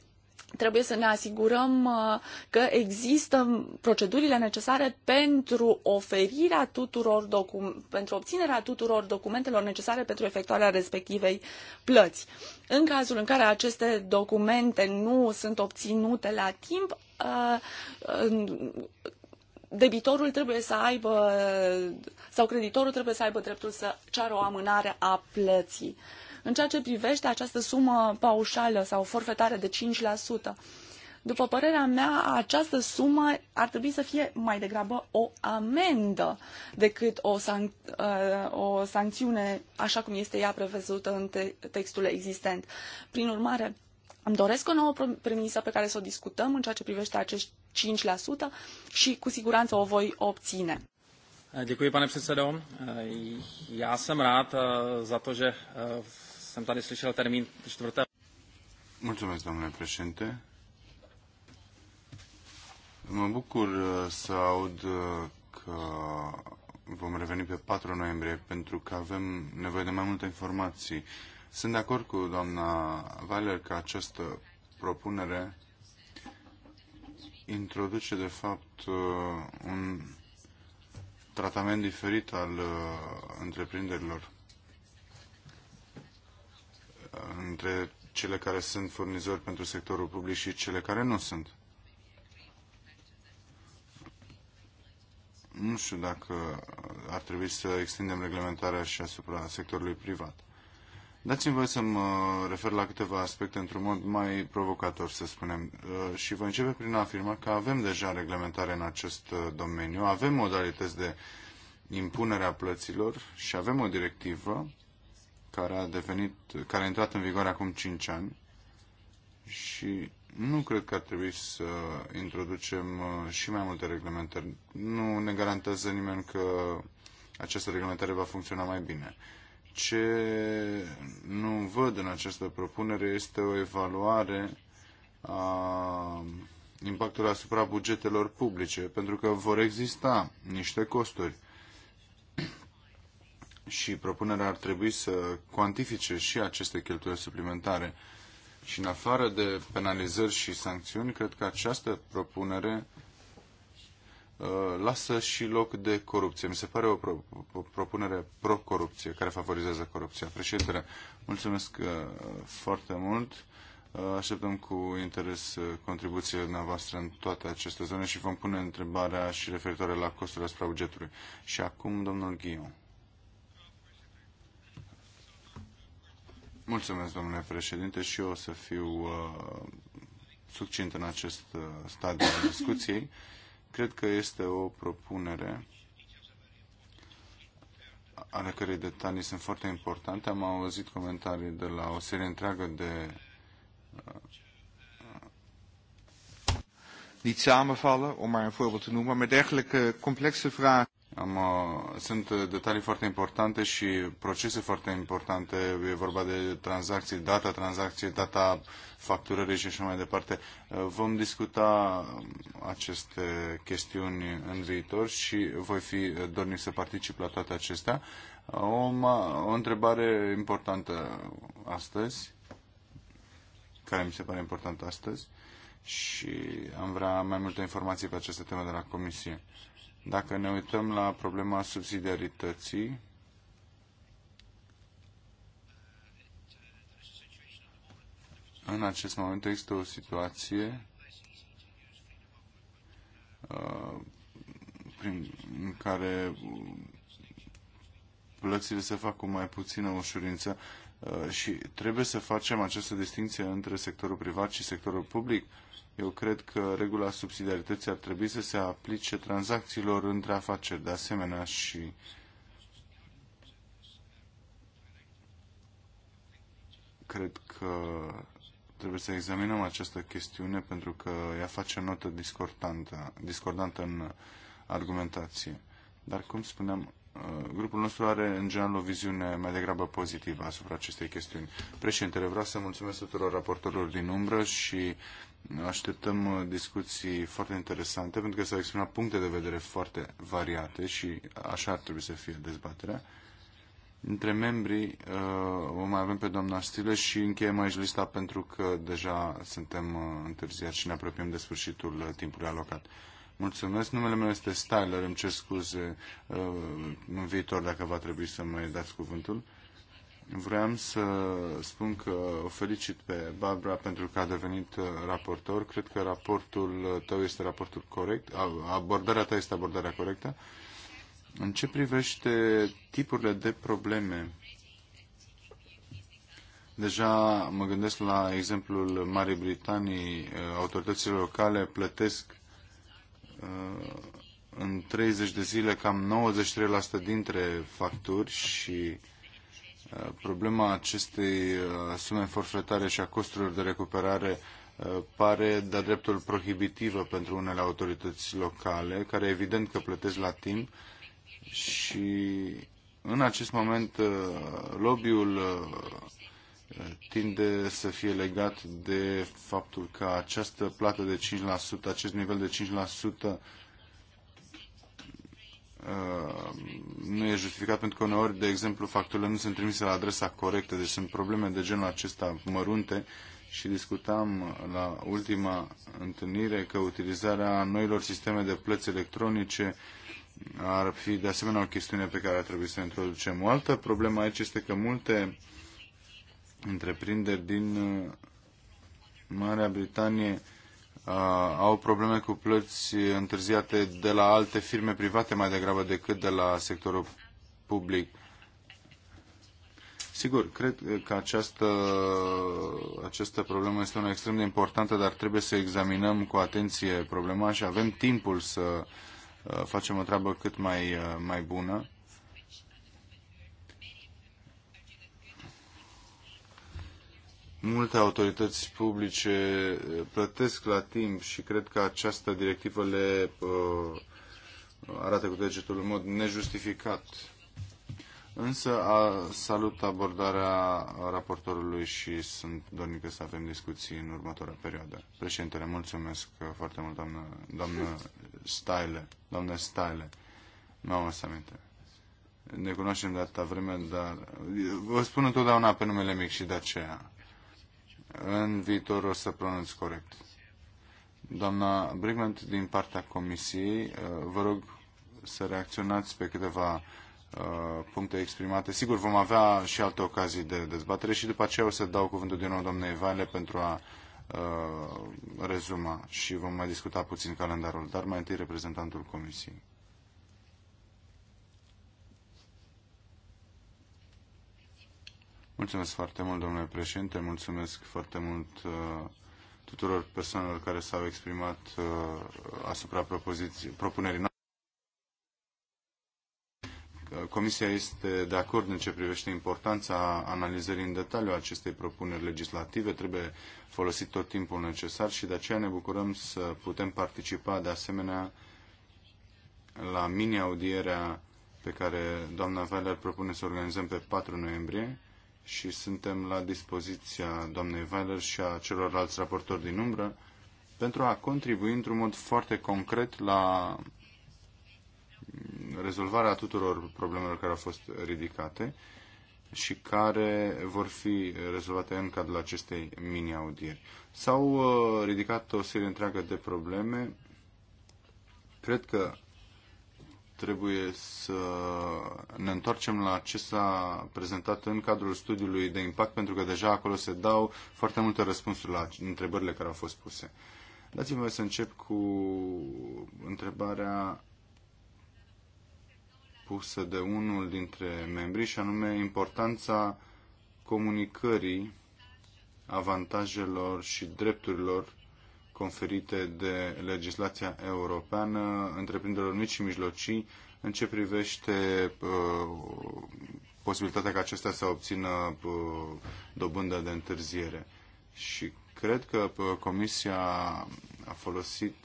trebuie să ne asigurăm uh, că există procedurile necesare pentru oferirea tuturor docu- pentru obținerea tuturor documentelor necesare pentru efectuarea respectivei plăți. În cazul în care aceste documente nu sunt obținute la timp, uh, debitorul trebuie să aibă sau creditorul trebuie să aibă dreptul să ceară o amânare a plății. Uh, în ceea ce privește această sumă paușală sau forfetare de 5%, după părerea mea, această sumă ar trebui să fie mai degrabă o amendă decât o, sanc- uh, o sancțiune așa cum este ea prevăzută în te- textul existent. Prin urmare, îmi doresc o nouă premisă pe care să o discutăm în ceea ce privește acești 5% și cu siguranță o voi obține. Děkuji, pane předsedo. Já jsem rád eh, za to, že v eh, Jsem tady slyšel termín čtvrté. Mulțumesc, domnule președinte. Mă bucur uh, să aud uh, că vom reveni pe 4 noiembrie pentru că avem nevoie de mai multe informații. Sunt de acord cu doamna Valer că această propunere introduce de fapt uh, un tratament diferit al întreprinderilor între cele care sunt furnizori pentru sectorul public și cele care nu sunt. Nu știu dacă ar trebui să extindem reglementarea și asupra sectorului privat. Dați-mi voi să mă refer la câteva aspecte într-un mod mai provocator, să spunem, uh, și voi începe prin a afirma că avem deja reglementare în acest uh, domeniu, avem modalități de impunere a plăților și avem o directivă care a devenit, care a intrat în vigoare acum 5 ani și nu cred că ar trebui să introducem uh, și mai multe reglementări. Nu ne garantează nimeni că această reglementare va funcționa mai bine. Ce nu văd în această propunere este o evaluare a impactului asupra bugetelor publice, pentru că vor exista niște costuri și propunerea ar trebui să cuantifice și aceste cheltuieli suplimentare. Și în afară de penalizări și sancțiuni, cred că această propunere uh, lasă și loc de corupție. Mi se pare o, pro- o propunere pro-corupție, care favorizează corupția. Președintele, mulțumesc uh, foarte mult. Uh, așteptăm cu interes contribuțiile dumneavoastră în toate aceste zone și vom pune întrebarea și referitoare la costurile asupra bugetului. Și acum, domnul Ghion. Mulțumesc, domnule președinte, și eu o să fiu uh, succint în acest uh, stadiu al discuției. Cred că este o propunere ale cărei detalii sunt foarte importante. Am auzit comentarii de la o serie întreagă de uh, niet samenvallen, om maar een voorbeeld te noemen. Maar dergelijke complexe vragen. Am, uh, sunt detalii foarte importante și procese foarte importante. E vorba de tranzacții, data tranzacției, data facturării și așa mai departe. Uh, vom discuta um, aceste chestiuni în viitor și voi fi dornic să particip la toate acestea. O, o întrebare importantă astăzi, care mi se pare importantă astăzi și am vrea mai multe informații pe această temă de la Comisie. Dacă ne uităm la problema subsidiarității, în acest moment există o situație uh, prin, în care plățile se fac cu mai puțină ușurință. Uh, și trebuie să facem această distinție între sectorul privat și sectorul public. Eu cred că regula subsidiarității ar trebui să se aplice tranzacțiilor între afaceri, de asemenea și cred că trebuie să examinăm această chestiune pentru că ea face notă discordantă, discordantă în argumentație. Dar, cum spuneam, Uh, grupul nostru are în general o viziune mai degrabă pozitivă asupra acestei chestiuni. Președintele, vreau să mulțumesc tuturor raportorilor din umbră și așteptăm uh, discuții foarte interesante pentru că s-au exprimat puncte de vedere foarte variate și așa ar trebui să fie dezbaterea. Între membrii uh, o mai avem pe doamna Stile și încheiem aici lista pentru că deja suntem întârziați și ne apropiem de sfârșitul timpului alocat. Mulțumesc. Numele meu este Styler. Îmi cer scuze uh, în viitor dacă va trebui să mai dați cuvântul. Vreau să spun că o felicit pe Barbara pentru că a devenit uh, raportor. Cred că raportul uh, tău este raportul corect, abordarea ta este abordarea corectă. În ce privește tipurile de probleme, deja mă gândesc la exemplul Marii Britanii, autoritățile locale plătesc Uh, în 30 de zile cam 93% dintre facturi și uh, problema acestei uh, sume forfetare și a costurilor de recuperare pare de dreptul prohibitivă pentru unele autorități locale, care evident că plătesc la timp și în acest moment lobby-ul tinde să fie legat de faptul că această plată de 5%, acest nivel de 5% uh, nu e justificat pentru că uneori, de exemplu, facturile nu sunt trimise la adresa corectă, deci sunt probleme de genul acesta mărunte și discutam la ultima întâlnire că utilizarea noilor sisteme de plăți electronice ar fi de asemenea o chestiune pe care ar trebui să o introducem. O altă problemă aici este că multe întreprinderi din uh, Marea Britanie uh, au probleme cu plăți întârziate de la alte firme private mai degrabă decât de la sectorul public. Sigur, cred că această, această problemă este una extrem de importantă, dar trebuie să examinăm cu atenție problema și avem timpul să uh, facem o treabă cât mai, mai bună. Multe autorități publice eh, plătesc la timp și cred că această directivă le uh, arată cu degetul în mod nejustificat. Însă a, salut abordarea raportorului și sunt dornică să avem discuții în următoarea perioadă. Președintele, mulțumesc eh, foarte mult, doamnă, doamnă Style. Doamnă Style. Nu am să aminte. Ne cunoaștem de atâta vreme, dar vă spun întotdeauna pe numele mic și de aceea. În viitor o să pronunț corect. Doamna Brigland, din partea Comisiei, uh, vă rog să reacționați pe câteva uh, puncte exprimate. Sigur, vom avea și alte ocazii de dezbatere și după aceea o să dau cuvântul din nou doamnei Vale pentru a uh, rezuma și vom mai discuta puțin calendarul, dar mai întâi reprezentantul Comisiei. Mulțumesc foarte mult, domnule președinte, mulțumesc foarte mult uh, tuturor persoanelor care s-au exprimat uh, asupra propunerii noastre. Uh, Comisia este de acord în ce privește importanța analizării în detaliu acestei propuneri legislative. Trebuie folosit tot timpul necesar și de aceea ne bucurăm să putem participa de asemenea la mini-audierea pe care doamna Weiler propune să o organizăm pe 4 noiembrie și suntem la dispoziția doamnei Weiler și a celorlalți raportori din umbră pentru a contribui într-un mod foarte concret la rezolvarea tuturor problemelor care au fost ridicate și care vor fi rezolvate în cadrul acestei mini-audieri. S-au uh, ridicat o serie întreagă de probleme. Cred că trebuie să ne întoarcem la ce s-a prezentat în cadrul studiului de impact, pentru că deja acolo se dau foarte multe răspunsuri la întrebările care au fost puse. Dați-mi să încep cu întrebarea pusă de unul dintre membri și anume importanța comunicării avantajelor și drepturilor conferite de legislația europeană întreprinderilor mici și mijlocii în ce privește uh, posibilitatea ca acestea să obțină uh, dobândă de întârziere. Și cred că uh, Comisia a folosit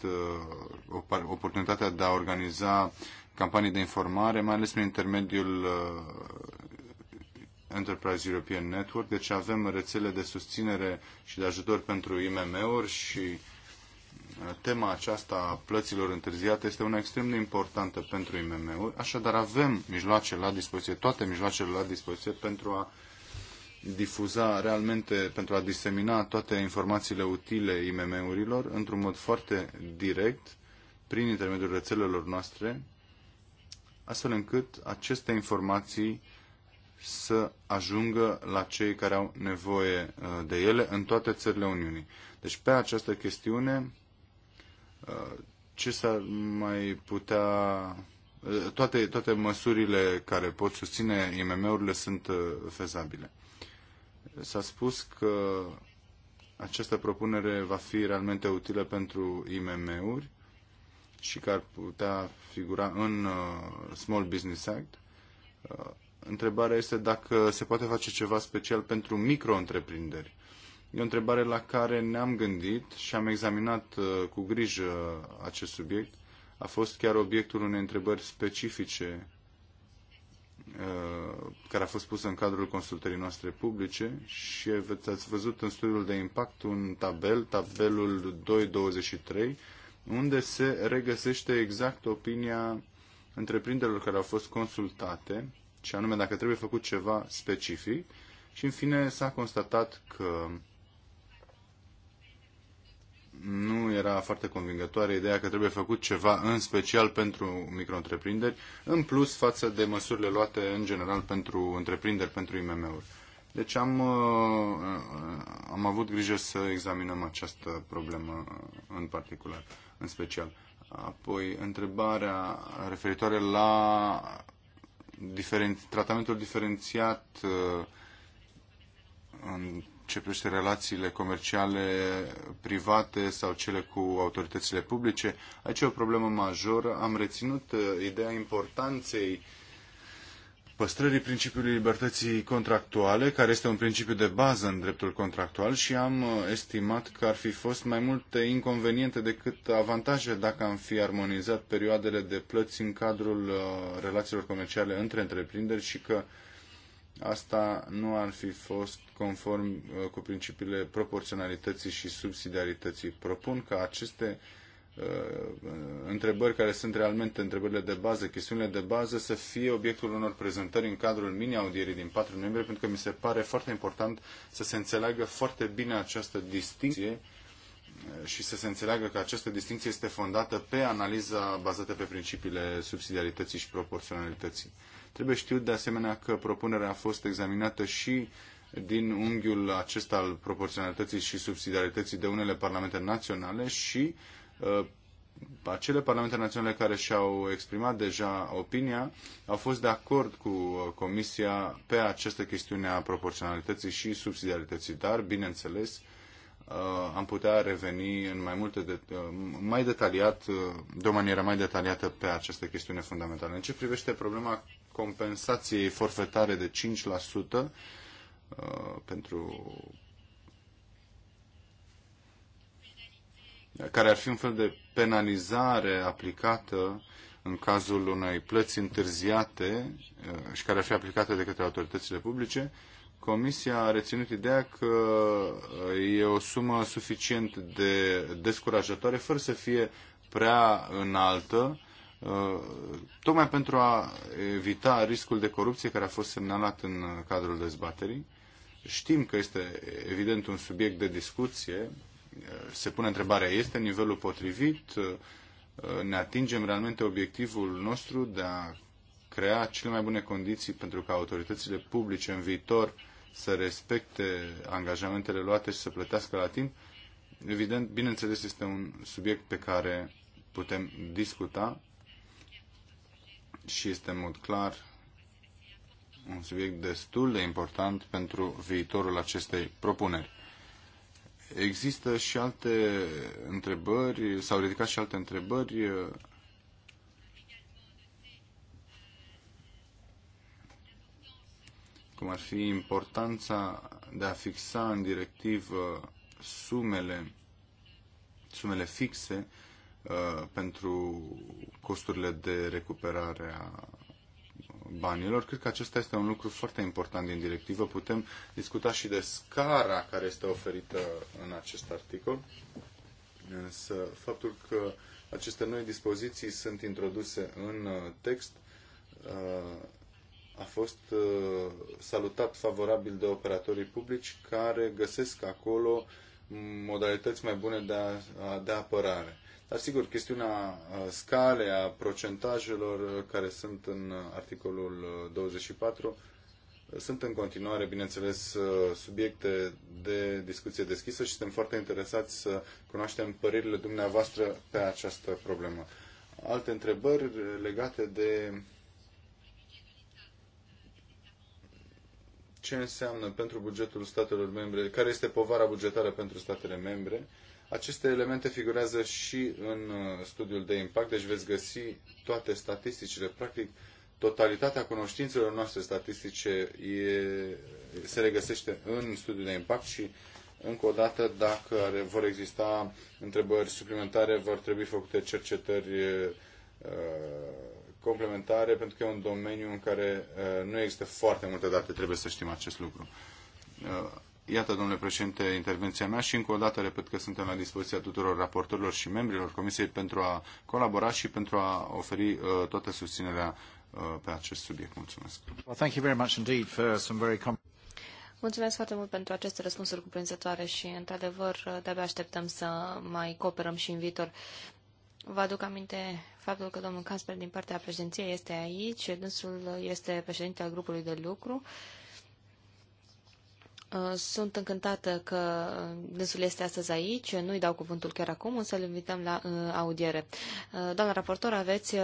oportunitatea de a organiza campanii de informare, mai ales prin intermediul Enterprise European Network, deci avem rețele de susținere și de ajutor pentru IMM-uri și tema aceasta a plăților întârziate este una extrem de importantă pentru IMM-uri, așadar avem mijloace la dispoziție, toate mijloacele la dispoziție pentru a difuza realmente, pentru a disemina toate informațiile utile IMM-urilor într-un mod foarte direct prin intermediul rețelelor noastre, astfel încât aceste informații să ajungă la cei care au nevoie uh, de ele în toate țările Uniunii. Deci pe această chestiune ce s-ar mai putea toate, toate măsurile care pot susține IMM-urile sunt uh, fezabile. S-a spus că această propunere va fi realmente utilă pentru IMM-uri și că ar putea figura în uh, Small Business Act. Uh, întrebarea este dacă se poate face ceva special pentru micro-întreprinderi E o întrebare la care ne-am gândit și am examinat uh, cu grijă acest subiect. A fost chiar obiectul unei întrebări specifice uh, care a fost pusă în cadrul consultării noastre publice și ați văzut în studiul de impact un tabel, tabelul 223, unde se regăsește exact opinia întreprinderilor care au fost consultate, și anume dacă trebuie făcut ceva specific, și în fine s-a constatat că nu era foarte convingătoare ideea că trebuie făcut ceva în special pentru micro-întreprinderi, în plus față de măsurile luate în general pentru întreprinderi, pentru IMM-uri. Deci am, uh, uh, am avut grijă să examinăm această problemă în particular, în special. Apoi, întrebarea referitoare la diferen, tratamentul diferențiat uh, în ce privește relațiile comerciale private sau cele cu autoritățile publice. Aici e o problemă majoră. Am reținut uh, ideea importanței păstrării principiului libertății contractuale, care este un principiu de bază în dreptul contractual și am uh, estimat că ar fi fost mai multe inconveniente decât avantaje dacă am fi armonizat perioadele de plăți în cadrul uh, relațiilor comerciale între întreprinderi și că uh, asta nu ar fi fost conform uh, cu principiile proporționalității și subsidiarității. Propun că aceste uh, întrebări care sunt realmente întrebările de bază, chestiunile de bază, să fie obiectul unor prezentări în cadrul mini-audierii din 4 noiembrie, pentru că mi se pare foarte important să se înțeleagă foarte bine această distinție uh, și să se înțeleagă că această distinție este fondată pe analiza bazată pe principiile subsidiarității și proporționalității. Trebuie știut de asemenea că propunerea a fost examinată și din unghiul acesta al proporționalității și subsidiarității de unele parlamente naționale și uh, acele parlamente naționale care și-au exprimat deja opinia au fost de acord cu uh, Comisia pe această chestiune a proporționalității și subsidiarității, dar, bineînțeles, uh, am putea reveni în mai multe de, uh, mai detaliat, de o manieră mai detaliată pe această chestiune fundamentală. În ce privește problema compensației forfetare de 5% uh, pentru care ar fi un fel de penalizare aplicată în cazul unei plăți întârziate uh, și care ar fi aplicată de către autoritățile publice, Comisia a reținut ideea că uh, e o sumă suficient de descurajatoare, fără să fie prea înaltă, Uh, tocmai pentru a evita riscul de corupție care a fost semnalat în cadrul dezbaterii. Știm că este evident un subiect de discuție, uh, se pune întrebarea, este nivelul potrivit, uh, ne atingem realmente obiectivul nostru de a crea cele mai bune condiții pentru ca autoritățile publice în viitor să respecte angajamentele luate și să plătească la timp. Evident, bineînțeles, este un subiect pe care putem discuta și este în mod clar un subiect destul de important pentru viitorul acestei propuneri. Există și alte întrebări, s-au ridicat și alte întrebări cum ar fi importanța de a fixa în directiv sumele, sumele fixe Uh, pentru costurile de recuperare a banilor. Cred că acesta este un lucru foarte important din directivă. Putem discuta și de scara care este oferită în acest articol. Însă faptul că aceste noi dispoziții sunt introduse în uh, text uh, a fost salutat favorabil de operatorii publici care găsesc acolo modalități mai bune de, a, de apărare. Dar sigur, chestiunea uh, scale a procentajelor uh, care sunt în uh, articolul 24 sunt în continuare, bineînțeles, subiecte de discuție deschisă și suntem foarte interesați să cunoaștem părerile dumneavoastră pe această problemă. Alte întrebări legate de ce înseamnă pentru bugetul statelor membre, care este povara bugetară pentru statele membre, aceste elemente figurează și în uh, studiul de impact, deci veți găsi toate statisticile. Practic, totalitatea cunoștințelor noastre statistice e, se regăsește în studiul de impact și încă o dată, dacă vor exista întrebări suplimentare, vor trebui făcute cercetări uh, complementare, pentru că e un domeniu în care uh, nu există foarte multe date, trebuie să știm acest lucru. Uh, Iată, domnule președinte, intervenția mea și încă o dată repet că suntem la dispoziția tuturor raportorilor și membrilor Comisiei pentru a colabora și pentru a oferi uh, toată susținerea uh, pe acest subiect. Mulțumesc. Well, thank you very much indeed for some very Mulțumesc foarte mult pentru aceste răspunsuri cuprinzătoare și, într-adevăr, uh, de-abia așteptăm să mai cooperăm și în viitor. Vă aduc aminte faptul că domnul Casper din partea președinției este aici, dânsul este președinte al grupului de lucru. Uh, Uh, sunt încântată că dânsul este astăzi aici, nu-i dau cuvântul chiar acum, însă îl invităm la uh, audiere. Uh, doamna raportor, aveți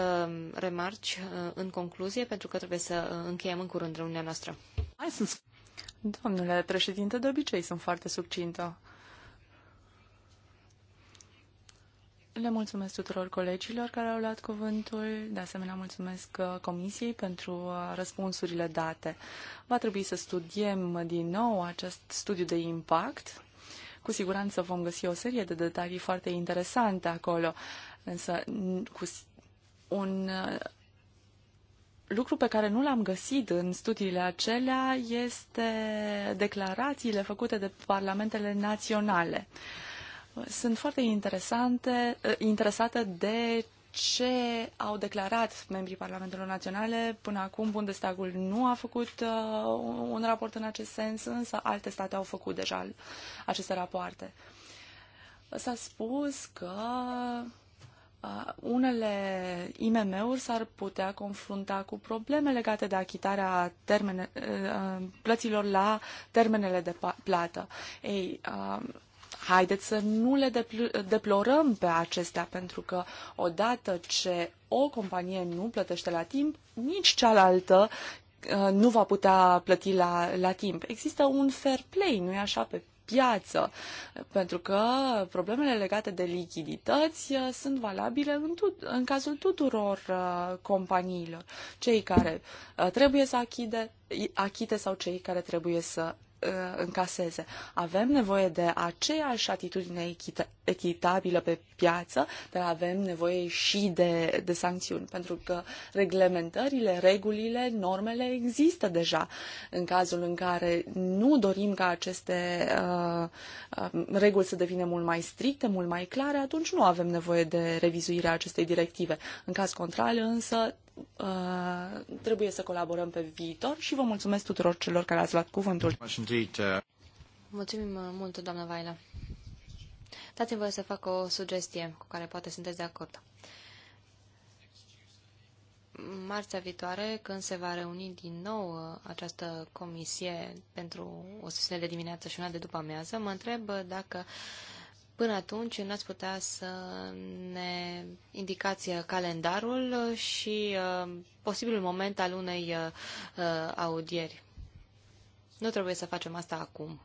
remarci în concluzie, pentru că trebuie să încheiem în curând reuniunea noastră. Domnule președinte, de obicei sunt foarte succintă. Le mulțumesc tuturor colegilor care au luat cuvântul, de asemenea mulțumesc uh, Comisiei pentru uh, răspunsurile date. Va trebui să studiem din nou acest studiu de impact. Cu siguranță vom găsi o serie de detalii foarte interesante acolo, însă cu un uh, lucru pe care nu l-am găsit în studiile acelea este declarațiile făcute de parlamentele naționale. Sunt foarte interesante, eh, interesată de ce au declarat membrii Parlamentului Naționale. Până acum Bundestagul nu a făcut uh, un raport în acest sens, însă alte state au făcut deja aceste rapoarte. S-a spus că eh, unele IMM-uri s-ar putea confrunta cu probleme legate de achitarea termene, plăților la termenele de plată. Ei, haideți să nu le deplorăm pe acestea, pentru că odată ce o companie nu plătește la timp, nici cealaltă uh, nu va putea plăti la, la timp. Există un fair play, nu-i așa, pe piață, pentru că problemele legate de lichidități uh, sunt valabile în, tut, în cazul tuturor uh, companiilor. Cei care trebuie să achide, achite sau cei care trebuie să Uh, încaseze. Avem nevoie de aceeași atitudine echitabilă pe piață, dar avem nevoie și de, de sancțiuni, pentru că reglementările, regulile, normele există deja. În cazul în care nu dorim ca aceste uh, um, reguli să devină mult mai stricte, mult mai clare, atunci nu avem nevoie de revizuirea acestei directive. În caz contrar, însă, uh, trebuie să colaborăm pe viitor și vă mulțumesc tuturor celor care ați luat cuvântul. Uh, Mulțumim uh, mult, doamnă Vaila. Dați-mi voie să fac o sugestie cu care poate sunteți de acord. Marțea viitoare, când se va reuni din nou uh, această comisie pentru o sesiune de dimineață și una de după amiază, mă întreb dacă uh, Până atunci, n-ați putea să ne indicați uh, calendarul uh, și uh, posibilul moment al unei uh, uh, audieri. Nu trebuie să facem asta acum.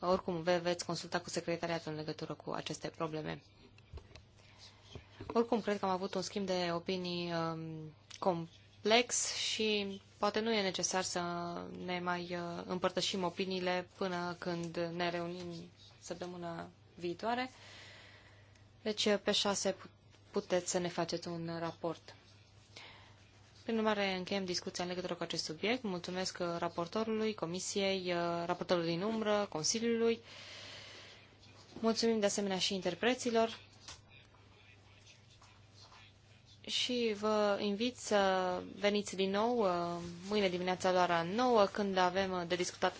Oricum, ve veți consulta cu secretariatul în legătură cu aceste probleme. Oricum, cred că am avut un schimb de opinii uh, complex și poate nu e necesar să ne mai uh, împărtășim opiniile până când ne reunim săptămâna viitoare. Deci pe șase puteți să ne faceți un raport. Prin urmare, încheiem discuția în legătură cu acest subiect. Mulțumesc uh, raportorului, comisiei, uh, raportorului din umbră, Consiliului. Mulțumim de asemenea și interpreților. Și vă invit să veniți din nou uh, mâine dimineața la ora 9 când avem de discutat